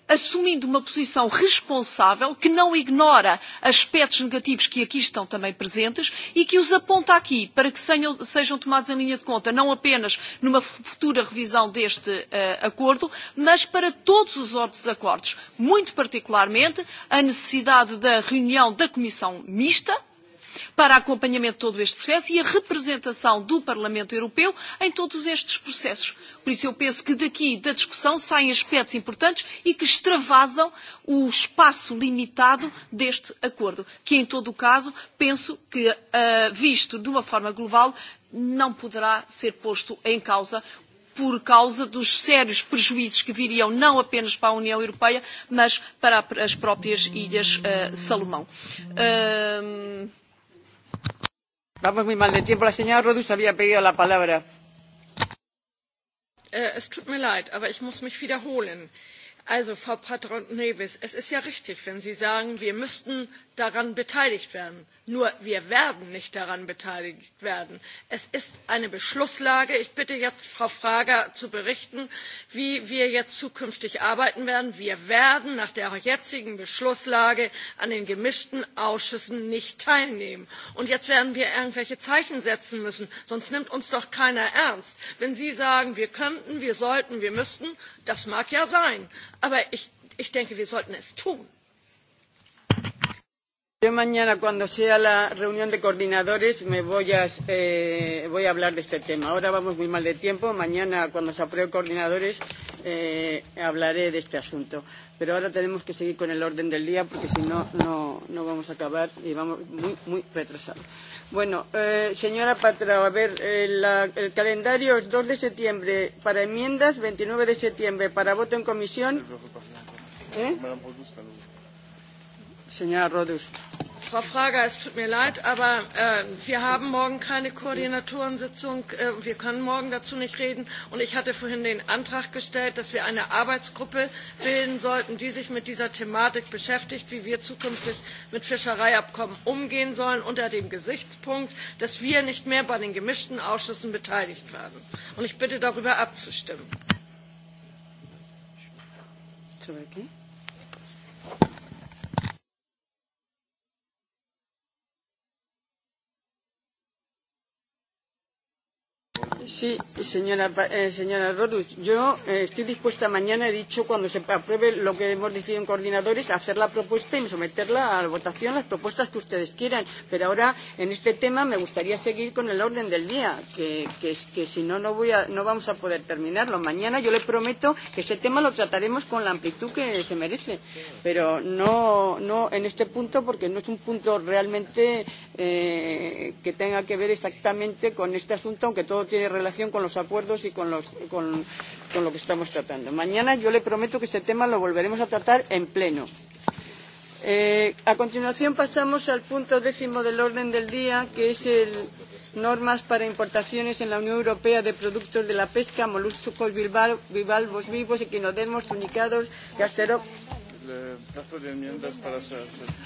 assumindo uma posição responsável, que não ignora aspectos negativos que aqui estão também presentes e que os aponta aqui para que sejam, sejam tomados em linha de conta, não apenas numa futura revisão deste uh, acordo, mas para todos os outros acordos, muito particularmente a necessidade da reunião da Comissão Mista, para acompanhamento de todo este processo e a representação do Parlamento Europeu em todos estes processos. Por isso eu penso que daqui da discussão saem aspectos importantes e que extravasam o espaço limitado deste acordo, que em todo o caso penso que, eh, visto de uma forma global, não poderá ser posto em causa por causa dos sérios prejuízos que viriam não apenas para a União Europeia, mas para as próprias Ilhas uh, Salomão. Uh, Vamos muy mal de tiempo. La señora Rodus había pedido la palabra. Äh, es tut mir leid, aber ich muss mich wiederholen. Also, Frau Patron-Neves, es ist ja richtig, wenn Sie sagen, wir müssten daran beteiligt werden. Nur wir werden nicht daran beteiligt werden. Es ist eine Beschlusslage. Ich bitte jetzt Frau Frager zu berichten, wie wir jetzt zukünftig arbeiten werden. Wir werden nach der jetzigen Beschlusslage an den gemischten Ausschüssen nicht teilnehmen. Und jetzt werden wir irgendwelche Zeichen setzen müssen, sonst nimmt uns doch keiner ernst. Wenn Sie sagen, wir könnten, wir sollten, wir müssten, das mag ja sein. Aber ich, denke, wir sollten es Yo mañana, cuando sea la reunión de coordinadores, me voy a, eh, voy a hablar de este tema. Ahora vamos muy mal de tiempo. Mañana, cuando se apruebe coordinadores, eh, hablaré de este asunto. Pero ahora tenemos que seguir con el orden del día, porque si no, no, no vamos a acabar y vamos muy, muy retrasados. Bueno, eh, señora Patra, a ver, eh, la, el calendario es 2 de septiembre para enmiendas, 29 de septiembre para voto en comisión. ¿Eh? Da señora Rodus. Frau Frager, es tut mir leid, aber äh, wir haben morgen keine Koordinatorensitzung. Äh, wir können morgen dazu nicht reden. Und ich hatte vorhin den Antrag gestellt, dass wir eine Arbeitsgruppe bilden sollten, die sich mit dieser Thematik beschäftigt, wie wir zukünftig mit Fischereiabkommen umgehen sollen, unter dem Gesichtspunkt, dass wir nicht mehr bei den gemischten Ausschüssen beteiligt werden. Und ich bitte darüber abzustimmen. Zurück, okay? Sí, señora, eh, señora Rodus, yo eh, estoy dispuesta mañana, he dicho, cuando se apruebe lo que hemos decidido en coordinadores, a hacer la propuesta y someterla a la votación las propuestas que ustedes quieran. Pero ahora, en este tema, me gustaría seguir con el orden del día, que, que, que si no, no, voy a, no vamos a poder terminarlo. Mañana yo le prometo que este tema lo trataremos con la amplitud que se merece, pero no, no en este punto, porque no es un punto realmente eh, que tenga que ver exactamente con este asunto, aunque todo tiene relación con los acuerdos y con, los, con, con lo que estamos tratando. Mañana yo le prometo que este tema lo volveremos a tratar en pleno. Eh, a continuación pasamos al punto décimo del orden del día, que es el normas para importaciones en la Unión Europea de productos de la pesca, moluscos, bivalvos vivos, equinodermos, tunicados, gasterópodos le plazo de enmiendas para...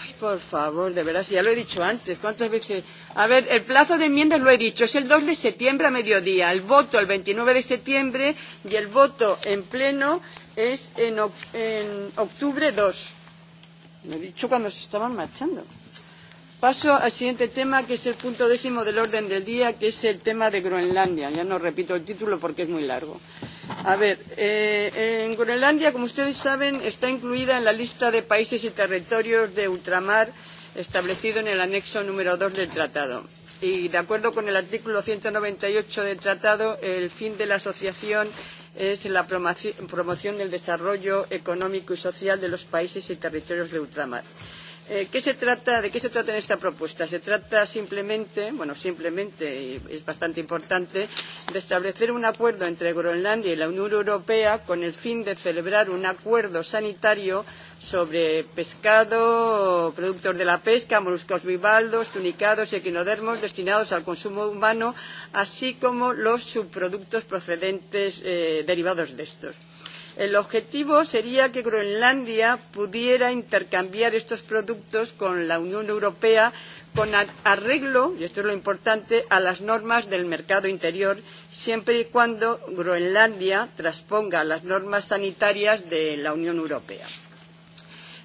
Ay, por favor, de veras, ya lo he dicho antes. ¿Cuántas veces? A ver, el plazo de enmiendas lo he dicho, es el 2 de septiembre a mediodía. El voto el 29 de septiembre y el voto en pleno es en, en octubre 2. Lo he dicho cuando se estaban marchando. Paso al siguiente tema, que es el punto décimo del orden del día, que es el tema de Groenlandia. Ya no repito el título porque es muy largo. A ver, eh, en Groenlandia, como ustedes saben, está incluida en la lista de países y territorios de ultramar establecido en el anexo número 2 del tratado. Y de acuerdo con el artículo 198 del tratado, el fin de la asociación es la promoción del desarrollo económico y social de los países y territorios de ultramar. Eh, ¿qué se trata, ¿De qué se trata en esta propuesta? Se trata simplemente, bueno, simplemente, y es bastante importante, de establecer un acuerdo entre Groenlandia y la Unión Europea con el fin de celebrar un acuerdo sanitario sobre pescado, productos de la pesca, moluscos bivaldos, tunicados y equinodermos destinados al consumo humano, así como los subproductos procedentes eh, derivados de estos. El objetivo sería que Groenlandia pudiera intercambiar estos productos con la Unión Europea con arreglo, y esto es lo importante, a las normas del mercado interior, siempre y cuando Groenlandia transponga las normas sanitarias de la Unión Europea.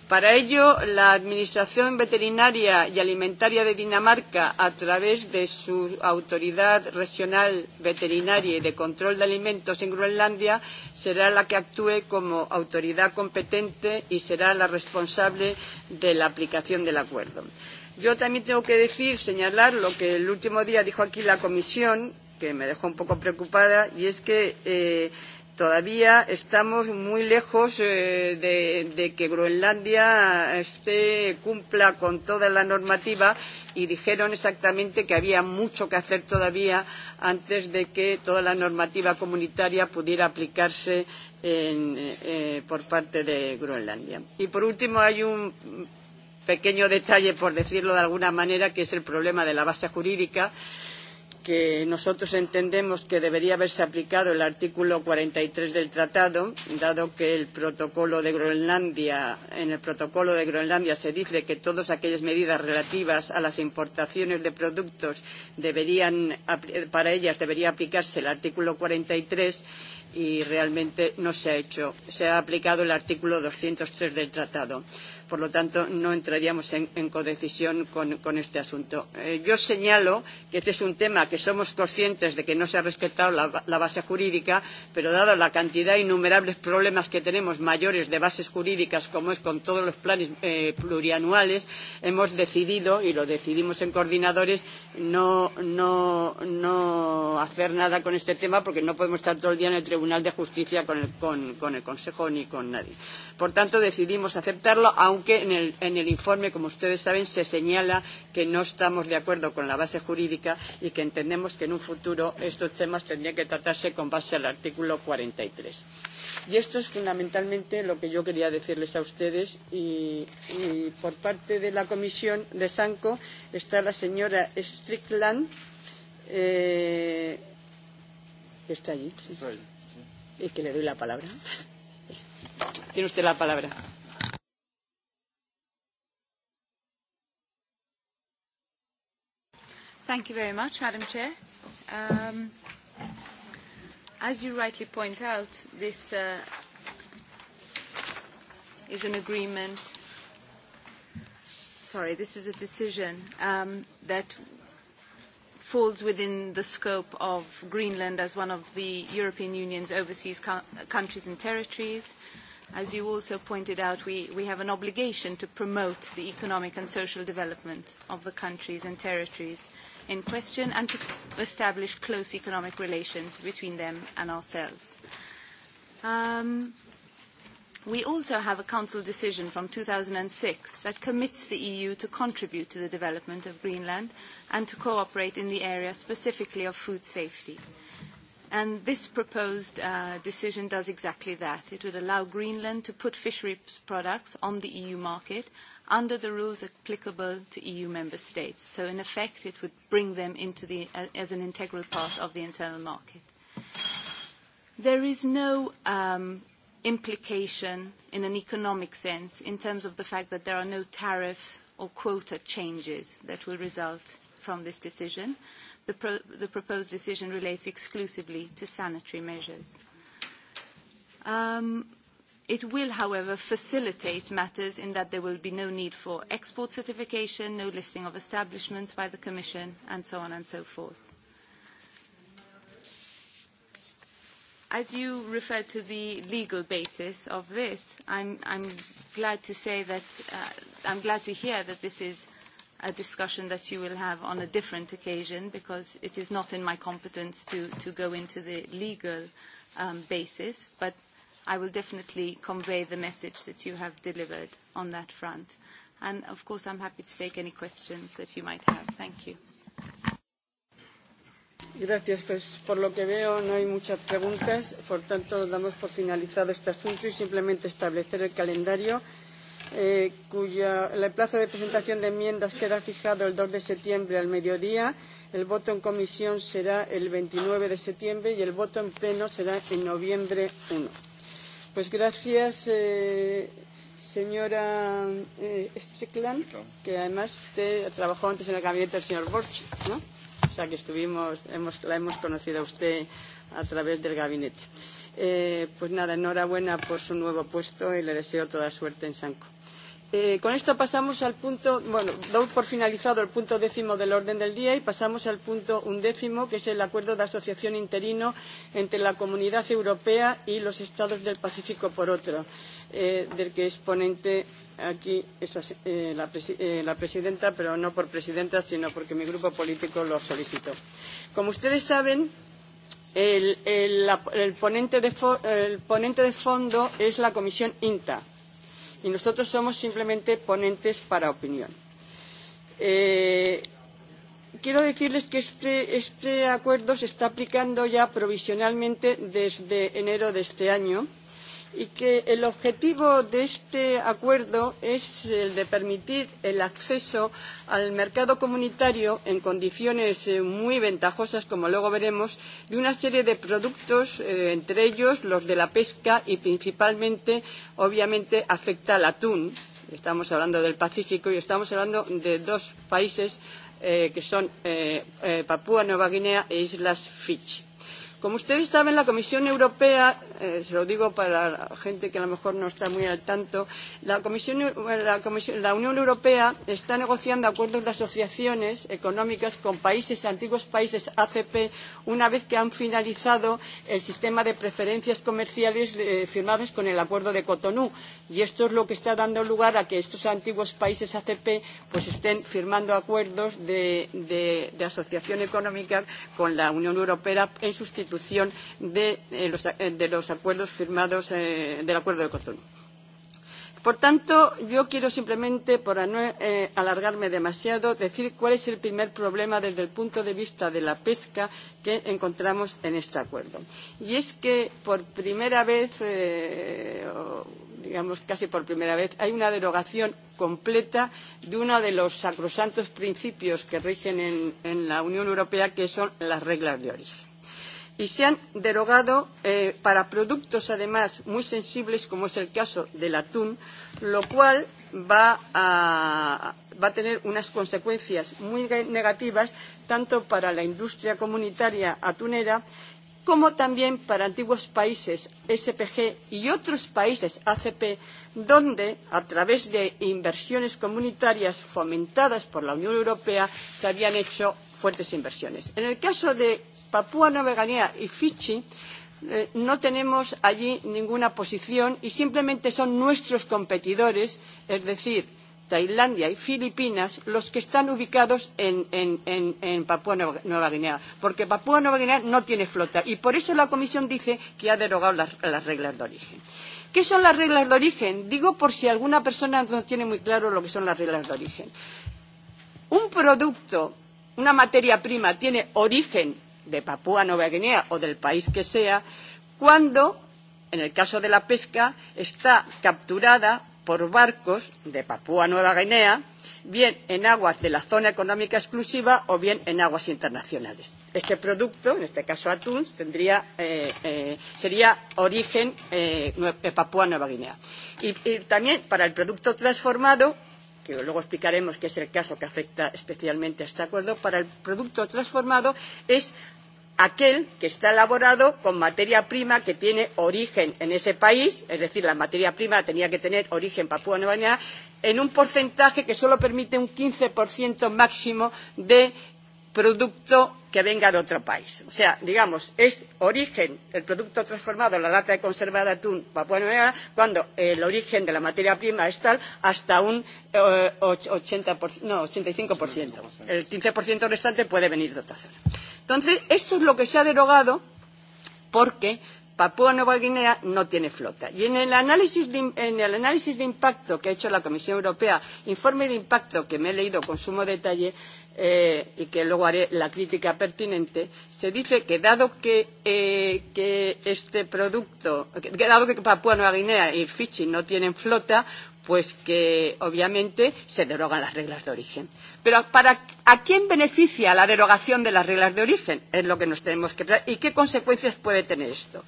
Para ello, la Administración Veterinaria y Alimentaria de Dinamarca, a través de su Autoridad Regional Veterinaria y de Control de Alimentos en Groenlandia, será la que actúe como autoridad competente y será la responsable de la aplicación del acuerdo. Yo también tengo que decir, señalar lo que el último día dijo aquí la comisión, que me dejó un poco preocupada, y es que eh, todavía estamos muy lejos eh, de, de que Groenlandia esté, cumpla con toda la normativa y dijeron exactamente que había mucho que hacer todavía antes de que toda la normativa comunitaria pudiera aplicarse en, eh, por parte de Groenlandia. Y por último hay un pequeño detalle, por decirlo de alguna manera, que es el problema de la base jurídica que nosotros entendemos que debería haberse aplicado el artículo 43 del tratado, dado que el protocolo de Groenlandia, en el protocolo de Groenlandia se dice que todas aquellas medidas relativas a las importaciones de productos deberían, para ellas debería aplicarse el artículo 43 y realmente no se ha hecho. Se ha aplicado el artículo 203 del tratado por lo tanto no entraríamos en, en codecisión con, con este asunto. Eh, yo señalo que este es un tema que somos conscientes de que no se ha respetado la, la base jurídica, pero dada la cantidad de innumerables problemas que tenemos mayores de bases jurídicas, como es con todos los planes eh, plurianuales, hemos decidido, y lo decidimos en coordinadores, no, no, no hacer nada con este tema porque no podemos estar todo el día en el Tribunal de Justicia con el, con, con el Consejo ni con nadie. Por tanto, decidimos aceptarlo, aun aunque en el, en el informe, como ustedes saben, se señala que no estamos de acuerdo con la base jurídica y que entendemos que en un futuro estos temas tendrían que tratarse con base al artículo 43. Y esto es fundamentalmente lo que yo quería decirles a ustedes. Y, y por parte de la comisión de Sanco está la señora Strickland. Eh, está allí. Sí. Y que le doy la palabra. Tiene usted la palabra. Thank you very much, Madam Chair. Um, as you rightly point out, this uh, is an agreement, sorry, this is a decision um, that falls within the scope of Greenland as one of the European Union's overseas countries and territories. As you also pointed out, we, we have an obligation to promote the economic and social development of the countries and territories in question and to establish close economic relations between them and ourselves. Um, we also have a Council decision from 2006 that commits the EU to contribute to the development of Greenland and to cooperate in the area specifically of food safety. And this proposed uh, decision does exactly that. It would allow Greenland to put fisheries products on the EU market under the rules applicable to EU member states. So in effect, it would bring them into the, as an integral part of the internal market. There is no um, implication in an economic sense in terms of the fact that there are no tariffs or quota changes that will result from this decision. The, pro the proposed decision relates exclusively to sanitary measures. Um, It will, however, facilitate matters in that there will be no need for export certification, no listing of establishments by the Commission, and so on and so forth. As you referred to the legal basis of this, I'm, I'm glad to say that uh, I'm glad to hear that this is a discussion that you will have on a different occasion because it is not in my competence to, to go into the legal um, basis, but I will definitely convey the message that you have delivered on that front. And of course, I'm happy to take any questions that you might have. Thank you. Gracias. Pues por lo que veo no hay muchas preguntas, por tanto damos por finalizado este asunto y simplemente establecer el calendario, eh, cuya el plazo de presentación de enmiendas queda fijado el 2 de septiembre al mediodía. El voto en comisión será el 29 de septiembre y el voto en pleno será en noviembre 1. Pues gracias, eh, señora eh, Strickland, que además usted trabajó antes en el gabinete del señor Borch, ¿no? O sea que estuvimos, hemos, la hemos conocido a usted a través del gabinete. Eh, pues nada, enhorabuena por su nuevo puesto y le deseo toda suerte en Sanco. Eh, con esto pasamos al punto, bueno, doy por finalizado el punto décimo del orden del día y pasamos al punto undécimo, que es el acuerdo de asociación interino entre la Comunidad Europea y los Estados del Pacífico, por otro, eh, del que es ponente aquí es, eh, la, presi eh, la presidenta, pero no por presidenta, sino porque mi grupo político lo solicitó. Como ustedes saben, el, el, la, el, ponente, de el ponente de fondo es la Comisión INTA y nosotros somos simplemente ponentes para opinión. Eh, quiero decirles que este, este acuerdo se está aplicando ya provisionalmente desde enero de este año y que el objetivo de este acuerdo es el de permitir el acceso al mercado comunitario en condiciones eh, muy ventajosas, como luego veremos, de una serie de productos, eh, entre ellos los de la pesca y principalmente, obviamente, afecta al atún. Estamos hablando del Pacífico y estamos hablando de dos países eh, que son eh, eh Papúa Nueva Guinea e Islas Fiji. Como ustedes saben, la Comisión Europea, eh, se lo digo para la gente que a lo mejor no está muy al tanto, la, Comisión, la, Comisión, la Unión Europea está negociando acuerdos de asociaciones económicas con países, antiguos países ACP, una vez que han finalizado el sistema de preferencias comerciales eh, firmadas con el acuerdo de Cotonú. Y esto es lo que está dando lugar a que estos antiguos países ACP pues, estén firmando acuerdos de, de, de asociación económica con la Unión Europea en sustitución ejecución de, eh, los, eh, de los acuerdos firmados eh, del acuerdo de Cotonou. Por tanto, yo quiero simplemente, para no eh, alargarme demasiado, decir cuál es el primer problema desde el punto de vista de la pesca que encontramos en este acuerdo. Y es que por primera vez, eh, o digamos casi por primera vez, hay una derogación completa de uno de los sacrosantos principios que rigen en, en la Unión Europea, que son las reglas de origen y se han derogado eh, para productos además muy sensibles como es el caso del atún, lo cual va a, va a tener unas consecuencias muy negativas tanto para la industria comunitaria atunera como también para antiguos países SPG y otros países ACP, donde, a través de inversiones comunitarias fomentadas por la Unión Europea, se habían hecho fuertes inversiones. En el caso de Papúa Nueva Guinea y Fiji eh, no tenemos allí ninguna posición y simplemente son nuestros competidores, es decir, Tailandia y Filipinas los que están ubicados en, en, en, en Papúa Nueva Guinea, porque Papúa Nueva Guinea no tiene flota y por eso la Comisión dice que ha derogado las, las reglas de origen. ¿Qué son las reglas de origen? Digo por si alguna persona no tiene muy claro lo que son las reglas de origen. Un producto, una materia prima, tiene origen de Papúa Nueva Guinea o del país que sea, cuando, en el caso de la pesca, está capturada por barcos de Papúa Nueva Guinea, bien en aguas de la zona económica exclusiva o bien en aguas internacionales. Este producto, en este caso atún, tendría, eh, eh, sería origen eh, Papúa Nueva Guinea. Y, y también para el producto transformado que luego explicaremos que es el caso que afecta especialmente a este acuerdo, para el producto transformado es aquel que está elaborado con materia prima que tiene origen en ese país, es decir, la materia prima tenía que tener origen Papúa Nueva Guinea, en un porcentaje que solo permite un 15% máximo de producto que venga de otro país. O sea, digamos, es origen el producto transformado, la lata de conserva de atún, Papua Nueva Guinea, cuando el origen de la materia prima es tal hasta un eh, 80 por, no, 85%. El 15% restante puede venir de otra zona. Entonces, esto es lo que se ha derogado porque Papúa Nueva Guinea no tiene flota. Y en el, análisis de, en el análisis de impacto que ha hecho la Comisión Europea, informe de impacto que me he leído con sumo detalle, eh, y que luego haré la crítica pertinente, se dice que dado que, eh, que este producto, que, dado que Papua Nueva Guinea y Fiji no tienen flota, pues que obviamente se derogan las reglas de origen. Pero para, ¿a quién beneficia la derogación de las reglas de origen? Es lo que nos tenemos que preguntar. ¿Y qué consecuencias puede tener esto?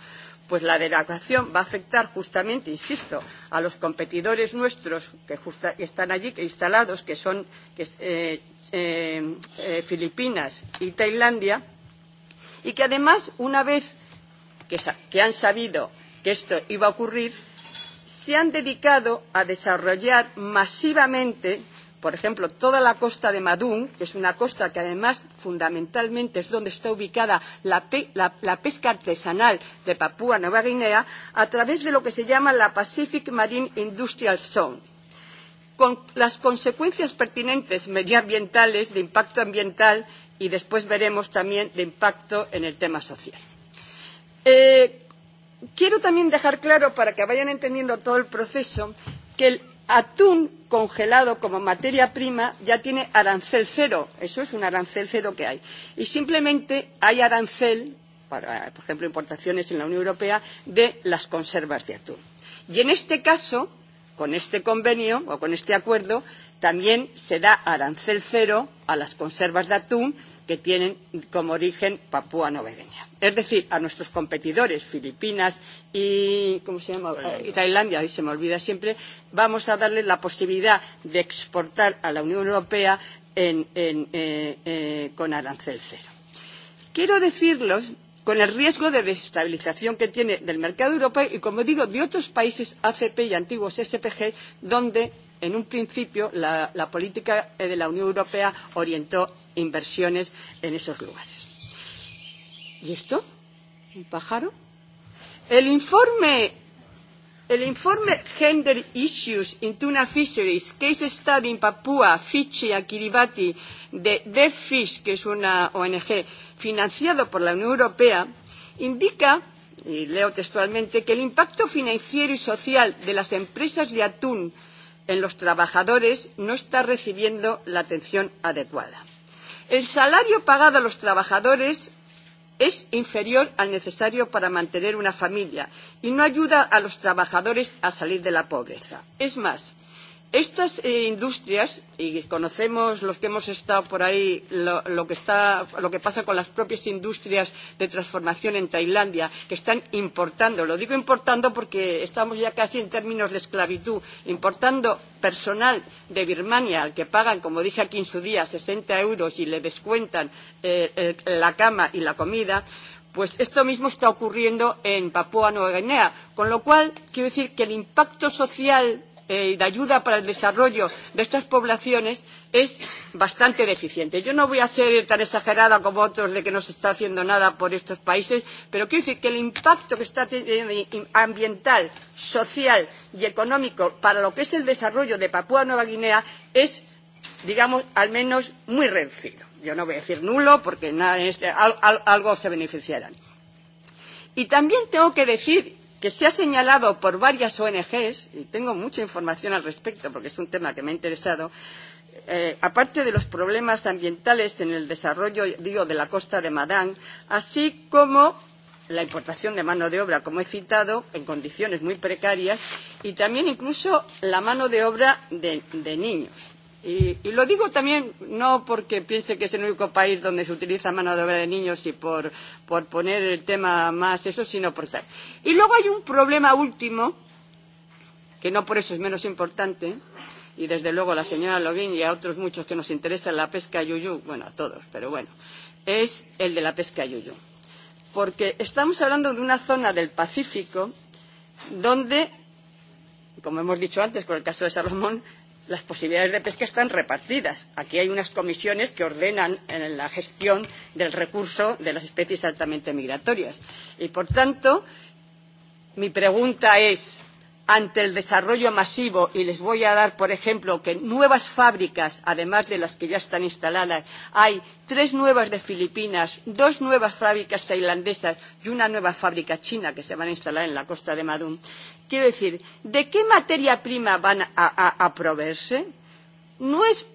pues la derogación va a afectar justamente, insisto, a los competidores nuestros que justa, están allí instalados, que son que eh, eh, eh, Filipinas y Tailandia, y que además, una vez que, que han sabido que esto iba a ocurrir, se han dedicado a desarrollar masivamente Por ejemplo, toda la costa de Madún, que es una costa que además fundamentalmente es donde está ubicada la, pe la, la pesca artesanal de Papúa Nueva Guinea, a través de lo que se llama la Pacific Marine Industrial Zone con las consecuencias pertinentes medioambientales, de impacto ambiental y después veremos también de impacto en el tema social. Eh, quiero también dejar claro, para que vayan entendiendo todo el proceso, que el atún congelado como materia prima ya tiene arancel cero. Eso es un arancel cero que hay. Y simplemente hay arancel, para, por ejemplo, importaciones en la Unión Europea, de las conservas de atún. Y en este caso, con este convenio o con este acuerdo, también se da arancel cero a las conservas de atún que tienen como origen Papúa Nueva Guinea es decir, a nuestros competidores, Filipinas y, ¿cómo se llama? Tailandia. y Tailandia, ahí se me olvida siempre, vamos a darle la posibilidad de exportar a la Unión Europea en, en, eh, eh, con arancel cero. Quiero decirlos con el riesgo de desestabilización que tiene del mercado europeo y, como digo, de otros países ACP y antiguos SPG, donde, en un principio, la, la política de la Unión Europea orientó inversiones en esos lugares. ¿Y esto? ¿Un pájaro? El informe, el informe Gender Issues in Tuna Fisheries, Case Study in Papúa, Fiji, Kiribati, de DeFish, que es una ONG financiado por la Unión Europea, indica y leo textualmente, que el impacto financiero y social de las empresas de atún en los trabajadores no está recibiendo la atención adecuada. El salario pagado a los trabajadores es inferior al necesario para mantener una familia y no ayuda a los trabajadores a salir de la pobreza. Es más, Estas eh, industrias, y conocemos los que hemos estado por ahí lo, lo, que está, lo que pasa con las propias industrias de transformación en Tailandia, que están importando, lo digo importando porque estamos ya casi en términos de esclavitud, importando personal de Birmania al que pagan, como dije aquí en su día, 60 euros y le descuentan eh, el, la cama y la comida, Pues esto mismo está ocurriendo en Papúa Nueva Guinea, con lo cual quiero decir que el impacto social eh, de ayuda para el desarrollo de estas poblaciones es bastante deficiente. Yo no voy a ser tan exagerada como otros de que no se está haciendo nada por estos países, pero quiero decir que el impacto que está teniendo ambiental, social y económico para lo que es el desarrollo de Papúa Nueva Guinea es, digamos, al menos muy reducido. Yo no voy a decir nulo porque nada en este, al, al, algo se beneficiarán. Y también tengo que decir que se ha señalado por varias ONGs, y tengo mucha información al respecto porque es un tema que me ha interesado, eh, aparte de los problemas ambientales en el desarrollo digo, de la costa de Madán, así como la importación de mano de obra, como he citado, en condiciones muy precarias, y también incluso la mano de obra de, de niños. Y, y lo digo también no porque piense que es el único país donde se utiliza mano de obra de niños y por, por poner el tema más eso, sino por ser. Y luego hay un problema último, que no por eso es menos importante, y desde luego a la señora Login y a otros muchos que nos interesa la pesca yuyu, bueno, a todos, pero bueno, es el de la pesca yuyu. Porque estamos hablando de una zona del Pacífico donde, como hemos dicho antes con el caso de Salomón, las posibilidades de pesca están repartidas. Aquí hay unas comisiones que ordenan en la gestión del recurso de las especies altamente migratorias. Y, por tanto, mi pregunta es ante el desarrollo masivo y les voy a dar, por ejemplo, que nuevas fábricas, además de las que ya están instaladas, hay tres nuevas de Filipinas, dos nuevas fábricas tailandesas y una nueva fábrica china que se van a instalar en la costa de madún Quiero decir, ¿de qué materia prima van a, a, a proveerse? No es,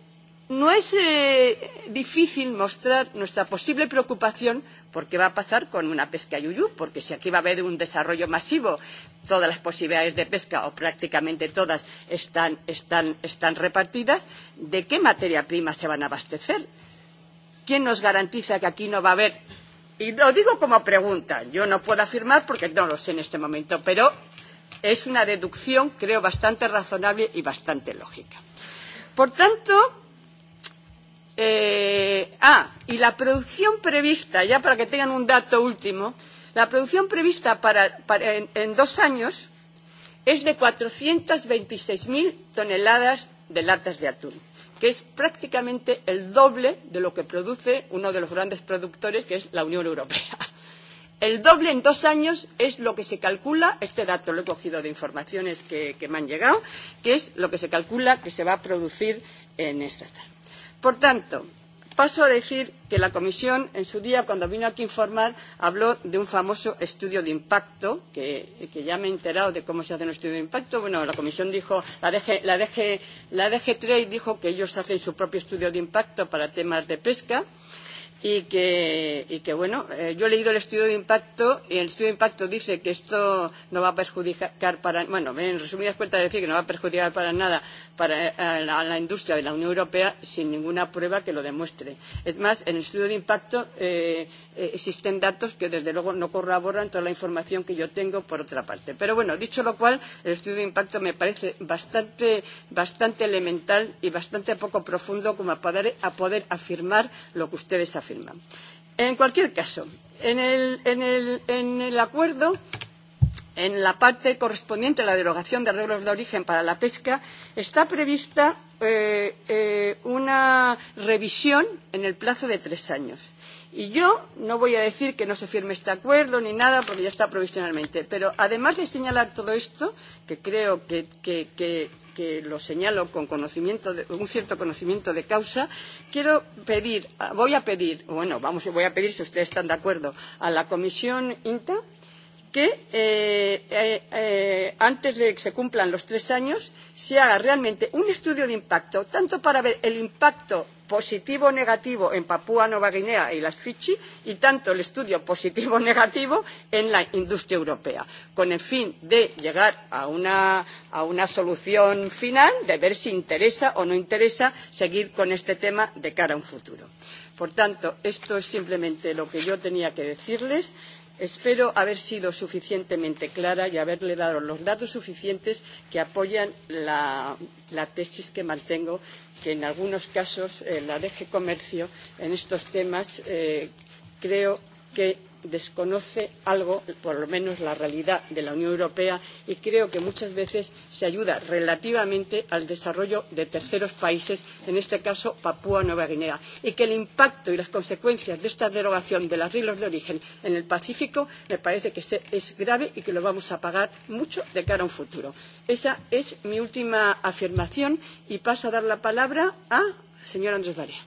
no es eh, difícil mostrar nuestra posible preocupación ¿Por qué va a pasar con una pesca yuyú, porque si aquí va a haber un desarrollo masivo, todas las posibilidades de pesca, o prácticamente todas, están, están, están repartidas, ¿de qué materia prima se van a abastecer? ¿Quién nos garantiza que aquí no va a haber? Y lo digo como pregunta, yo no puedo afirmar porque no lo sé en este momento, pero es una deducción, creo, bastante razonable y bastante lógica. Por tanto, Eh, ah, y la producción prevista, ya para que tengan un dato último, la producción prevista para, para en, en dos años es de 426.000 toneladas de latas de atún, que es prácticamente el doble de lo que produce uno de los grandes productores, que es la Unión Europea. El doble en dos años es lo que se calcula, este dato lo he cogido de informaciones que, que me han llegado, que es lo que se calcula que se va a producir en esta tarde. Por tanto, paso a decir que la Comisión, en su día, cuando vino aquí a informar, habló de un famoso estudio de impacto, que, que ya me he enterado de cómo se hace un estudio de impacto. Bueno, la Comisión dijo, la DG, la DG, la DG Trade dijo que ellos hacen su propio estudio de impacto para temas de pesca. Eh, y que, y que bueno, eh, yo he leído el estudio de impacto y el estudio de impacto dice que esto no va a perjudicar para, bueno, en resumidas cuentas decir que no va a perjudicar para nada para eh, a la, a la industria de la Unión Europea sin ninguna prueba que lo demuestre. Es más, en el estudio de impacto eh, eh, existen datos que desde luego no corroboran toda la información que yo tengo por otra parte. Pero bueno, dicho lo cual, el estudio de impacto me parece bastante, bastante elemental y bastante poco profundo como a poder, a poder afirmar lo que ustedes afirman firma. En cualquier caso, en el, en el, en el acuerdo en la parte correspondiente a la derogación de arreglos de origen para la pesca, está prevista eh, eh, una revisión en el plazo de tres años. Y yo no voy a decir que no se firme este acuerdo ni nada, porque ya está provisionalmente. Pero además de señalar todo esto, que creo que, que, que, que lo señalo con conocimiento de, un cierto conocimiento de causa, quiero pedir, voy a pedir, bueno, vamos, voy a pedir si ustedes están de acuerdo, a la Comisión INTA que eh, eh, eh, antes de que se cumplan los tres años se haga realmente un estudio de impacto, tanto para ver el impacto positivo o negativo en Papúa Nueva Guinea y las Fichi y tanto el estudio positivo o negativo en la industria europea, con el fin de llegar a una, a una solución final, de ver si interesa o no interesa seguir con este tema de cara a un futuro. Por tanto, esto es simplemente lo que yo tenía que decirles. Espero haber sido suficientemente clara y haberle dado los datos suficientes que apoyan la, la tesis que mantengo que en algunos casos eh, la DG Comercio en estos temas eh, creo que desconoce algo, por lo menos la realidad de la Unión Europea, y creo que muchas veces se ayuda relativamente al desarrollo de terceros países, en este caso Papúa Nueva Guinea, y que el impacto y las consecuencias de esta derogación de las reglas de origen en el Pacífico me parece que es grave y que lo vamos a pagar mucho de cara a un futuro. Esa es mi última afirmación y paso a dar la palabra a señor Andrés Barea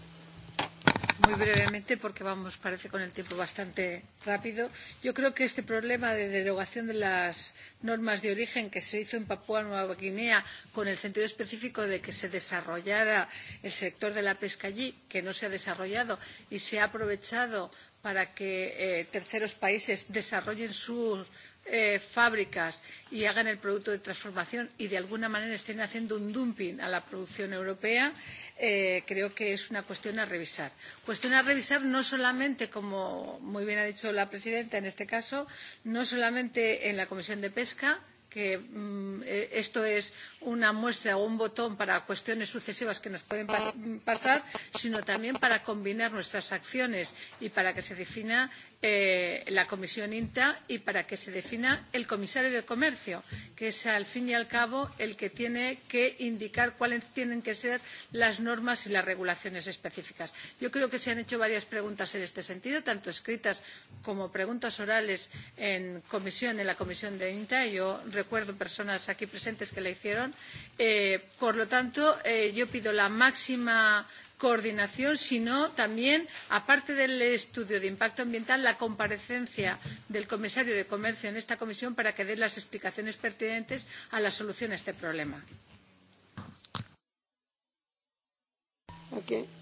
muy brevemente porque vamos, parece, con el tiempo bastante rápido. Yo creo que este problema de derogación de las normas de origen que se hizo en Papúa Nueva Guinea con el sentido específico de que se desarrollara el sector de la pesca allí, que no se ha desarrollado y se ha aprovechado para que eh, terceros países desarrollen sus Eh, fábricas y hagan el producto de transformación y de alguna manera estén haciendo un dumping a la producción europea, eh, creo que es una cuestión a revisar. Cuestión a revisar no solamente, como muy bien ha dicho la presidenta en este caso, no solamente en la Comisión de Pesca, que mm, eh, esto es una muestra o un botón para cuestiones sucesivas que nos pueden pas pasar, sino también para combinar nuestras acciones y para que se defina Eh, la Comisión INTA y para que se defina el comisario de comercio, que es al fin y al cabo el que tiene que indicar cuáles tienen que ser las normas y las regulaciones específicas. Yo creo que se han hecho varias preguntas en este sentido, tanto escritas como preguntas orales en comisión, en la Comisión de INTA. Yo recuerdo personas aquí presentes que la hicieron. Eh, por lo tanto, eh, yo pido la máxima coordinación, sino también, aparte del estudio de impacto ambiental, la comparecencia del comisario de Comercio en esta comisión para que dé las explicaciones pertinentes a la solución a este problema.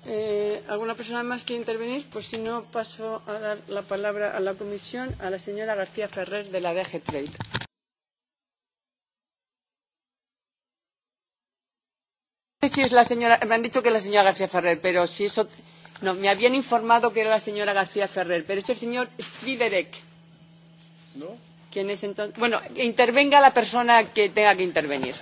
Eh, ¿Alguna persona más quiere intervenir? Pues si no, paso a dar la palabra a la comisión, a la señora García Ferrer de la DG Trade. Si es la señora, me han dicho que es la señora García Ferrer, pero si eso... No, me habían informado que era la señora García Ferrer, pero es el señor Sviderek. ¿No? ¿Quién es entonces? Bueno, que intervenga la persona que tenga que intervenir.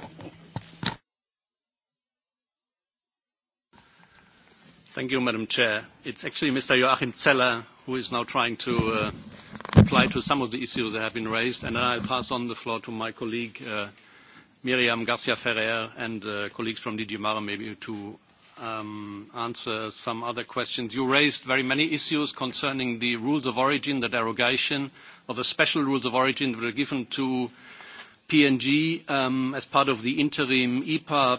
Thank you, Madam Chair. It's actually Mr. Joachim Zeller who is now trying to uh, reply to some of the issues that have been raised, and then I'll pass on the floor to my colleague, uh, Miriam Garcia-Ferrer and uh, colleagues from DG Mare maybe to um, answer some other questions. You raised very many issues concerning the rules of origin, the derogation of the special rules of origin that were given to PNG um, as part of the interim EPA.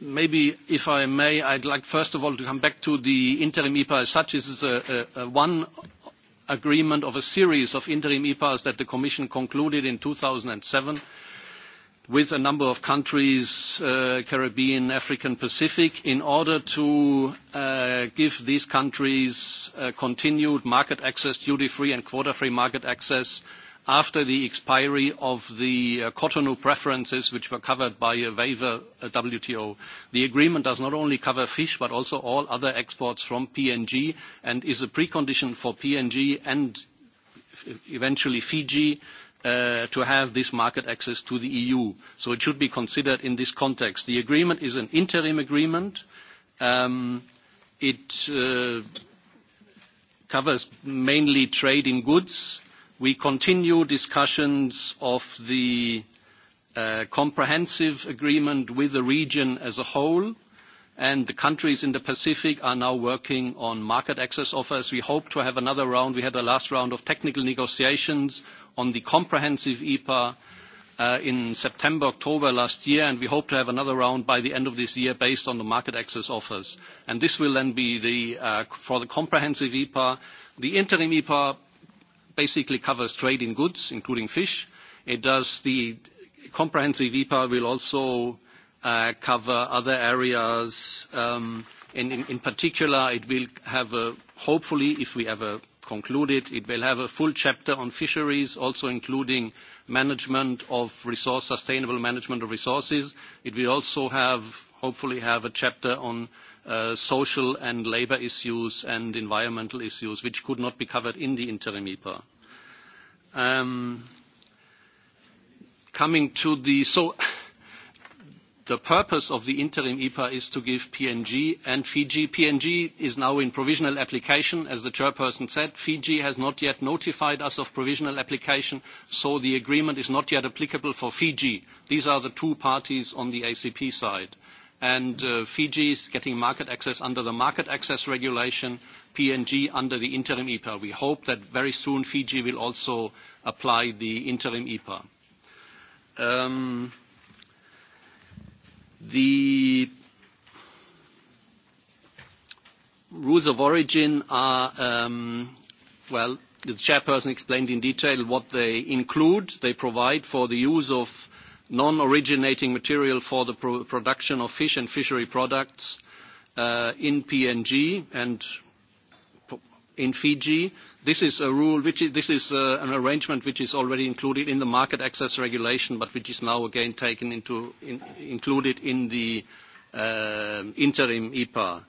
Maybe, if I may, I'd like first of all to come back to the interim EPA as such. This is a, a, a one agreement of a series of interim EPAs that the Commission concluded in 2007 with a number of countries, uh, Caribbean, African, Pacific, in order to uh, give these countries uh, continued market access, duty-free and quota-free market access after the expiry of the Cotonou preferences, which were covered by a waiver at WTO. The agreement does not only cover fish, but also all other exports from PNG and is a precondition for PNG and eventually Fiji Uh, to have this market access to the EU. So it should be considered in this context. The agreement is an interim agreement. Um, it uh, covers mainly trade in goods. We continue discussions of the uh, comprehensive agreement with the region as a whole, and the countries in the Pacific are now working on market access offers. We hope to have another round. We had the last round of technical negotiations on the comprehensive EPA uh, in September, October last year, and we hope to have another round by the end of this year based on the market access offers. And this will then be the, uh, for the comprehensive EPA. The interim EPA basically covers trade in goods, including fish. It does the comprehensive EPA will also uh, cover other areas. Um, and in, in particular, it will have a, hopefully, if we ever concluded. It will have a full chapter on fisheries, also including management of resource, sustainable management of resources. It will also have, hopefully have a chapter on uh, social and labour issues and environmental issues, which could not be covered in the interim EPA. Um, coming to the... So the purpose of the interim EPA is to give PNG and Fiji. PNG is now in provisional application, as the chairperson said. Fiji has not yet notified us of provisional application, so the agreement is not yet applicable for Fiji. These are the two parties on the ACP side. And uh, Fiji is getting market access under the market access regulation, PNG under the interim EPA. We hope that very soon Fiji will also apply the interim EPA. Um, The rules of origin are, um, well, the chairperson explained in detail what they include. They provide for the use of non-originating material for the pro production of fish and fishery products uh, in PNG and in Fiji This is a rule, which is, this is uh, an arrangement which is already included in the market access regulation, but which is now again taken into, in, included in the uh, interim EPA.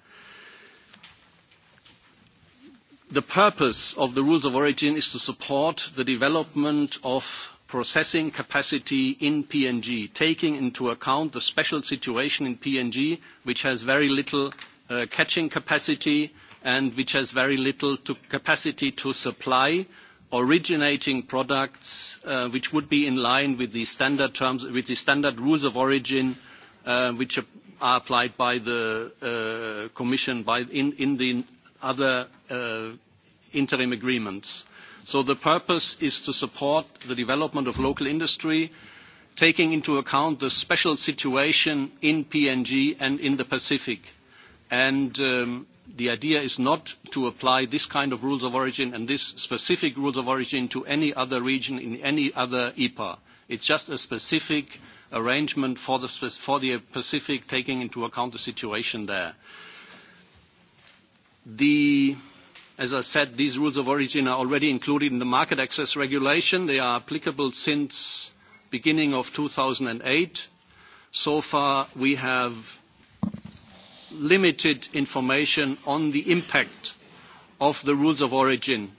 The purpose of the rules of origin is to support the development of processing capacity in PNG, taking into account the special situation in PNG, which has very little uh, catching capacity, and which has very little capacity to supply originating products uh, which would be in line with the standard terms, with the standard rules of origin uh, which are applied by the uh, Commission in, the other interim agreements. So the purpose is to support the development of local industry, taking into account the special situation in PNG and in the Pacific. And um, The idea is not to apply this kind of rules of origin and this specific rules of origin to any other region in any other EPA. It's just a specific arrangement for the, for the Pacific, taking into account the situation there. The, as I said, these rules of origin are already included in the market access regulation. They are applicable since beginning of 2008. So far, we have limited information on the impact of the rules of origin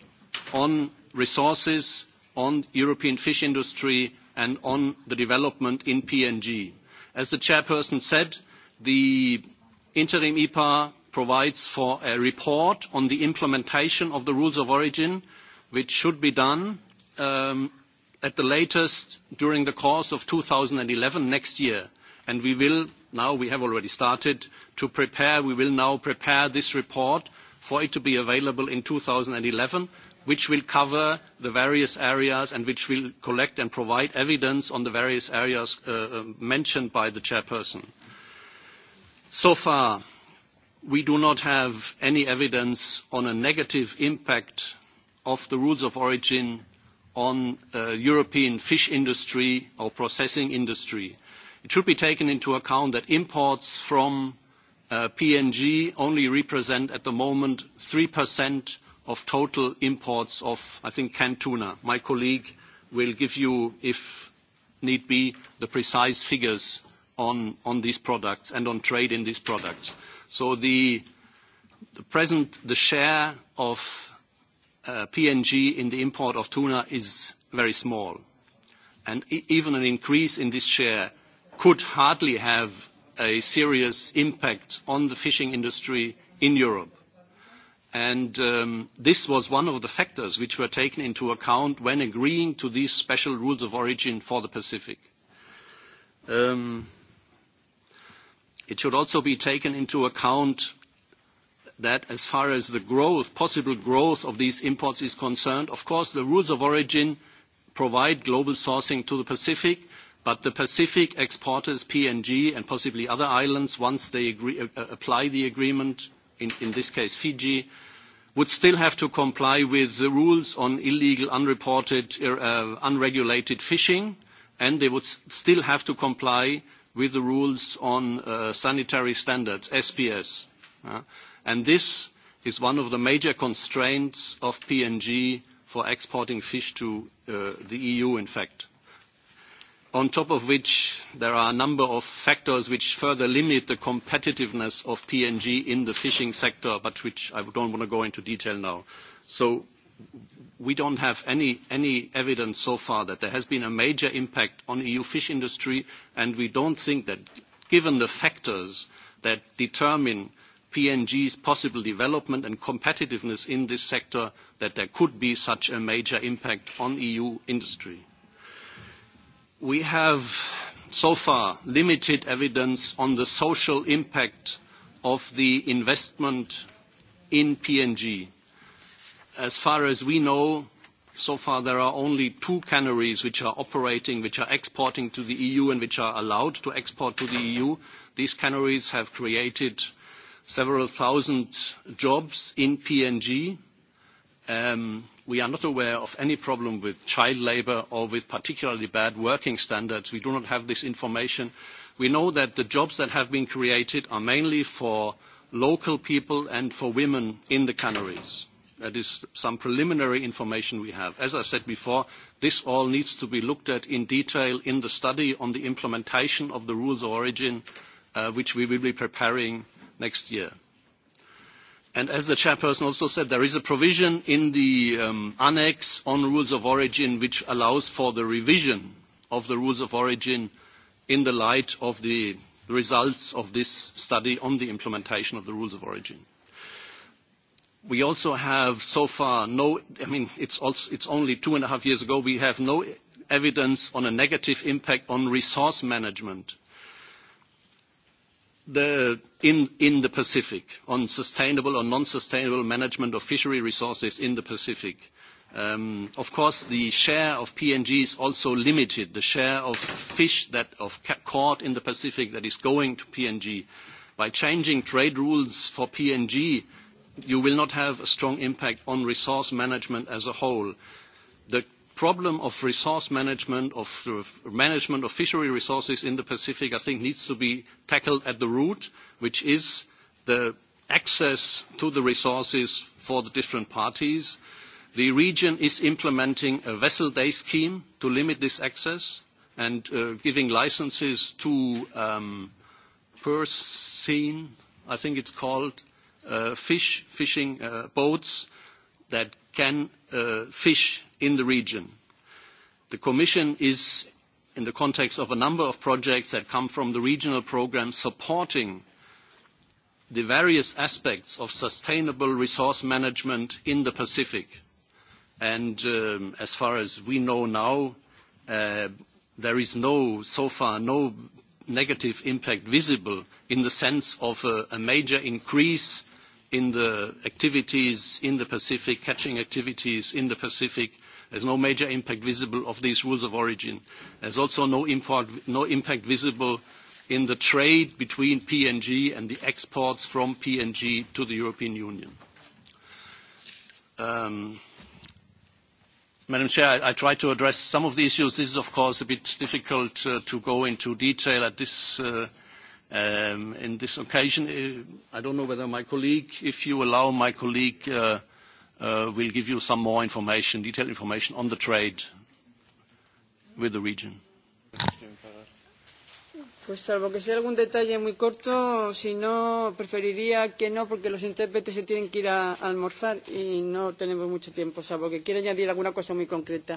on resources, on European fish industry, and on the development in PNG. As the chairperson said, the interim EPA provides for a report on the implementation of the rules of origin, which should be done um, at the latest during the course of 2011, next year. and We will now we have already started to prepare. We will now prepare this report for it to be available in 2011, which will cover the various areas and which will collect and provide evidence on the various areas uh, uh, mentioned by the chairperson. So far, we do not have any evidence on a negative impact of the rules of origin on uh, European fish industry or processing industry. It should be taken into account that imports from uh, PNG only represent at the moment 3% of total imports of, I think, canned tuna. My colleague will give you, if need be, the precise figures on, these products and on trade in these products. So the, present, the share of uh, PNG in the import of tuna is very small, and even an increase in this share could hardly have a serious impact on the fishing industry in Europe. And um, this was one of the factors which were taken into account when agreeing to these special rules of origin for the Pacific. Um, it should also be taken into account that as far as the growth, possible growth of these imports is concerned, of course, the rules of origin provide global sourcing to the Pacific, But the Pacific exporters, PNG and possibly other islands, once they agree, uh, uh, apply the agreement, in, in this case Fiji, would still have to comply with the rules on illegal, unreported, uh, uh unregulated fishing, and they would still have to comply with the rules on uh, sanitary standards, SPS. Uh, and this is one of the major constraints of PNG for exporting fish to uh, the EU, in fact on top of which there are a number of factors which further limit the competitiveness of PNG in the fishing sector, but which I don't want to go into detail now. So we don't have any, any evidence so far that there has been a major impact on EU fish industry, and we don't think that, given the factors that determine PNG's possible development and competitiveness in this sector, that there could be such a major impact on EU industry we have so far limited evidence on the social impact of the investment in PNG. As far as we know, so far there are only two canneries which are operating, which are exporting to the EU and which are allowed to export to the EU. These canneries have created several thousand jobs in PNG Um, we are not aware of any problem with child labour or with particularly bad working standards. We do not have this information. We know that the jobs that have been created are mainly for local people and for women in the canneries. That is some preliminary information we have. As I said before, this all needs to be looked at in detail in the study on the implementation of the rules of origin, uh, which we will be preparing next year. And as the chairperson also said, there is a provision in the um, annex on rules of origin which allows for the revision of the rules of origin in the light of the results of this study on the implementation of the rules of origin. We also have so far no, I mean, it's, also, it's only two and a half years ago, we have no evidence on a negative impact on resource management the, in, in the Pacific on sustainable or non-sustainable management of fishery resources in the Pacific. Um, of course, the share of PNG is also limited. The share of fish that of caught in the Pacific that is going to PNG. By changing trade rules for PNG, you will not have a strong impact on resource management as a whole. The problem of resource management, of management of fishery resources in the Pacific, I think needs to be tackled at the root, which is the access to the resources for the different parties. The region is implementing a vessel day scheme to limit this access and uh, giving licenses to um, Persine, I think it's called, uh, fish, fishing uh, boats that can uh, fish in the region. The Commission is, in the context of a number of projects that come from the regional programme, supporting the various aspects of sustainable resource management in the Pacific. And um, as far as we know now, uh, there is no, so far, no negative impact visible in the sense of a, a major increase in the activities in the Pacific, catching activities in the Pacific There's no major impact visible of these rules of origin. There's also no, import, no impact visible in the trade between PNG and the exports from PNG to the European Union. Um, Madam Chair, I, I tried to address some of the issues. This is, of course, a bit difficult uh, to go into detail at this, uh, um, in this occasion. Uh, I don't know whether my colleague, if you allow my colleague, uh, Uh, will give you some more information, detailed information on the trade with the region. Pues salvo que sea algún detalle muy corto, si no, preferiría que no, porque los intérpretes se tienen que ir a almorzar y no tenemos mucho tiempo, salvo que quiera añadir alguna cosa muy concreta.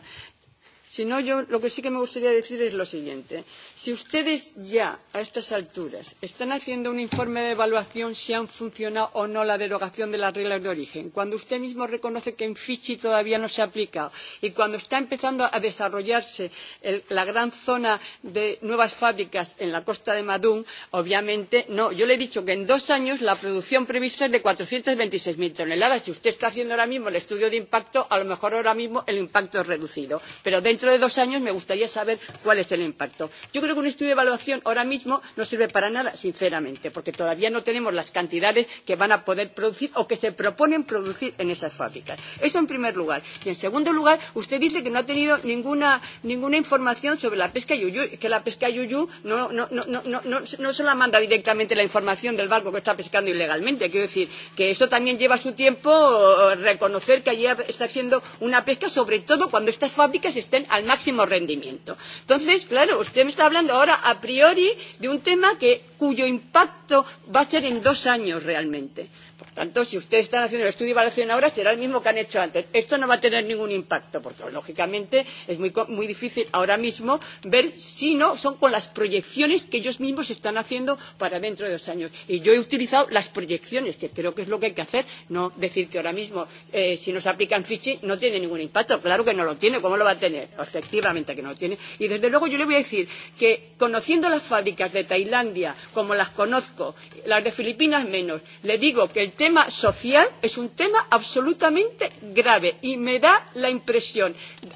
Si no, yo lo que sí que me gustaría decir es lo siguiente. Si ustedes ya, a estas alturas, están haciendo un informe de evaluación si han funcionado o no la derogación de las reglas de origen, cuando usted mismo reconoce que en Fichi todavía no se aplica y cuando está empezando a desarrollarse el, la gran zona de nuevas fábricas en la costa de Madún, obviamente no. Yo le he dicho que en dos años la producción prevista es de 426.000 toneladas. Si usted está haciendo ahora mismo el estudio de impacto, a lo mejor ahora mismo el impacto es reducido. Pero dentro dentro de dos años me gustaría saber cuál es el impacto. Yo creo que un estudio de evaluación ahora mismo no sirve para nada, sinceramente, porque todavía no tenemos las cantidades que van a poder producir o que se proponen producir en esas fábricas. Eso en primer lugar. Y en segundo lugar, usted dice que no ha tenido ninguna, ninguna información sobre la pesca yuyú, que la pesca yuyú no, no, no, no, no, no, no se la manda directamente la información del barco que está pescando ilegalmente. Quiero decir que eso también lleva su tiempo eh, reconocer que allí está haciendo una pesca, sobre todo cuando estas fábricas estén al máximo rendimiento. Entonces, claro, usted me está hablando ahora a priori de un tema que, cuyo impacto va a ser en dos años realmente tanto, si ustedes están haciendo el estudio de evaluación ahora, será el mismo que han hecho antes. Esto no va a tener ningún impacto, porque lógicamente es muy, muy difícil ahora mismo ver si no son con las proyecciones que ellos mismos están haciendo para dentro de dos años. Y yo he utilizado las proyecciones, que creo que es lo que hay que hacer, no decir que ahora mismo eh, si nos aplican phishing no tiene ningún impacto. Claro que no lo tiene, ¿cómo lo va a tener? Efectivamente que no lo tiene. Y desde luego yo le voy a decir que conociendo las fábricas de Tailandia como las conozco, las de Filipinas menos, le digo que el tema tema social es un tema absolutamente grave y me da la impresión,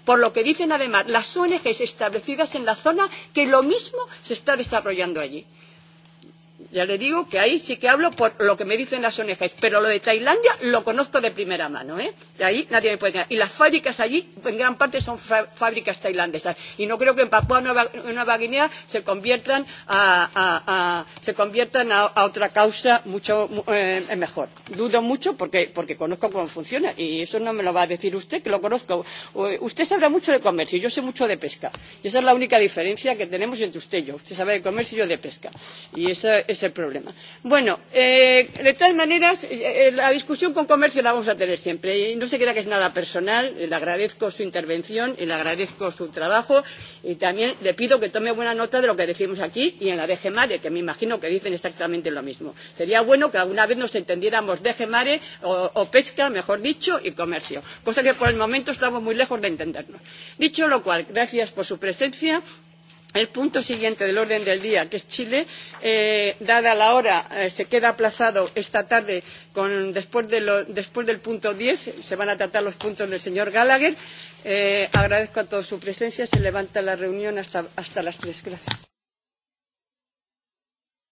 por lo que dicen además las ONG establecidas en la zona, que lo mismo se está desarrollando allí. Ya le digo que ahí sí que hablo por lo que me dicen las ONG, pero lo de Tailandia lo conozco de primera mano, ¿eh? De ahí nadie me puede engañar. Y las fábricas allí, en gran parte, son fábricas tailandesas. Y no creo que en Papua Nueva, Nueva Guinea se conviertan a, a, a, se conviertan a, a otra causa mucho eh, mejor. Dudo mucho porque, porque conozco cómo funciona y eso no me lo va a decir usted, que lo conozco. Usted sabrá mucho de comercio, yo sé mucho de pesca. Y esa es la única diferencia que tenemos entre usted y yo. Usted sabe de comercio y yo de pesca. Y esa, esa es el problema. Bueno, eh, de todas maneras, eh, eh, la discusión con comercio la vamos a tener siempre. Y no se crea que es nada personal. Le agradezco su intervención y le agradezco su trabajo. Y también le pido que tome buena nota de lo que decimos aquí y en la DG Mare, que me imagino que dicen exactamente lo mismo. Sería bueno que alguna vez nos entendiéramos DG Mare o, o pesca, mejor dicho, y comercio. Cosa que por el momento estamos muy lejos de entendernos. Dicho lo cual, gracias por su presencia. El punto siguiente del orden del día, que es Chile, eh, dada la hora, eh, se queda aplazado esta tarde con, después, de lo, después del punto 10. Se van a tratar los puntos del señor Gallagher. Eh, agradezco a todos su presencia. Se levanta la reunión hasta, hasta las tres. Gracias.